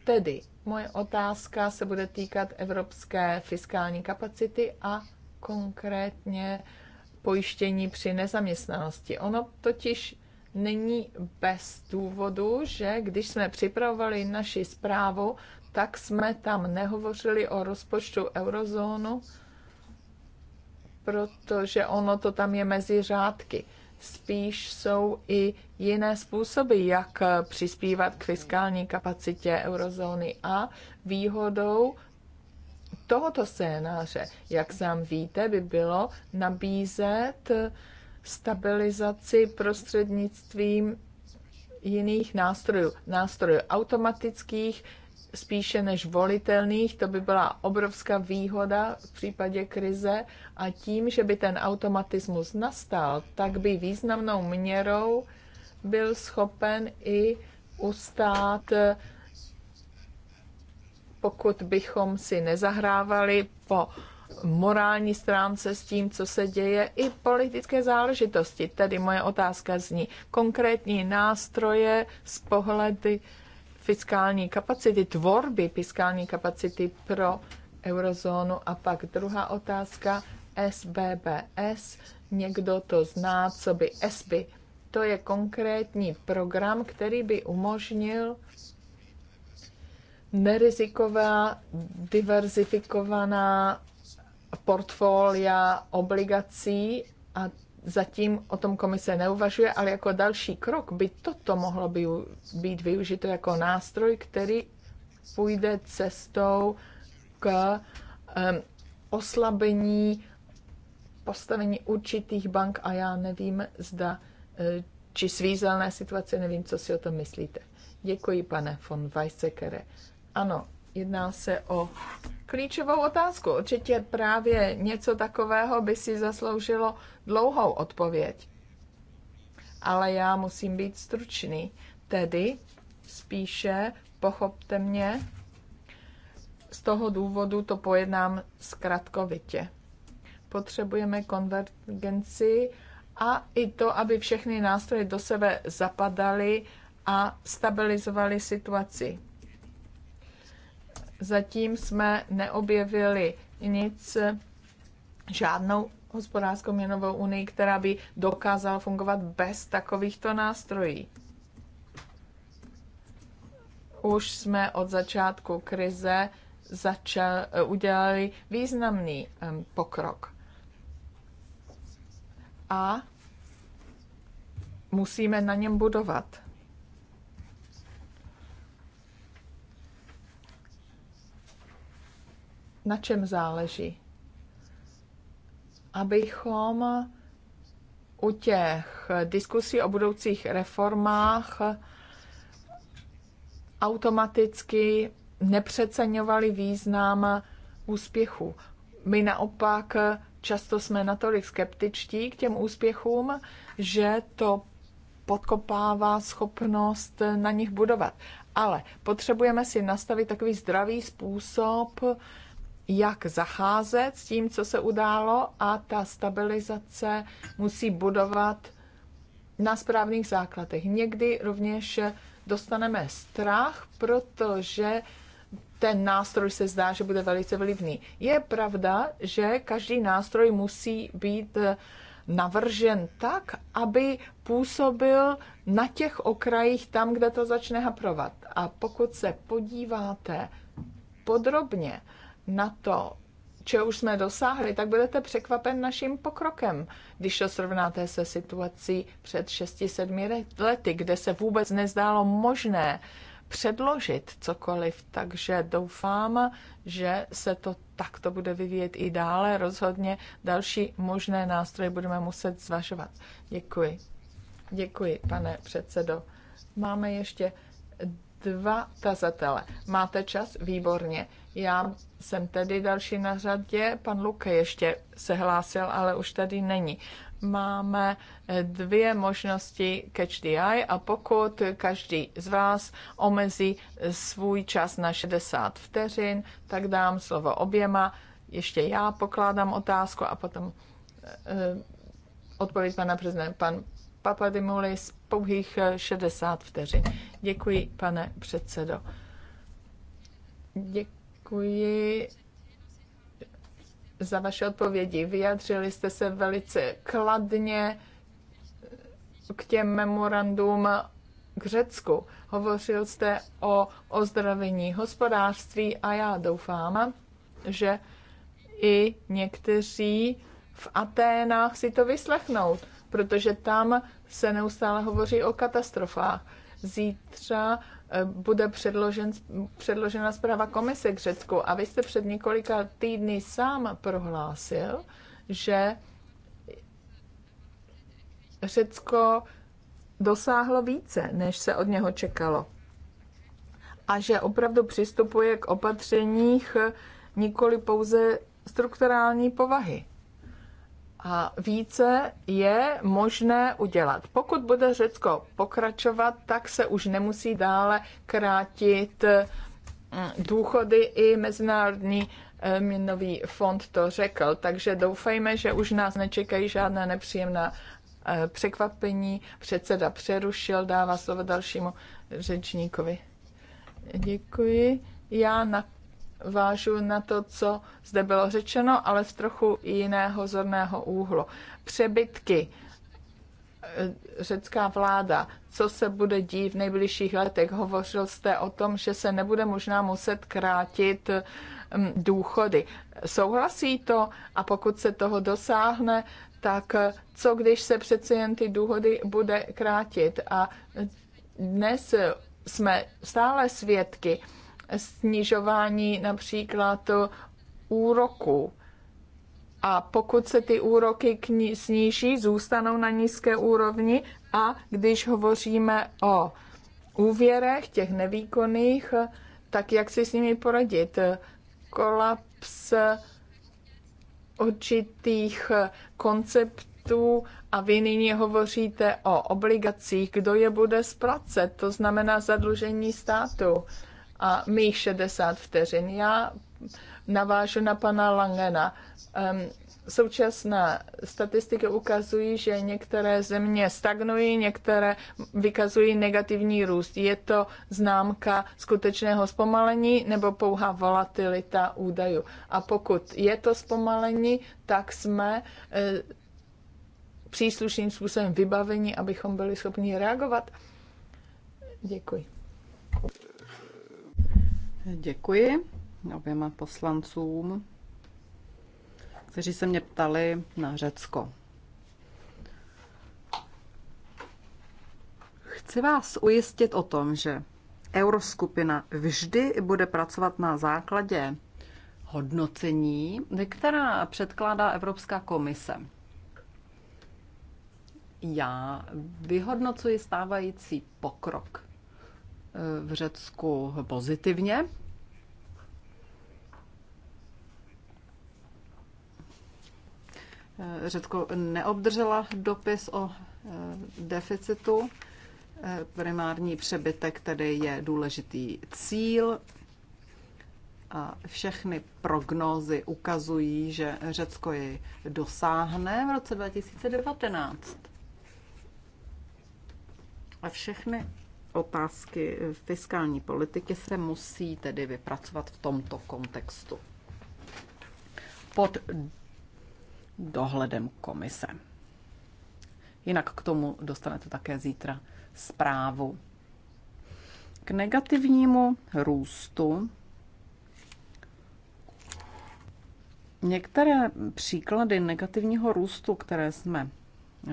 Tedy moje otázka se bude týkat evropské fiskální kapacity a konkrétně pojištění při nezaměstnanosti. Ono totiž není bez důvodu, že když jsme připravovali naši zprávu, tak jsme tam nehovořili o rozpočtu eurozónu, protože ono to tam je mezi řádky. Spíš jsou i jiné způsoby, jak přispívat k fiskální kapacitě eurozóny a výhodou tohoto scénáře, jak sám víte, by bylo nabízet stabilizaci prostřednictvím jiných nástrojů, nástrojů automatických, spíše než volitelných, to by byla obrovská výhoda v případě krize a tím, že by ten automatismus nastal, tak by významnou měrou byl schopen i ustát, pokud bychom si nezahrávali po morální stránce s tím, co se děje, i politické záležitosti. Tedy moje otázka zní konkrétní nástroje z pohledy fiskální kapacity, tvorby fiskální kapacity pro eurozónu. A pak druhá otázka, SBBS, někdo to zná, co by SBY. To je konkrétní program, který by umožnil neriziková, diverzifikovaná portfolia obligací a Zatím o tom komise neuvažuje, ale jako další krok by toto mohlo by být využito jako nástroj, který půjde cestou k um, oslabení postavení určitých bank a já nevím, zda e, či svízelné situace, nevím, co si o tom myslíte. Děkuji, pane von Weizsäckere. Ano, Jedná se o klíčovou otázku. Určitě právě něco takového by si zasloužilo dlouhou odpověď. Ale já musím být stručný. Tedy spíše, pochopte mě, z toho důvodu to pojednám zkratkovitě. Potřebujeme konvergenci a i to, aby všechny nástroje do sebe zapadaly a stabilizovaly situaci Zatím jsme neobjevili nic, žádnou hospodářskou měnovou unii, která by dokázala fungovat bez takovýchto nástrojů. Už jsme od začátku krize začal, udělali významný um, pokrok. A musíme na něm budovat. na čem záleží. Abychom u těch diskusí o budoucích reformách automaticky nepřeceňovali význam úspěchu. My naopak často jsme natolik skeptičtí k těm úspěchům, že to podkopává schopnost na nich budovat. Ale potřebujeme si nastavit takový zdravý způsob jak zacházet s tím, co se událo a ta stabilizace musí budovat na správných základech. Někdy rovněž dostaneme strach, protože ten nástroj se zdá, že bude velice vlivný. Je pravda, že každý nástroj musí být eh, navržen tak, aby působil na těch okrajích tam, kde to začne haprovat. A pokud se podíváte podrobně na to, čeho už jsme dosáhli, tak budete překvapen naším pokrokem, když to srovnáte se situací před 6-7 lety, kde se vůbec nezdálo možné předložit cokoliv, takže doufám, že se to takto bude vyvíjet i dále. Rozhodně další možné nástroje budeme muset zvažovat. Děkuji. Děkuji, pane předsedo. Máme ještě dva tazatele. Máte čas? Výborně. Já jsem tedy další na řadě. Pan Luke ještě se hlásil, ale už tady není. Máme eh, dvě možnosti catch the eye a pokud každý z vás omezí eh, svůj čas na 60 vteřin, tak dám slovo oběma. Ještě já pokládám otázku a potom eh, odpověď pana prezidenta. Pan Papadimoulis pouhých 60 vteřin. Děkuji, pane předsedo. Děkuji děkuji za vaše odpovědi. Vyjadřili jste se velice kladně k těm memorandům k Řecku. Hovořil jste o ozdravení hospodářství a já doufám, že i někteří v Aténách si to vyslechnou, protože tam se neustále hovoří o katastrofách. Zítra bude předložen, předložena zpráva komise k Řecku. A vy jste před několika týdny sám prohlásil, že Řecko dosáhlo více, než se od něho čekalo. A že opravdu přistupuje k opatřeních nikoli pouze strukturální povahy. A více je možné udělat. Pokud bude Řecko pokračovat, tak se už nemusí dále krátit mm, důchody i Mezinárodní eh, měnový fond to řekl. Takže doufejme, že už nás nečekají žádná nepříjemná eh, překvapení. Předseda přerušil, dává slovo dalšímu řečníkovi. Děkuji. Já na vážu na to, co zde bylo řečeno, ale z trochu jiného zorného úhlu. Přebytky eh, řecká vláda, co se bude dít v nejbližších letech. Hovořil jste o tom, že se nebude možná muset krátit hm, důchody. Souhlasí to a pokud se toho dosáhne, tak eh, co když se přeci jen ty důchody bude krátit? A dnes jsme stále svědky snižování například úroku. A pokud se ty úroky sníží, zůstanou na nízké úrovni a když hovoříme o úvěrech, těch nevýkonných, tak jak si s nimi poradit? Kolaps určitých konceptů a vy nyní hovoříte o obligacích, kdo je bude zpracet, to znamená zadlužení státu a mých 60 vteřin. Já navážu na pana Langena. Um, současná statistiky ukazují, že některé země stagnují, některé vykazují negativní růst. Je to známka skutečného zpomalení nebo pouhá volatilita údajů. A pokud je to zpomalení, tak jsme e, příslušným způsobem vybaveni, abychom byli schopni reagovat. Děkuji. Děkuji oběma poslancům, kteří se mě ptali na Řecko. Chci vás ujistit o tom, že Euroskupina vždy bude pracovat na základě hodnocení, která předkládá Evropská komise. Já vyhodnocuji stávající pokrok v Řecku pozitivně. Řecko neobdržela dopis o eh, deficitu. Eh, primární přebytek tedy je důležitý cíl. A všechny prognózy ukazují, že Řecko ji dosáhne v roce 2019. A všechny otázky fiskální politiky se musí tedy vypracovat v tomto kontextu pod dohledem komise. Jinak k tomu dostanete také zítra zprávu. K negativnímu růstu některé příklady negativního růstu, které jsme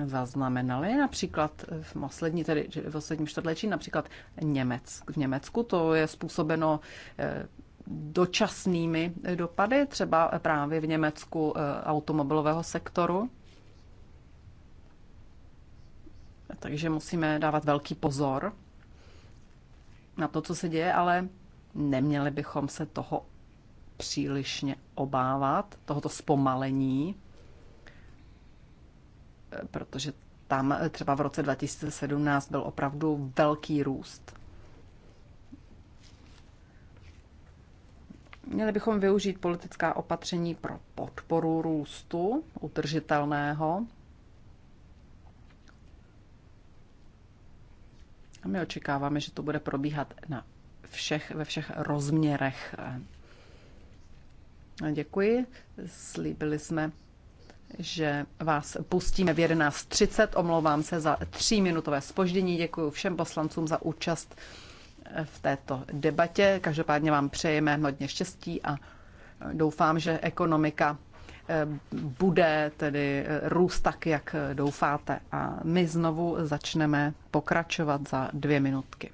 zaznamenali. Například v poslední, tedy v posledním čtvrtletí, například Němec, v Německu to je způsobeno eh, dočasnými dopady, třeba právě v Německu eh, automobilového sektoru. Takže musíme dávat velký pozor na to, co se děje, ale neměli bychom se toho přílišně obávat, tohoto zpomalení protože tam eh, třeba v roce 2017 byl opravdu velký růst. Měli bychom využít politická opatření pro podporu růstu utržitelného. A my očekáváme, že to bude probíhat na všech, ve všech rozměrech. Děkuji. Slíbili jsme že vás pustíme v 11.30. Omlouvám se za tříminutové spoždění. Děkuji všem poslancům za účast v této debatě. Každopádně vám přejeme hodně štěstí a doufám, že ekonomika eh, bude tedy eh, růst tak, jak doufáte. A my znovu začneme pokračovat za dvě minutky.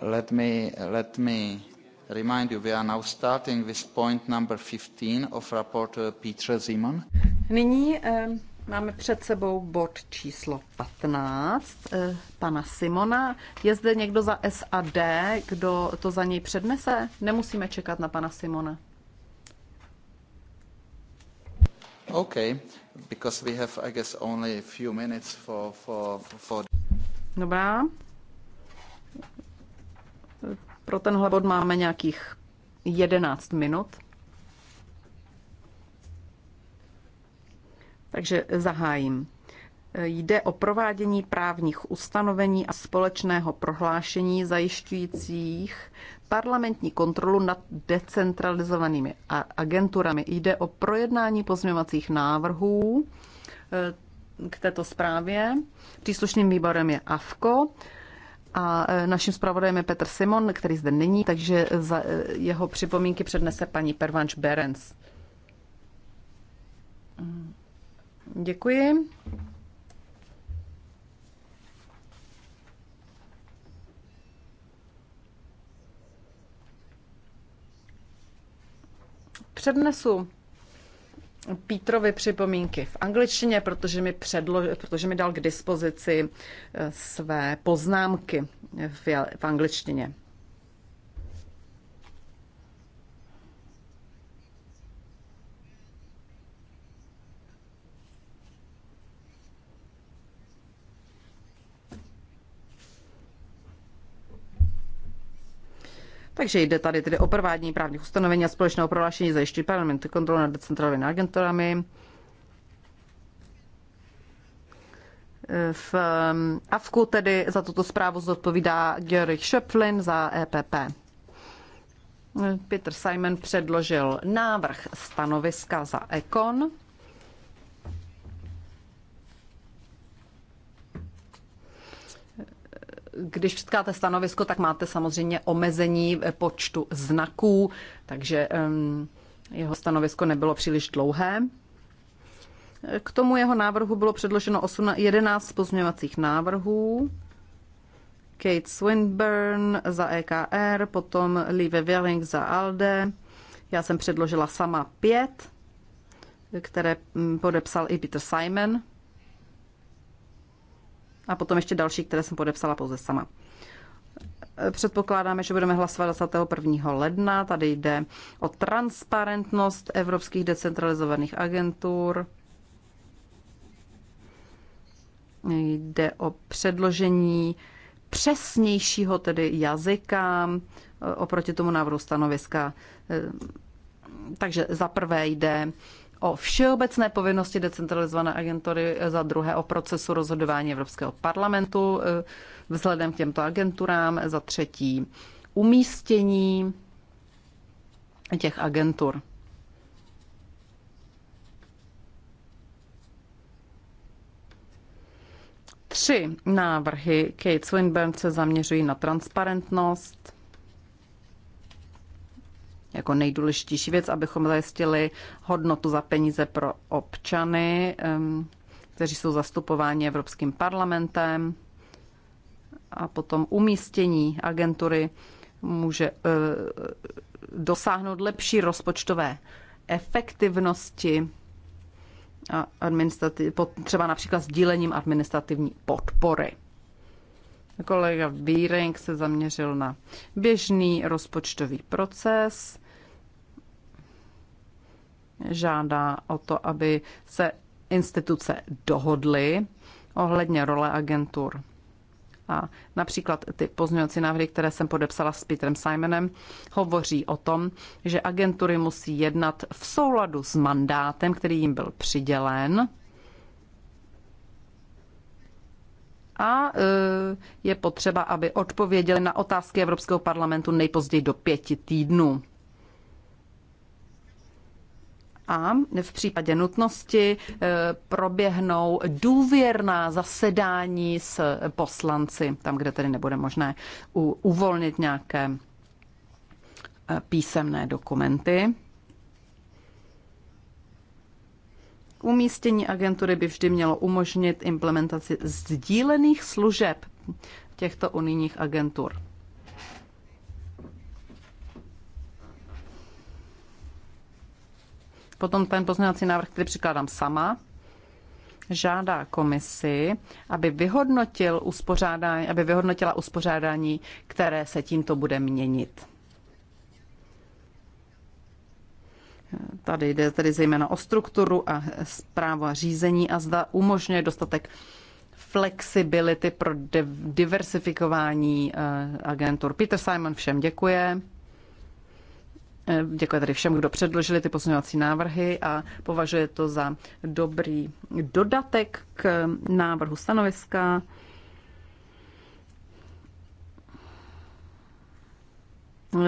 Let me, let me remind you, we are now starting with point number 15 of rapporteur Peter Simon. Nyní um, máme před sebou bod číslo 15 uh, eh, pana Simona. Je zde někdo za SAD, kdo to za něj přednese? Nemusíme čekat na pana Simona. Okay, because we have, I guess, only a few minutes for, for, for Dobrá. Pro tenhle bod máme nějakých 11 minut. Takže zahájím. Jde o provádění právních ustanovení a společného prohlášení zajišťujících parlamentní kontrolu nad decentralizovanými agenturami. Jde o projednání pozměvacích návrhů k této zprávě. Příslušným výborem je AFKO a e, naším zpravodajem je Petr Simon, který zde není, takže za e, jeho připomínky přednese paní Pervanč Berens. Mm, děkuji. Přednesu Pítrovi připomínky v angličtině, protože mi, předlo, protože mi dal k dispozici eh, své poznámky v, v angličtině. Takže jde tady tedy o provádění právních ustanovení a společného prohlášení zajišťují parlamentu kontrolu nad decentralovými agenturami. V um, AFKu tedy za tuto zprávu zodpovídá Georg Schöpflin za EPP. Peter Simon předložil návrh stanoviska za Econ. když předkáte stanovisko, tak máte samozřejmě omezení počtu znaků, takže jeho stanovisko nebylo příliš dlouhé. K tomu jeho návrhu bylo předloženo 11 pozměňovacích návrhů. Kate Swinburne za EKR, potom Lieve Welling za ALDE. Já jsem předložila sama pět, které podepsal i Peter Simon a potom ještě další, které jsem podepsala pouze sama. Předpokládáme, že budeme hlasovat 21. ledna. Tady jde o transparentnost evropských decentralizovaných agentur. Jde o předložení přesnějšího tedy jazyka eh, oproti tomu návrhu stanoviska. Eh, takže za prvé jde o všeobecné povinnosti decentralizované agentury, za druhé o procesu rozhodování Evropského parlamentu eh, vzhledem k těmto agenturám, za třetí umístění těch agentur. Tři návrhy Kate Swinburne se zaměřují na transparentnost, jako nejdůležitější věc, abychom zajistili hodnotu za peníze pro občany, kteří jsou zastupováni Evropským parlamentem. A potom umístění agentury může eh, dosáhnout lepší rozpočtové efektivnosti a třeba například sdílením administrativní podpory. Kolega Bírenk se zaměřil na běžný rozpočtový proces žádá o to, aby se instituce dohodly ohledně role agentur. A například ty pozměňovací návrhy, které jsem podepsala s Petrem Simonem, hovoří o tom, že agentury musí jednat v souladu s mandátem, který jim byl přidělen. A e, je potřeba, aby odpověděli na otázky Evropského parlamentu nejpozději do pěti týdnů a v případě nutnosti eh, proběhnou důvěrná zasedání s poslanci, tam, kde tedy nebude možné uvolnit nějaké eh, písemné dokumenty. Umístění agentury by vždy mělo umožnit implementaci sdílených služeb těchto unijních agentur. Potom ten pozměňovací návrh, který přikládám sama, žádá komisi, aby, vyhodnotil uspořádání, aby vyhodnotila uspořádání, které se tímto bude měnit. Tady jde tedy zejména o strukturu a zprávu a řízení a zda umožňuje dostatek flexibility pro diversifikování eh, agentur. Peter Simon všem děkuje. Eh, děkuji tady všem, kdo předložili ty pozměňovací návrhy a považuje to za dobrý dodatek k návrhu stanoviska.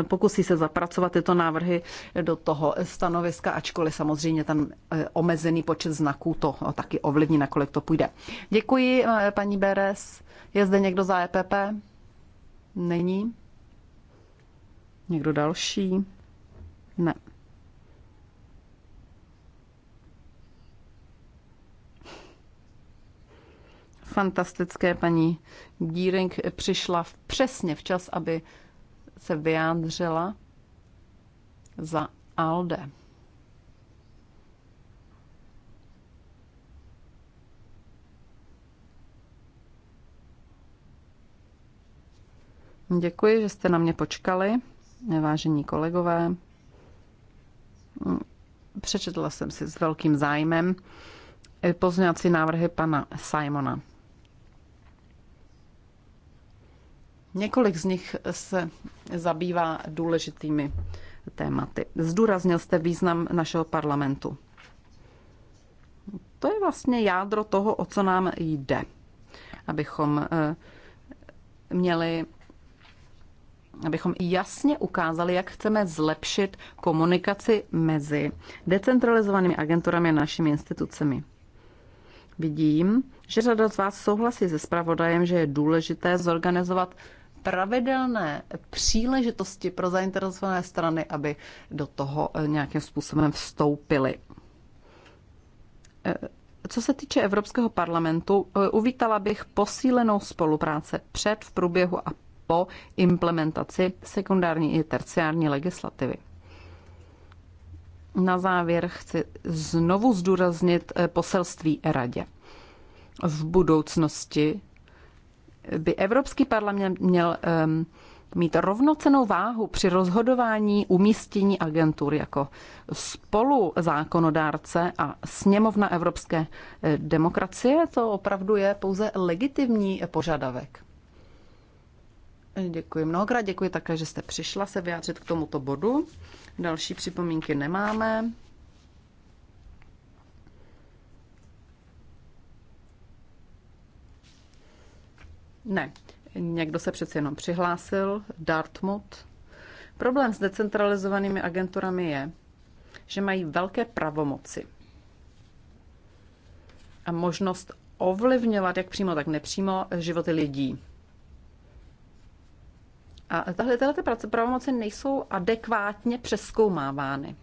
Pokusí se zapracovat tyto návrhy do toho stanoviska, ačkoliv samozřejmě ten eh, omezený počet znaků to eh, taky ovlivní, nakolik to půjde. Děkuji, paní Beres. Je zde někdo za EPP? Není. Někdo další? Ne. Fantastické paní Gíring přišla v přesně včas, aby se vyjádřila za Alde. Děkuji, že jste na mě počkali, vážení kolegové. Přečetla jsem si s velkým zájmem eh, pozňací návrhy pana Simona. Několik z nich se zabývá důležitými tématy. Zdůraznil jste význam našeho parlamentu. To je vlastně jádro toho, o co nám jde, abychom eh, měli abychom jasně ukázali, jak chceme zlepšit komunikaci mezi decentralizovanými agenturami a našimi institucemi. Vidím, že řada z vás souhlasí se zpravodajem, že je důležité zorganizovat pravidelné příležitosti pro zainteresované strany, aby do toho eh, nějakým způsobem vstoupily. Eh, co se týče Evropského parlamentu, eh, uvítala bych posílenou spolupráce před, v průběhu a po implementaci sekundární i terciární legislativy. Na závěr chci znovu zdůraznit eh, poselství radě. V budoucnosti by Evropský parlament měl um, mít rovnocenou váhu při rozhodování umístění agentur jako spolu zákonodárce a sněmovna evropské eh, demokracie. To opravdu je pouze legitimní požadavek. Děkuji mnohokrát, děkuji také, že jste přišla se vyjádřit k tomuto bodu. Další připomínky nemáme. Ne, někdo se přece jenom přihlásil, Dartmouth. Problém s decentralizovanými agenturami je, že mají velké pravomoci a možnost ovlivňovat, jak přímo, tak nepřímo, životy lidí. A tahle, tahle práce pravomoci nejsou adekvátně přeskoumávány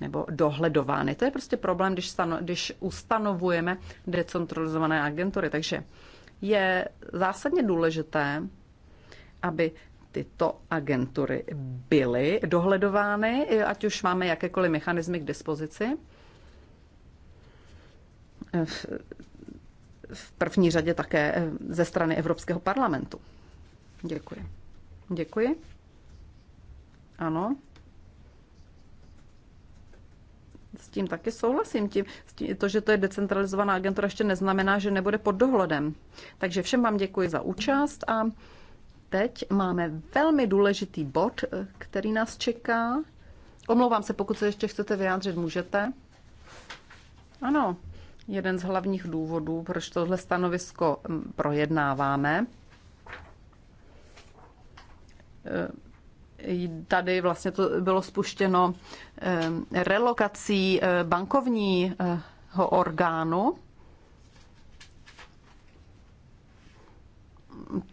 nebo dohledovány. To je prostě problém, když, stano, když ustanovujeme decentralizované agentury. Takže je zásadně důležité, aby tyto agentury byly dohledovány, ať už máme jakékoliv mechanizmy k dispozici. V první řadě také ze strany Evropského parlamentu. Děkuji. Děkuji. Ano. S tím taky souhlasím. Tím, tím, to, že to je decentralizovaná agentura, ještě neznamená, že nebude pod dohledem. Takže všem vám děkuji za účast a teď máme velmi důležitý bod, který nás čeká. Omlouvám se, pokud se ještě chcete vyjádřit, můžete. Ano, jeden z hlavních důvodů, proč tohle stanovisko mm, projednáváme, Eh, tady vlastně to bylo spuštěno eh, relokací eh, bankovního orgánu.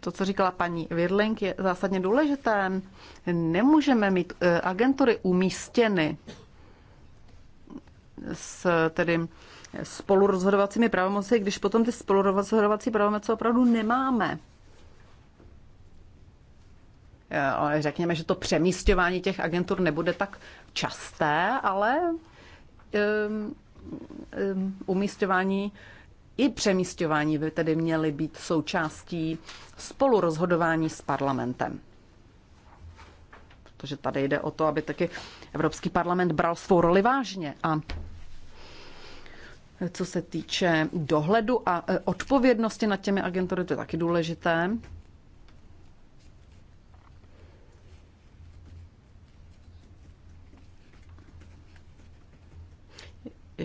To, co říkala paní Virling, je zásadně důležité. Nemůžeme mít agentury umístěny s tedy spolurozhodovacími pravomoci, když potom ty spolurozhodovací pravomoci opravdu nemáme. Eh, řekněme, že to přemístování těch agentur nebude tak časté, ale umístěvání ehm, ehm, umístování i přemístování by tedy měly být součástí spolurozhodování s parlamentem. Protože tady jde o to, aby taky Evropský parlament bral svou roli vážně a eh, co se týče dohledu a eh, odpovědnosti nad těmi agentury, to je taky důležité.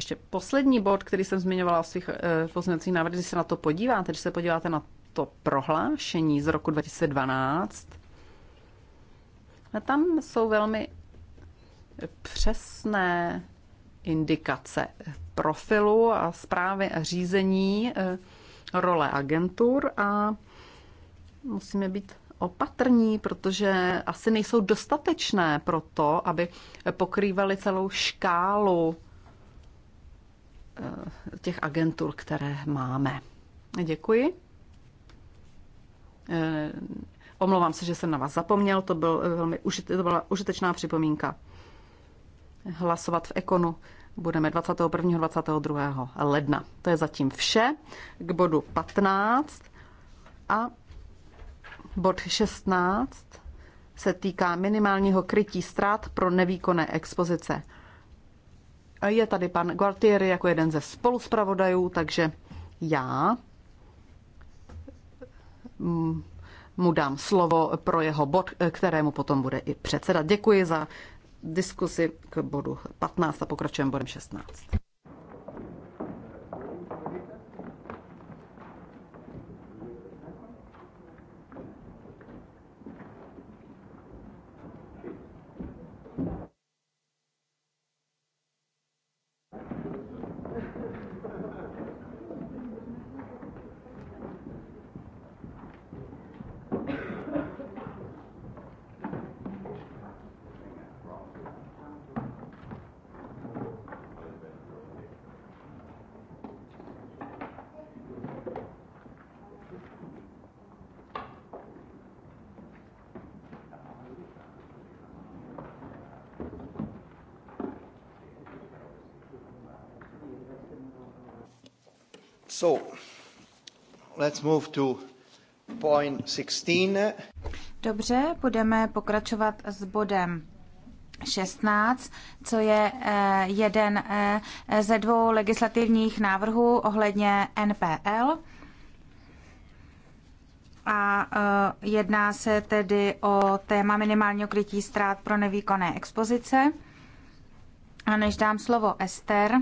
ještě poslední bod, který jsem zmiňovala v svých eh, pozměňovacích návrhů, když se na to podíváte, když se podíváte na to prohlášení z roku 2012, a tam jsou velmi přesné indikace profilu a zprávy a řízení eh, role agentur a musíme být opatrní, protože asi nejsou dostatečné pro to, aby pokrývali celou škálu Eh, těch agentur, které máme. Děkuji. Eh, omlouvám se, že jsem na vás zapomněl, to, byl eh, velmi to byla užitečná připomínka. Hlasovat v Ekonu budeme 21. 22. ledna. To je zatím vše k bodu 15 a bod 16 se týká minimálního krytí ztrát pro nevýkonné expozice. Je tady pan Gualtieri jako jeden ze spoluspravodajů, takže já mm, mu dám slovo pro jeho bod, kterému potom bude i předseda. Děkuji za diskusi k bodu 15 a pokračujeme bodem 16. So, let's move to point 16. Dobře, budeme pokračovat s bodem 16, co je eh, jeden eh, ze dvou legislativních návrhů ohledně NPL. A eh, jedná se tedy o téma minimálního krytí ztrát pro nevýkonné expozice. A než dám slovo Ester,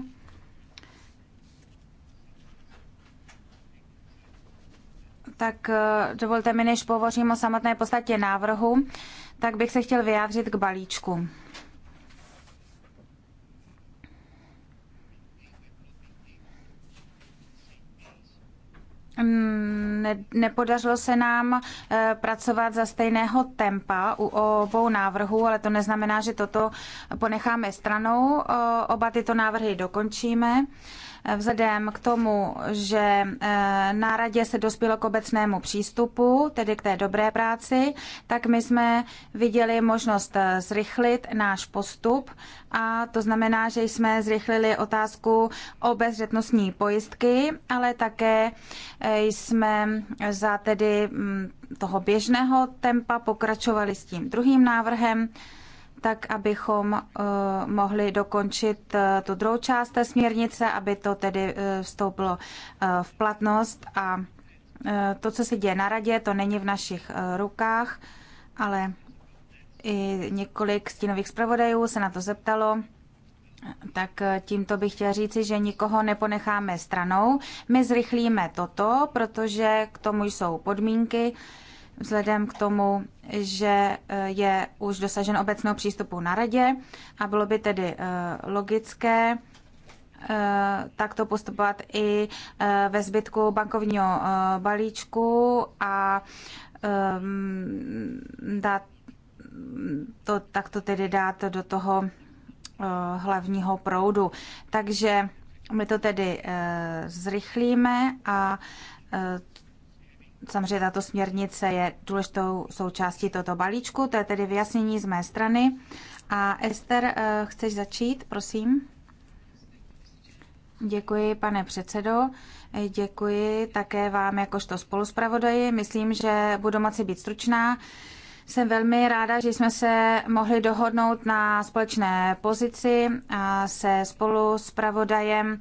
tak eh, dovolte mi, než pohovořím o samotné podstatě návrhu, tak bych se chtěl vyjádřit k balíčku. Mm, nepodařilo se nám eh, pracovat za stejného tempa u obou návrhů, ale to neznamená, že toto ponecháme stranou. Eh, oba tyto návrhy dokončíme. Vzhledem k tomu, že eh, na radě se dospělo k obecnému přístupu, tedy k té dobré práci, tak my jsme viděli možnost eh, zrychlit náš postup a to znamená, že jsme zrychlili otázku o bezřetnostní pojistky, ale také eh, jsme za tedy mm, toho běžného tempa pokračovali s tím druhým návrhem, tak abychom eh, mohli dokončit eh, tu druhou část té směrnice, aby to tedy eh, vstoupilo v platnost. A to, co se děje na radě, to není v našich rukách, ale i několik stínových zpravodajů se na to zeptalo. Tak tímto bych chtěla říci, že nikoho neponecháme stranou. My zrychlíme toto, protože k tomu jsou podmínky vzhledem k tomu, že eh, je už dosažen obecného přístupu na radě a bylo by tedy eh, logické eh, takto postupovat i ve zbytku bankovního balíčku a ehm, dát to takto tedy dát do toho hlavního proudu. Takže my to tedy zrychlíme a Samozřejmě tato směrnice je důležitou součástí tohoto balíčku, to je tedy vyjasnění z mé strany. A Ester, eh, chceš začít, prosím? Děkuji, pane předsedo. Eh, děkuji také vám jakožto spoluspravodaji. Myslím, že budu moci být stručná. Jsem velmi ráda, že jsme se mohli dohodnout na společné pozici se spolu s pravodajem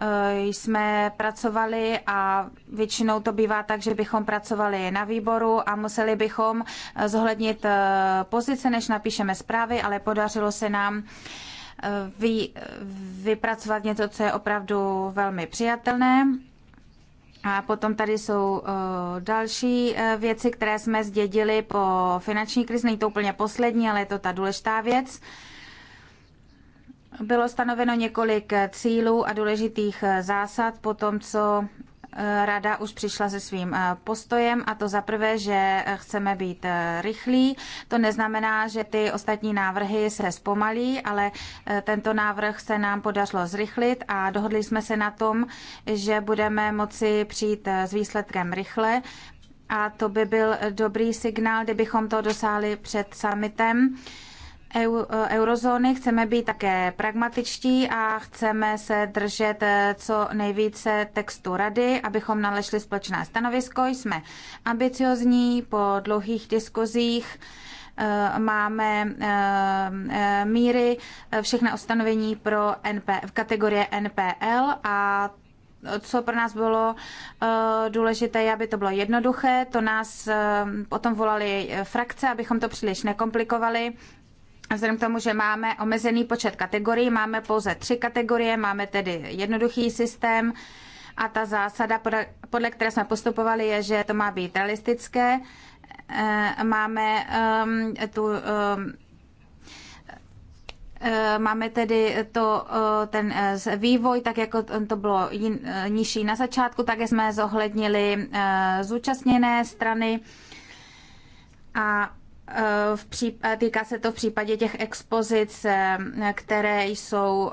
Eh, jsme pracovali a většinou to bývá tak, že bychom pracovali na výboru a museli bychom eh, zohlednit eh, pozice, než napíšeme zprávy, ale podařilo se nám vy, vypracovat něco, co je opravdu velmi přijatelné. A potom tady jsou další věci, které jsme zdědili po finanční krizi. Není to úplně poslední, ale je to ta důležitá věc. Bylo stanoveno několik eh, cílů a důležitých eh, zásad po tom, co eh, Rada už přišla se svým postojem a to za prvé, že chceme být rychlí. To neznamená, že ty ostatní návrhy se zpomalí, ale tento návrh se nám podařilo zrychlit a dohodli jsme se na tom, že budeme moci přijít s výsledkem rychle. A to by byl dobrý signál, kdybychom to dosáhli před summitem Eh, eurozóny, chceme být také pragmatičtí a chceme se držet eh, co nejvíce textu rady, abychom nalešli společné stanovisko. Jsme ambiciozní po dlouhých diskuzích eh, máme míry, všechna ustanovení pro NP, v kategorie NPL a co pro nás bylo důležité, aby to bylo jednoduché. To nás potom volali frakce, abychom to příliš nekomplikovali a Vzhledem k tomu, že máme omezený počet kategorií, máme pouze tři kategorie, máme tedy jednoduchý systém a ta zásada, podle které jsme postupovali, je, že to má být realistické. Eh, máme ehm, tu ehm, eh, Máme tedy to, eh, ten vývoj, tak jako to bylo nižší na začátku, tak jsme zohlednili zúčastněné strany a Eh, v příp- eh, týká se to v případě těch expozic, eh, které jsou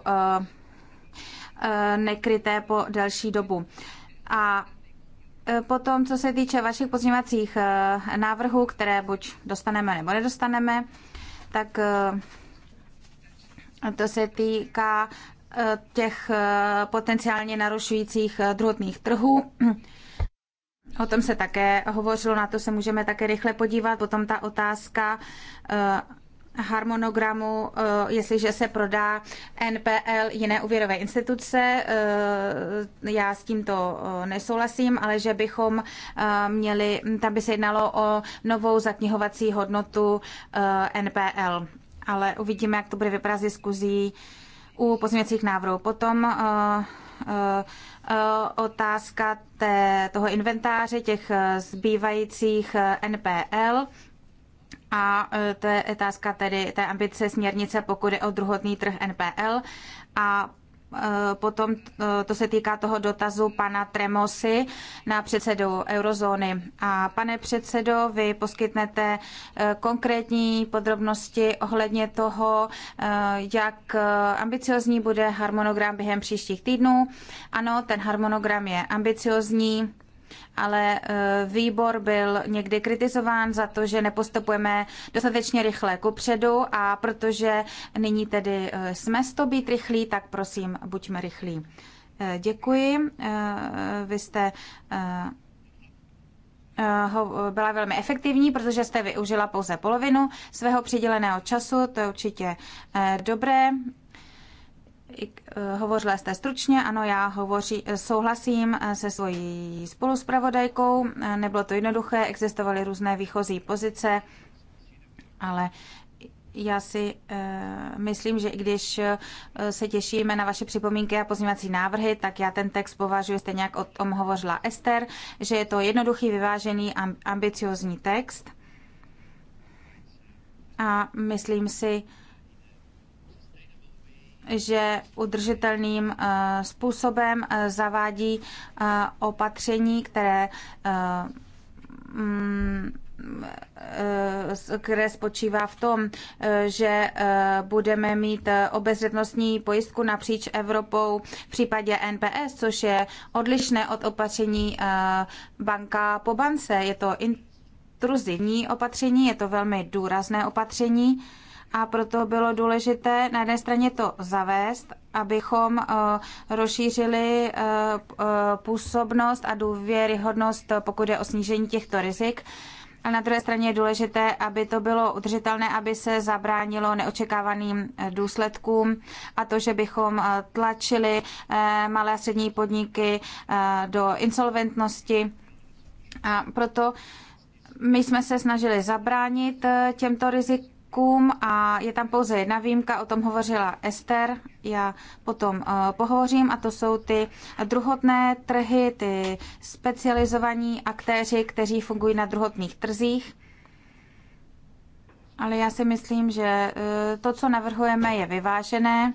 nekryté po delší dobu. A potom, co se týče vašich pozměňovacích návrhů, které buď dostaneme nebo nedostaneme, tak to se týká těch potenciálně narušujících druhotných trhů. O tom se také hovořilo, na to se můžeme také rychle podívat. Potom ta otázka eh, harmonogramu, eh, jestliže se prodá NPL jiné úvěrové instituce. Eh, já s tímto nesouhlasím, ale že bychom měli, tam by se jednalo o novou zaknihovací hodnotu NPL. Ale uvidíme, jak to bude vypadat s diskuzí u pozměňovacích návrhů. Potom Eh, otázka té, toho inventáře těch eh, zbývajících eh, NPL a to je otázka tedy té ambice směrnice, pokud je o druhotný trh NPL a Eh, potom eh, to se týká toho dotazu pana Tremosy na předsedu eurozóny. A pane předsedo, vy poskytnete eh, konkrétní podrobnosti ohledně toho, jak ambiciozní bude harmonogram během příštích týdnů. Ano, ten harmonogram je ambiciozní ale eh, výbor byl někdy kritizován za to, že nepostupujeme dostatečně rychle předu a protože nyní tedy eh, jsme s to být rychlí, tak prosím, buďme rychlí. Eh, děkuji. Vy jste byla velmi efektivní, protože jste využila pouze polovinu svého přiděleného času, to je určitě dobré. Eh, hovořila jste stručně, ano, já hovoří, eh, souhlasím eh, se svojí spoluspravodajkou. Nebylo to jednoduché, existovaly různé výchozí pozice, ale já si myslím, že i když se těšíme na vaše připomínky a pozměňovací návrhy, tak já ten text považuji, stejně jak o tom hovořila Ester, že je to jednoduchý, vyvážený, ambiciozní text. A myslím si, že udržitelným eh, způsobem eh, zavádí eh, opatření, které mm, které spočívá v tom, že budeme mít obezřetnostní pojistku napříč Evropou v případě NPS, což je odlišné od opatření banka po bance. Je to intruzivní opatření, je to velmi důrazné opatření a proto bylo důležité na jedné straně to zavést, abychom eh, rozšířili eh, eh, působnost a důvěryhodnost, pokud je o snížení těchto rizik. A na druhé straně je důležité, aby to bylo udržitelné, aby se zabránilo neočekávaným důsledkům a to, že bychom tlačili malé a střední podniky do insolventnosti. A proto my jsme se snažili zabránit těmto rizikům krokům a je tam pouze jedna výjimka, o tom hovořila Ester, já potom eh, pohovořím a to jsou ty druhotné trhy, ty specializovaní aktéři, kteří fungují na druhotných trzích. Ale já si myslím, že eh, to, co navrhujeme, je vyvážené.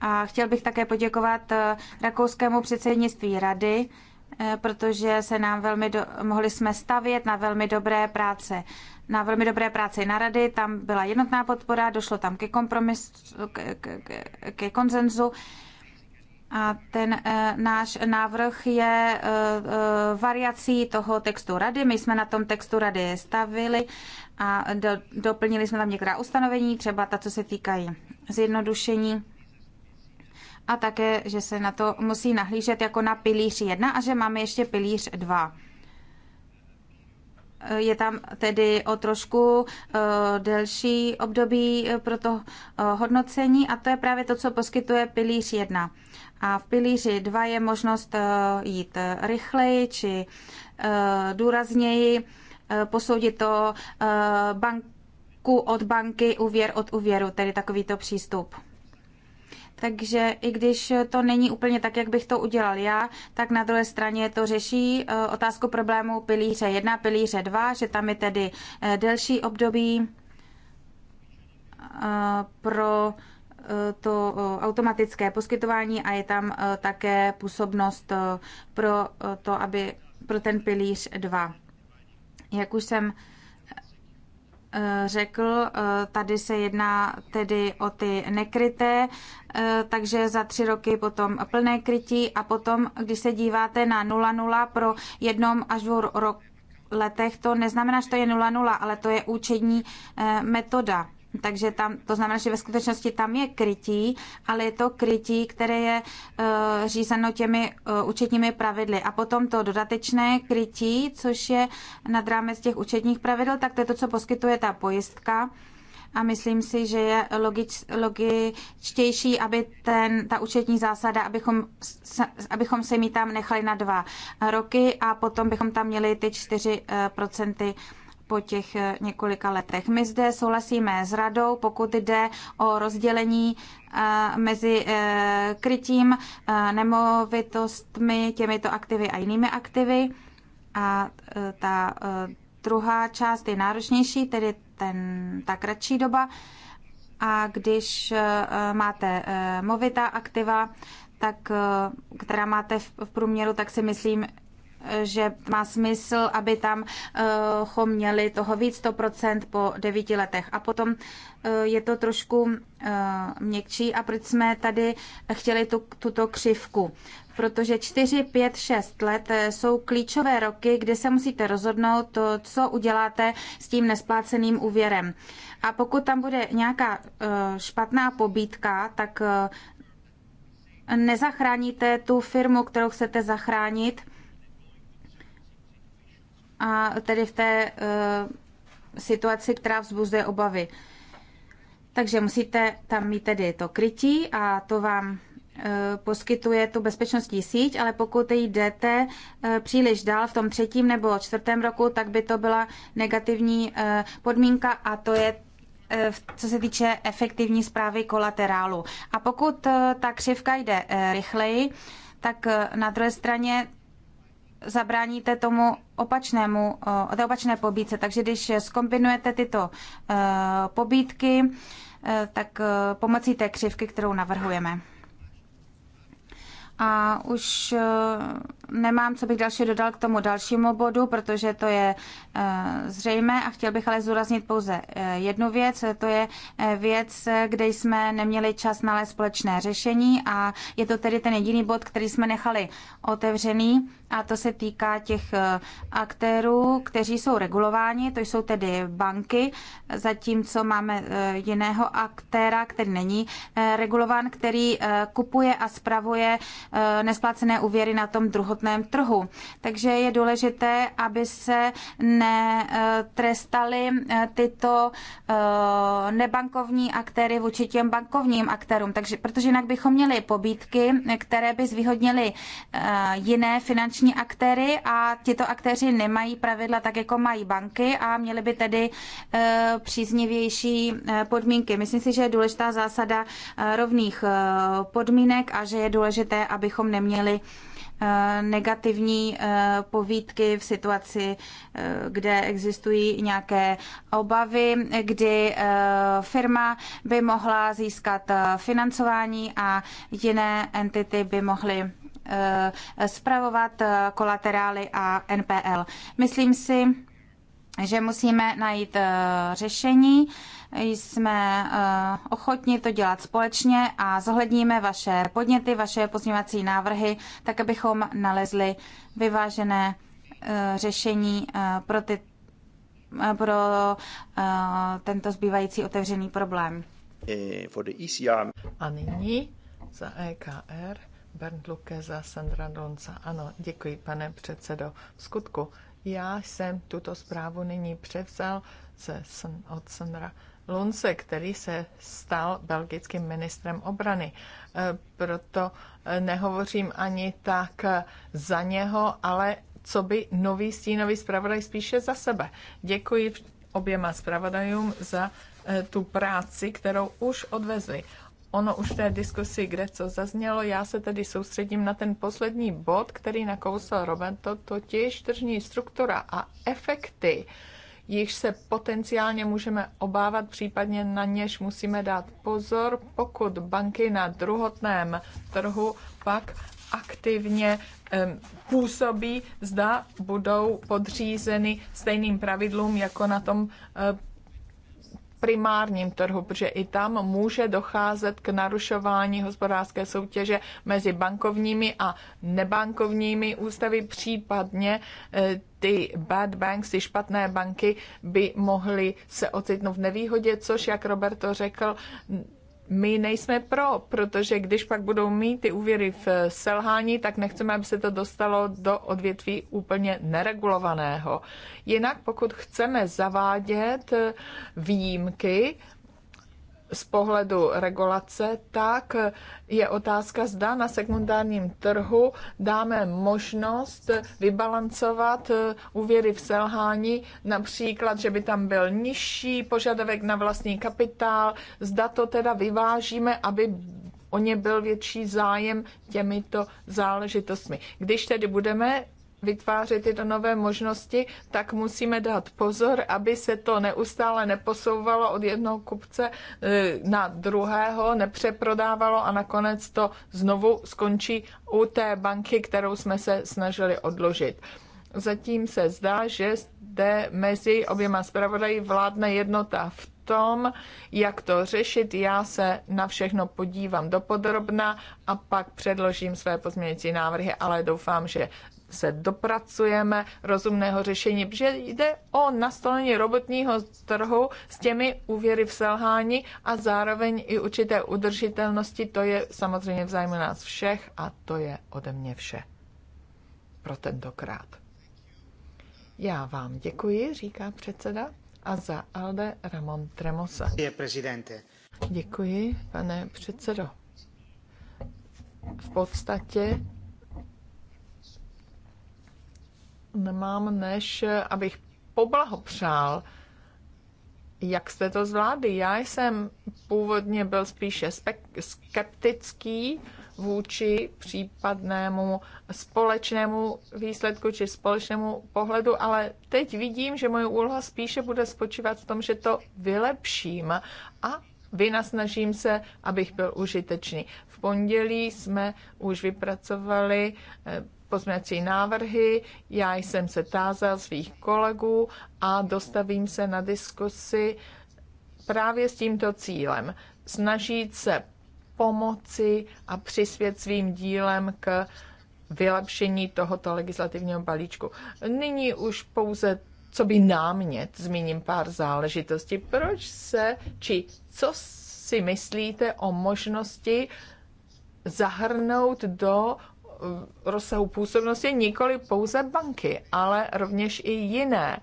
A chtěl bych také poděkovat eh, rakouskému předsednictví rady, protože se nám velmi do, mohli jsme stavět na velmi dobré práce na velmi dobré práci na rady, tam byla jednotná podpora, došlo tam ke kompromisu, ke, ke, ke konsenzu. A ten e, náš návrh je e, e, variací toho textu rady. My jsme na tom textu rady stavili a do, doplnili jsme tam některá ustanovení, třeba ta, co se týkají zjednodušení a také, že se na to musí nahlížet jako na pilíř 1 a že máme ještě pilíř 2 je tam tedy o trošku eh, delší období eh, pro to eh, hodnocení a to je právě to, co poskytuje pilíř 1. A v pilíři 2 je možnost jít rychleji či důrazněji, posoudit to banku od banky, úvěr od úvěru, tedy takovýto přístup. Takže i když to není úplně tak, jak bych to udělal já, tak na druhé straně to řeší eh, otázku problému pilíře 1, pilíře 2, že tam je tedy eh, delší období eh, pro to automatické poskytování a je tam také působnost pro to, aby pro ten pilíř 2. Jak už jsem Eh, řekl, eh, tady se jedná tedy o ty nekryté, eh, takže za tři roky potom plné krytí a potom, když se díváte na 0,0 pro jednom až dvou rok letech, to neznamená, že to je 0,0, ale to je účetní metoda. Takže tam, to znamená, že ve skutečnosti tam je krytí, ale je to krytí, které je uh, řízeno těmi uh, účetními pravidly. A potom to dodatečné krytí, což je nad rámec těch účetních pravidel, tak to je to, co poskytuje ta pojistka. A myslím si, že je logič, logičtější, aby ten, ta účetní zásada, abychom, abychom se mi tam nechali na dva roky a potom bychom tam měli ty 4 uh, eh, procenty uh, po těch eh, několika letech. My zde souhlasíme s radou, pokud jde o rozdělení eh, mezi eh, krytím nemovitostmi, těmito aktivy a jinými aktivy. A ta druhá část je náročnější, tedy ten, ta kratší doba. A když máte movitá aktiva, tak, která máte v průměru, tak si myslím, že má smysl, aby tam chom eh, měli toho víc 100% po devíti letech. A potom eh, je to trošku eh, měkčí a proč jsme tady chtěli tu, tuto křivku. Protože 4, 5, 6 let jsou klíčové roky, kdy se musíte rozhodnout, to, co uděláte s tím nespláceným úvěrem. A pokud tam bude nějaká špatná pobítka, tak nezachráníte tu firmu, kterou chcete zachránit, a tedy v té eh, situaci, která vzbuzuje obavy. Takže musíte tam mít tedy to krytí a to vám eh, poskytuje tu bezpečnostní síť, ale pokud jdete eh, příliš dál v tom třetím nebo čtvrtém roku, tak by to byla negativní podmínka a to je co se týče efektivní zprávy kolaterálu. A pokud ta křivka jde rychleji, tak na druhé straně zabráníte tomu opačnému, té opačné pobídce. Takže když skombinujete tyto e, pobídky, e, tak e, pomocí té křivky, kterou navrhujeme. A už nemám, co bych další dodal k tomu dalšímu bodu, protože to je eh, zřejmé a chtěl bych ale zúraznit pouze eh, jednu věc. To je eh, věc, kde jsme neměli čas nalézt společné řešení a je to tedy ten jediný bod, který jsme nechali otevřený a to se týká těch aktérů, kteří jsou regulováni, to jsou tedy banky, zatímco máme jiného aktéra, který není regulován, který kupuje a spravuje nesplacené úvěry na tom druhotném druhotném trhu. Takže je důležité, aby se netrestaly eh, tyto eh, nebankovní aktéry vůči těm bankovním aktérům, takže, protože jinak bychom měli pobídky, které by zvýhodnily eh, jiné finanční aktéry a tyto aktéři nemají pravidla tak, jako mají banky a měly by tedy příznivější podmínky. Myslím si, že je důležitá zásada rovných podmínek a že je důležité, abychom neměli Eh, negativní eh, povídky v situaci, eh, kde existují nějaké obavy, kdy firma by mohla získat financování a jiné entity by mohly spravovat kolaterály a NPL. Myslím si, že musíme najít řešení jsme eh, ochotni to dělat společně a zohledníme vaše podněty, vaše pozměňovací návrhy, tak abychom nalezli vyvážené eh, řešení eh, pro, ty, pro tento zbývající otevřený problém. E a nyní za EKR Bernd Luke za Sandra Donca. Ano, děkuji, pane předsedo. V skutku, já jsem tuto zprávu nyní převzal ze, od Sandra Lunce, který se stal belgickým ministrem obrany. E, proto e, nehovořím ani tak e, za něho, ale co by nový stínový zpravodaj spíše za sebe. Děkuji oběma zpravodajům za tu práci, kterou už odvezli. Ono už v té diskusi, kde co zaznělo, já se tedy soustředím na ten poslední bod, který nakousal Roberto, totiž tržní struktura a efekty jich se potenciálně můžeme obávat, případně na něž musíme dát pozor, pokud banky na druhotném trhu pak aktivně působí, zda budou podřízeny stejným pravidlům jako na tom eh, primárním trhu, protože i tam může docházet k narušování hospodářské soutěže mezi bankovními a nebankovními ústavy, případně e, ty bad banks, ty špatné banky by mohly se ocitnout v nevýhodě, což, jak Roberto řekl, my nejsme pro, protože když pak budou mít ty úvěry v selhání, tak nechceme, aby se to dostalo do odvětví úplně neregulovaného. Jinak pokud chceme zavádět výjimky, z pohledu regulace, tak je otázka, zda na sekundárním trhu dáme možnost vybalancovat eh, úvěry v selhání, například, že by tam byl nižší požadavek na vlastní kapitál, zda to teda vyvážíme, aby o ně byl větší zájem těmito záležitostmi. Když tedy budeme vytvářet tyto nové možnosti, tak musíme dát pozor, aby se to neustále neposouvalo od jednoho kupce e, na druhého, nepřeprodávalo a nakonec to znovu skončí u té banky, kterou jsme se snažili odložit. Zatím se zdá, že zde mezi oběma zpravodají vládne jednota v tom, jak to řešit. Já se na všechno podívám dopodrobna a pak předložím své pozměňující návrhy, ale doufám, že se dopracujeme rozumného řešení, protože jde o nastolení robotního trhu s těmi úvěry v selhání a zároveň i určité udržitelnosti. To je samozřejmě v zájmu nás všech a to je ode mě vše pro tentokrát. Já vám děkuji, říká předseda, a za Alde Ramon Tremosa. Děkuji, pane předsedo. V podstatě nemám, než eh, abych poblahopřál, jak jste to zvládli. Já jsem původně byl spíše skeptický vůči případnému společnému výsledku či společnému pohledu, ale teď vidím, že moje úloha spíše bude spočívat v tom, že to vylepším a vynasnažím se, abych byl užitečný. V pondělí jsme už vypracovali eh, pozměňovací návrhy. Já jsem se tázal svých kolegů a dostavím se na diskusi právě s tímto cílem. Snažit se pomoci a přispět svým dílem k vylepšení tohoto legislativního balíčku. Nyní už pouze co by námět, zmíním pár záležitostí. Proč se, či co si myslíte o možnosti zahrnout do Eh, rozsahu působnosti nikoli pouze banky, ale rovněž i jiné,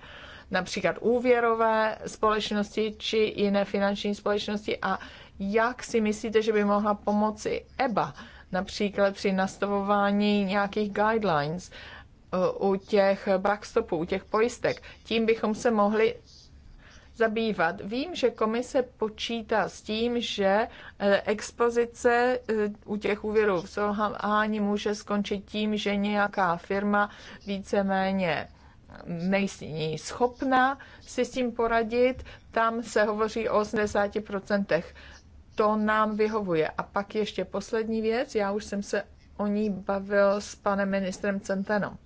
například úvěrové společnosti či jiné finanční společnosti. A jak si myslíte, že by mohla pomoci EBA, například při nastavování nějakých guidelines eh, u těch backstopů, u těch pojistek? Tím bychom se mohli zabývat. Vím, že komise počítá s tím, že eh, expozice eh, u těch úvěrů v selhání může skončit tím, že nějaká firma víceméně nejsní schopná si s tím poradit. Tam se hovoří o 80%. To nám vyhovuje. A pak ještě poslední věc, já už jsem se o ní bavil s panem ministrem Centenom.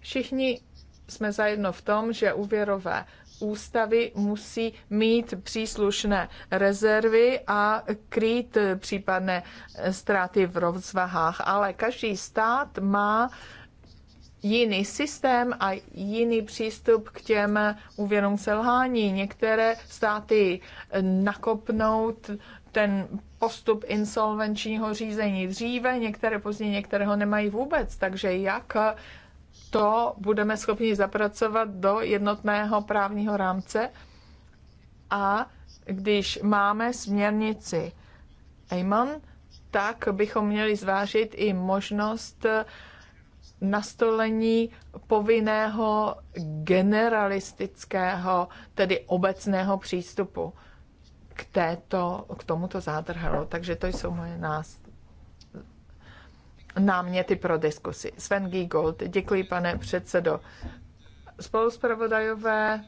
Všichni jsme zajedno v tom, že úvěrové ústavy musí mít příslušné rezervy a krýt případné ztráty v rozvahách. Ale každý stát má jiný systém a jiný přístup k těm úvěrům selhání. Některé státy nakopnout ten postup insolvenčního řízení dříve, některé později, některého nemají vůbec. Takže jak to budeme schopni zapracovat do jednotného právního rámce. A když máme směrnici Eamon, tak bychom měli zvážit i možnost nastolení povinného generalistického, tedy obecného přístupu k, této, k tomuto zádrhelu. Takže to jsou moje nás, náměty pro diskusy. Sven Giegold, děkuji pane předsedo. Spoluspravodajové,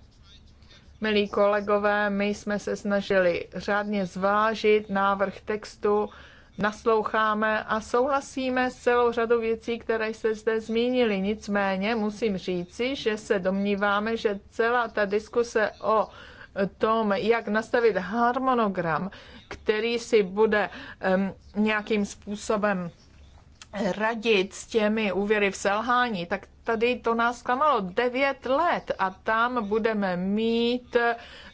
milí kolegové, my jsme se snažili řádně zvážit návrh textu, nasloucháme a souhlasíme s celou řadou věcí, které se zde zmínili. Nicméně musím říci, že se domníváme, že celá ta diskuse o tom, jak nastavit harmonogram, který si bude um, nějakým způsobem radit s těmi úvěry v selhání, tak tady to nás klamalo 9 let a tam budeme mít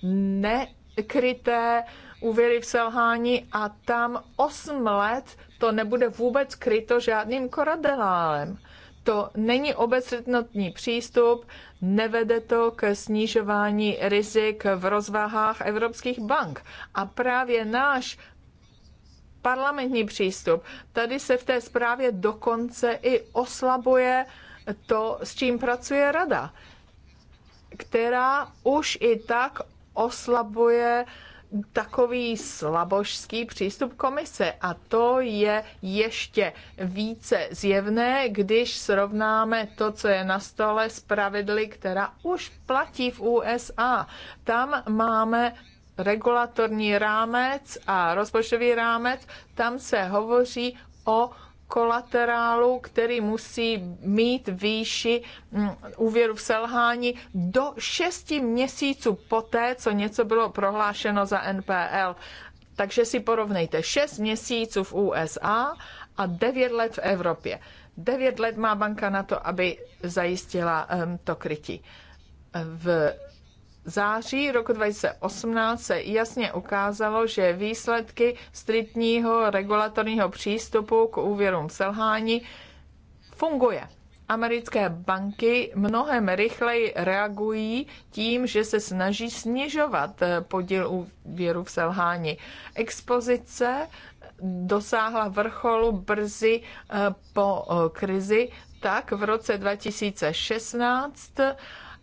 nekryté úvěry v selhání a tam 8 let to nebude vůbec kryto žádným koradelálem. To není obecnotný přístup, nevede to k snižování rizik v rozvahách evropských bank. A právě náš parlamentní přístup. Tady se v té zprávě dokonce i oslabuje to, s čím pracuje rada, která už i tak oslabuje takový slabožský přístup komise a to je ještě více zjevné, když srovnáme to, co je na stole s pravidly, která už platí v USA. Tam máme regulatorní rámec a rozpočtový rámec, tam se hovoří o kolaterálu, který musí mít výši mm, úvěru v selhání do 6 měsíců poté, co něco bylo prohlášeno za NPL. Takže si porovnejte 6 měsíců v USA a 9 let v Evropě. 9 let má banka na to, aby zajistila ehm, to krytí. V září roku 2018 se jasně ukázalo, že výsledky striktního regulatorního přístupu k úvěrům selhání funguje. Americké banky mnohem rychleji reagují tím, že se snaží snižovat eh, podíl úvěru v selhání. Expozice dosáhla vrcholu brzy eh, po eh, krizi, tak v roce 2016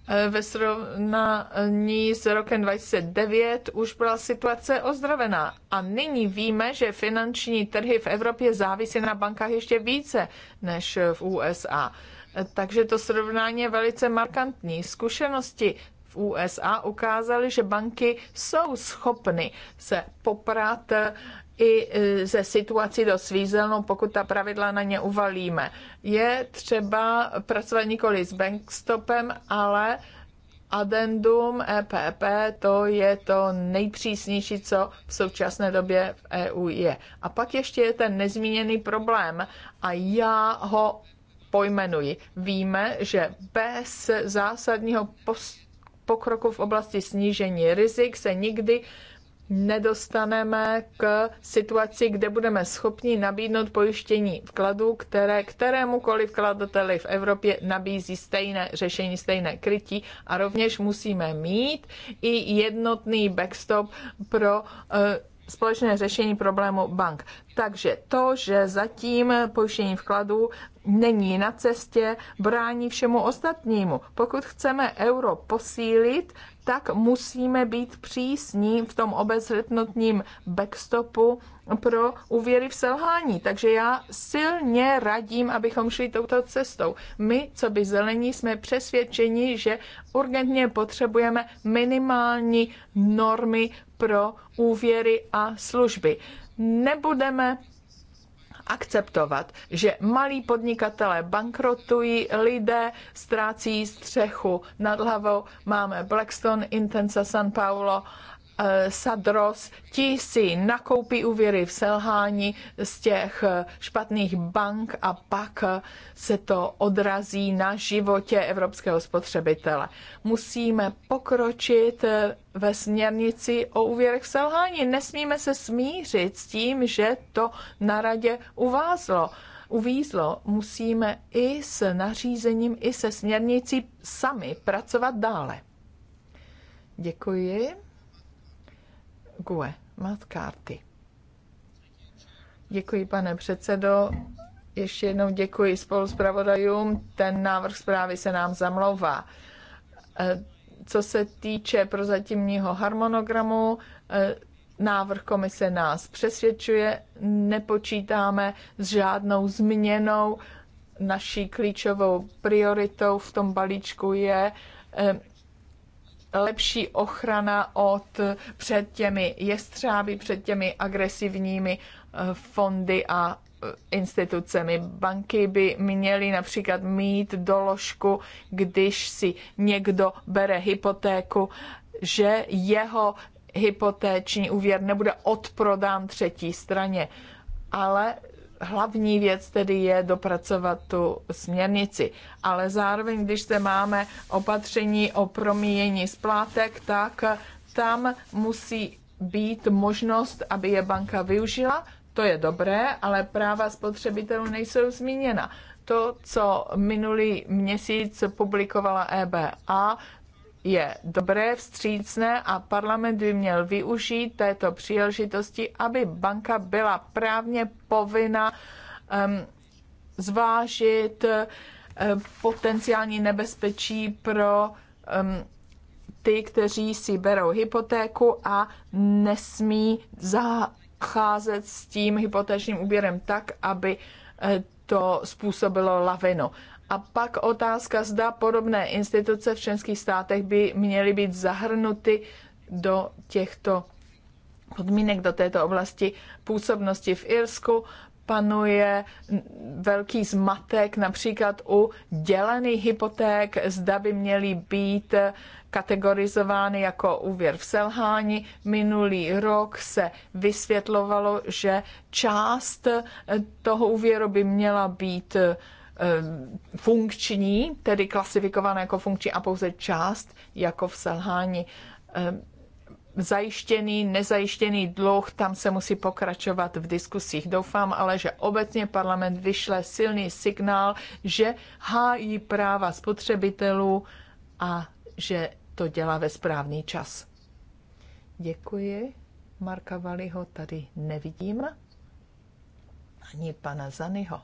Eh, ve srovnání s rokem 2009 už byla situace ozdravená. A nyní víme, že finanční trhy v Evropě závisí na bankách ještě více než v USA. Eh, takže to srovnání je velice markantní. Zkušenosti v USA ukázaly, že banky jsou schopny se poprat eh, i e, ze situací do svízelnou, pokud ta pravidla na ně uvalíme. Je třeba pracovat nikoli s bankstopem, ale addendum EPP, to je to nejpřísnější, co v současné době v EU je. A pak ještě je ten nezmíněný problém a já ho pojmenuji. Víme, že bez zásadního post- pokroku v oblasti snížení rizik se nikdy nedostaneme k situaci, kde budeme schopni nabídnout pojištění vkladů, které kterémukoliv vkladateli v Evropě nabízí stejné řešení, stejné krytí a rovněž musíme mít i jednotný backstop pro uh, společné řešení problému bank. Takže to, že zatím pojištění vkladů není na cestě, brání všemu ostatnímu. Pokud chceme euro posílit, tak musíme být přísní v tom obezřetnotním backstopu pro úvěry v selhání. Takže já silně radím, abychom šli touto cestou. My, co by zelení, jsme přesvědčeni, že urgentně potřebujeme minimální normy pro úvěry a služby. Nebudeme akceptovat, že malí podnikatelé bankrotují, lidé ztrácí střechu nad hlavou. Máme Blackstone, Intensa San Paulo Eh, Sadros, ti si nakoupí úvěry v selhání z těch eh, špatných bank a pak eh, se to odrazí na životě evropského spotřebitele. Musíme pokročit ve směrnici o úvěrech v selhání. Nesmíme se smířit s tím, že to na radě uvázlo uvízlo, musíme i s nařízením, i se směrnicí sami pracovat dále. Děkuji. GUE, mat karty. Děkuji, pane předsedo. Ještě jednou děkuji spoluzpravodajům. Ten návrh zprávy se nám zamlouvá. Eh, co se týče prozatímního harmonogramu, eh, návrh komise nás přesvědčuje, nepočítáme s žádnou změnou. Naší klíčovou prioritou v tom balíčku je eh, lepší ochrana od před těmi jestřáby, před těmi agresivními eh, fondy a eh, institucemi. Banky by měly například mít doložku, když si někdo bere hypotéku, že jeho hypotéční úvěr nebude odprodán třetí straně. Ale hlavní věc tedy je dopracovat tu směrnici. Ale zároveň, když se máme opatření o promíjení splátek, tak tam musí být možnost, aby je banka využila. To je dobré, ale práva spotřebitelů nejsou zmíněna. To, co minulý měsíc publikovala EBA, je dobré, vstřícné a parlament by měl využít této příležitosti, aby banka byla právně povinna um, zvážit um, potenciální nebezpečí pro um, ty, kteří si berou hypotéku a nesmí zacházet s tím hypotéčním úběrem tak, aby eh, to způsobilo lavinu. A pak otázka, zda podobné instituce v členských státech by měly být zahrnuty do těchto podmínek, do této oblasti působnosti v Irsku panuje velký zmatek například u dělených hypoték, zda by měly být kategorizovány jako úvěr v selhání. Minulý rok se vysvětlovalo, že část toho úvěru by měla být Eh, funkční, tedy klasifikované jako funkční a pouze část jako v selhání. Eh, zajištěný, nezajištěný dluh, tam se musí pokračovat v diskusích. Doufám ale, že obecně parlament vyšle silný signál, že hájí práva spotřebitelů a že to dělá ve správný čas. Děkuji. Marka Valiho tady nevidím, ani pana Zanyho.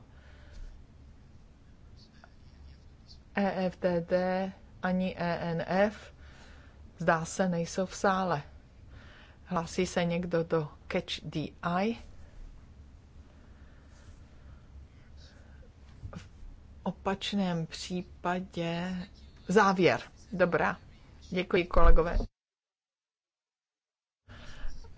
EFTD ani ENF zdá se nejsou v sále. Hlásí se někdo do Catch the Eye? V opačném případě závěr. Dobrá. Děkuji kolegové.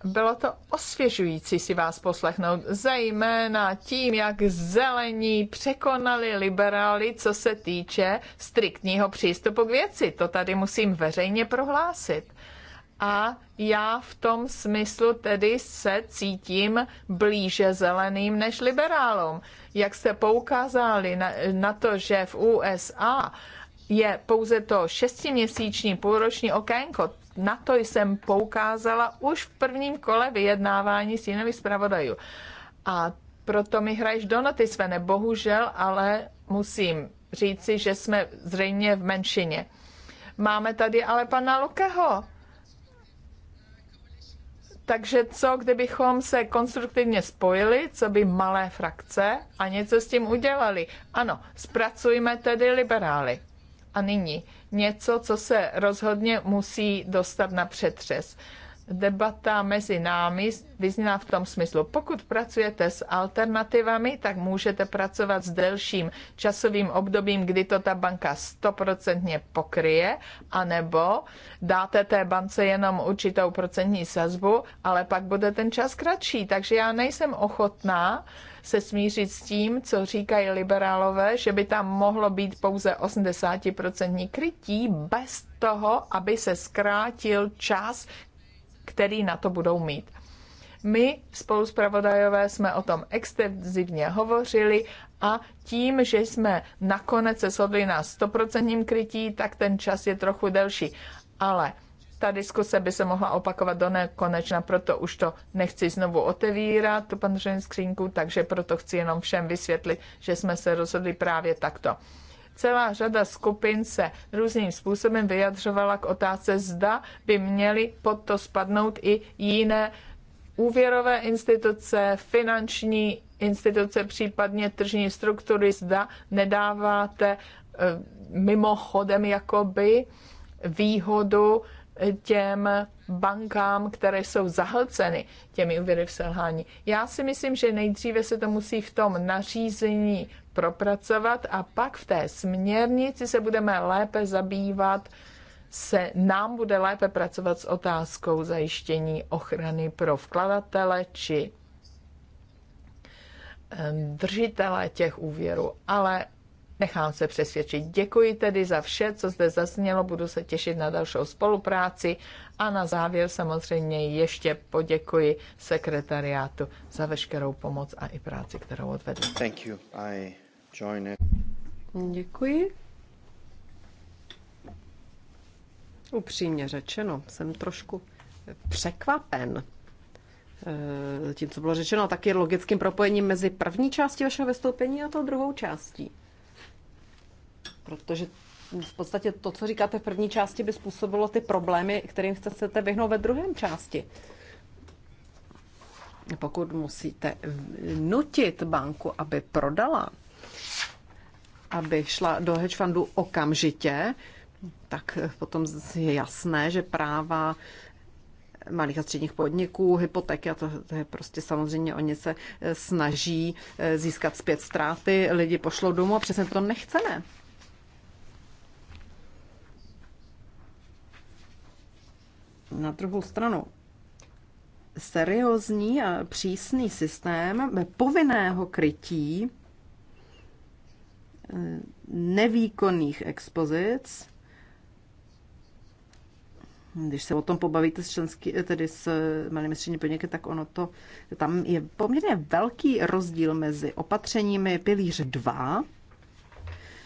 Bylo to osvěžující si vás poslechnout, zejména tím, jak zelení překonali liberály, co se týče striktního přístupu k věci. To tady musím veřejně prohlásit. A já v tom smyslu tedy se cítím blíže zeleným než liberálům. Jak jste poukázali na, na to, že v USA je pouze to šestiměsíční půlroční okénko, na to jsem poukázala už v prvním kole vyjednávání s jinými zpravodajů. A proto mi hraješ do noty, Svene. Bohužel, ale musím říci, že jsme zřejmě v menšině. Máme tady ale pana Lukeho. Takže co, kdybychom se konstruktivně spojili, co by malé frakce a něco s tím udělali? Ano, zpracujme tedy liberály. A nyní něco, co se rozhodně musí dostat na přetřes debata mezi námi vyzněla v tom smyslu, pokud pracujete s alternativami, tak můžete pracovat s delším časovým obdobím, kdy to ta banka stoprocentně pokryje, anebo dáte té bance jenom určitou procentní sazbu, ale pak bude ten čas kratší. Takže já nejsem ochotná se smířit s tím, co říkají liberálové, že by tam mohlo být pouze 80% krytí bez toho, aby se zkrátil čas, který na to budou mít. My, spoluzpravodajové, jsme o tom extenzivně hovořili a tím, že jsme nakonec se shodli na 100% krytí, tak ten čas je trochu delší. Ale ta diskuse by se mohla opakovat do nekonečna, proto už to nechci znovu otevírat, tu pandořinu skřínku, takže proto chci jenom všem vysvětlit, že jsme se rozhodli právě takto. Celá řada skupin se různým způsobem vyjadřovala k otázce, zda by měly pod to spadnout i jiné úvěrové instituce, finanční instituce, případně tržní struktury, zda nedáváte eh, mimochodem jakoby výhodu těm bankám, které jsou zahlceny těmi úvěry v selhání. Já si myslím, že nejdříve se to musí v tom nařízení propracovat a pak v té směrnici se budeme lépe zabývat, se nám bude lépe pracovat s otázkou zajištění ochrany pro vkladatele či držitele těch úvěrů, ale nechám se přesvědčit. Děkuji tedy za vše, co zde zaznělo, budu se těšit na další spolupráci a na závěr samozřejmě ještě poděkuji sekretariátu za veškerou pomoc a i práci, kterou odvedl. Thank you. I join it. Děkuji. Upřímně řečeno, jsem trošku překvapen eh, tím, co bylo řečeno, taky logickým propojením mezi první částí vašeho vystoupení a tou druhou částí. Protože v podstatě to, co říkáte v první části, by způsobilo ty problémy, kterým chcete vyhnout ve druhém části. Pokud musíte nutit banku, aby prodala aby šla do hedge fundu okamžitě, tak potom je jasné, že práva malých a středních podniků, hypotéky a to, to je prostě samozřejmě, oni se eh, snaží eh, získat zpět ztráty, lidi pošlou domů a přesně to nechceme. Na druhou stranu, seriózní a přísný systém povinného krytí nevýkonných expozic. Když se o tom pobavíte s, členský, eh, tedy s malými střední podniky, tak ono to, tam je poměrně velký rozdíl mezi opatřeními pilíř 2,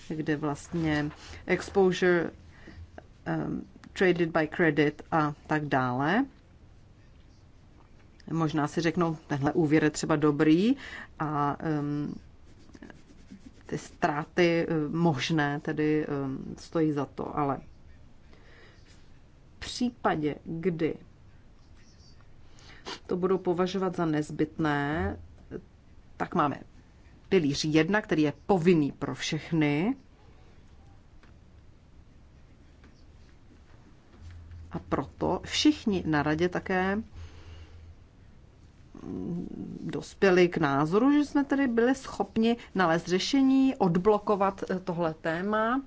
kde vlastně exposure um, traded by credit a tak dále. Možná si řeknou, tenhle úvěr je třeba dobrý a um, ty ztráty eh, možné tedy eh, stojí za to, ale v případě, kdy to budou považovat za nezbytné, tak máme pilíř jedna, který je povinný pro všechny. A proto všichni na radě také dospěli k názoru, že jsme tedy byli schopni nalézt řešení, odblokovat eh, tohle téma.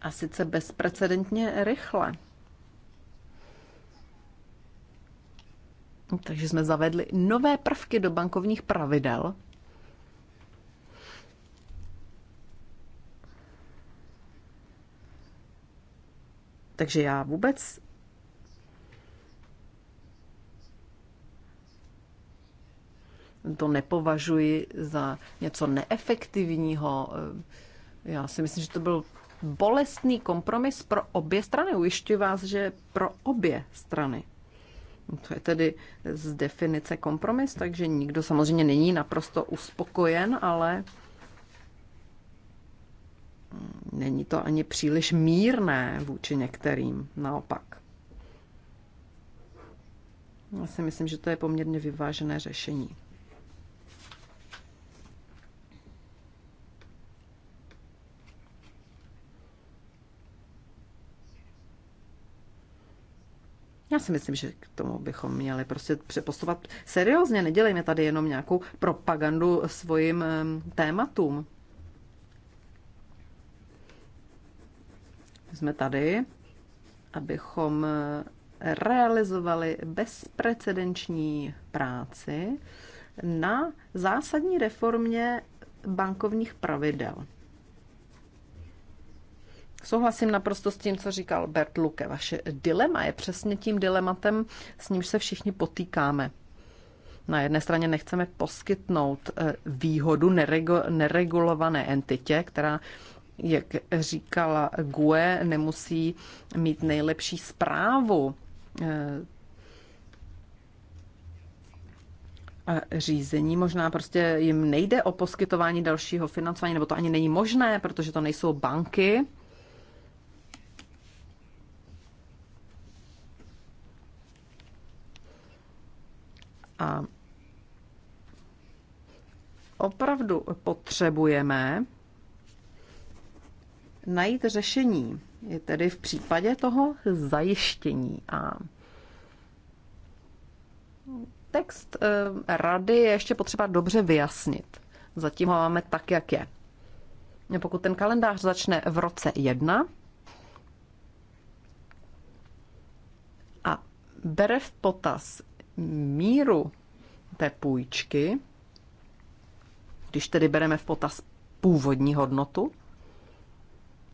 A sice bezprecedentně rychle. Takže jsme zavedli nové prvky do bankovních pravidel. Takže já vůbec to nepovažuji za něco neefektivního. Já si myslím, že to byl bolestný kompromis pro obě strany. Ujišťuji vás, že pro obě strany. To je tedy z definice kompromis, takže nikdo samozřejmě není naprosto uspokojen, ale není to ani příliš mírné vůči některým, naopak. Já si myslím, že to je poměrně vyvážené řešení. Já si myslím, že k tomu bychom měli prostě přepostovat seriózně. Nedělejme tady jenom nějakou propagandu svým tématům. Jsme tady, abychom eh, realizovali bezprecedenční práci na zásadní reformě bankovních pravidel. Souhlasím naprosto s tím, co říkal Bert Luke. Vaše dilema je přesně tím dilematem, s nímž se všichni potýkáme. Na jedné straně nechceme poskytnout eh, výhodu neregulované entitě, která jak říkala GUE, nemusí mít nejlepší zprávu eh, řízení. Možná prostě jim nejde o poskytování dalšího financování, nebo to ani není možné, protože to nejsou banky. A opravdu potřebujeme najít řešení, je tedy v případě toho zajištění. A text eh, rady je ještě potřeba dobře vyjasnit. Zatím ho máme tak, jak je. Pokud ten kalendář začne v roce 1 a bere v potaz míru té půjčky, když tedy bereme v potaz původní hodnotu,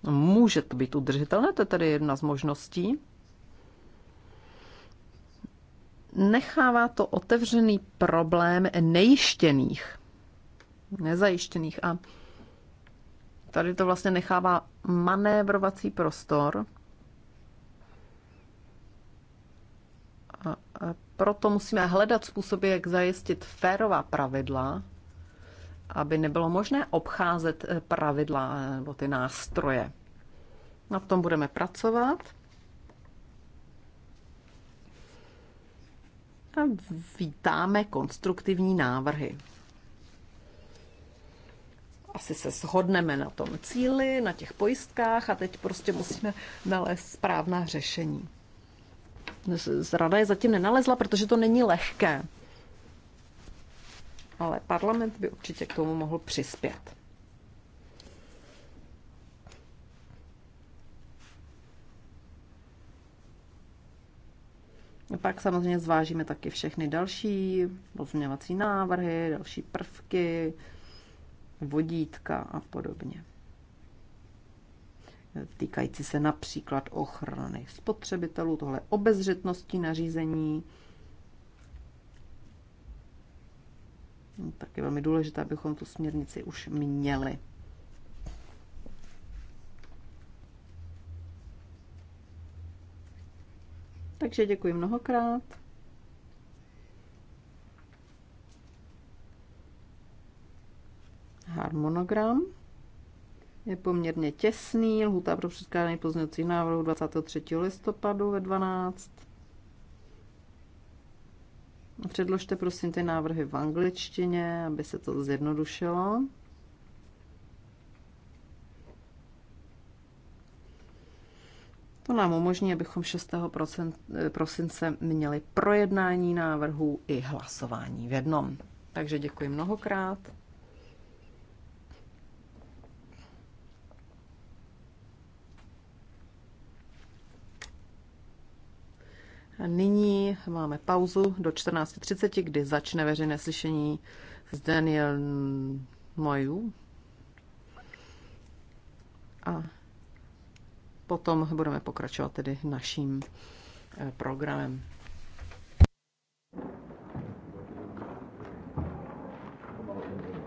může to být udržitelné, to je tedy jedna z možností. Nechává to otevřený problém nejištěných, nezajištěných a tady to vlastně nechává manévrovací prostor proto musíme hledat způsoby, jak zajistit férová pravidla, aby nebylo možné obcházet eh, pravidla eh, nebo ty nástroje. Na tom budeme pracovat. A vítáme konstruktivní návrhy. Asi se shodneme na tom cíli, na těch pojistkách a teď prostě musíme nalézt správná řešení rada je zatím nenalezla, protože to není lehké. Ale parlament by určitě k tomu mohl přispět. Pak samozřejmě zvážíme taky všechny další pozměňovací návrhy, další prvky, vodítka a podobně týkající se například ochrany spotřebitelů, tohle obezřetnosti nařízení. Tak je velmi důležité, abychom tu směrnici už měli. Takže děkuji mnohokrát. Harmonogram je poměrně těsný. Lhuta pro předkládání pozměňovacích návrhů 23. listopadu ve 12. Předložte prosím ty návrhy v angličtině, aby se to zjednodušilo. To nám umožní, abychom 6. prosince měli projednání návrhů i hlasování v jednom. Takže děkuji mnohokrát. A nyní máme pauzu do 14.30, kdy začne veřejné slyšení s Daniel Moju. A potom budeme pokračovat tedy naším eh, programem.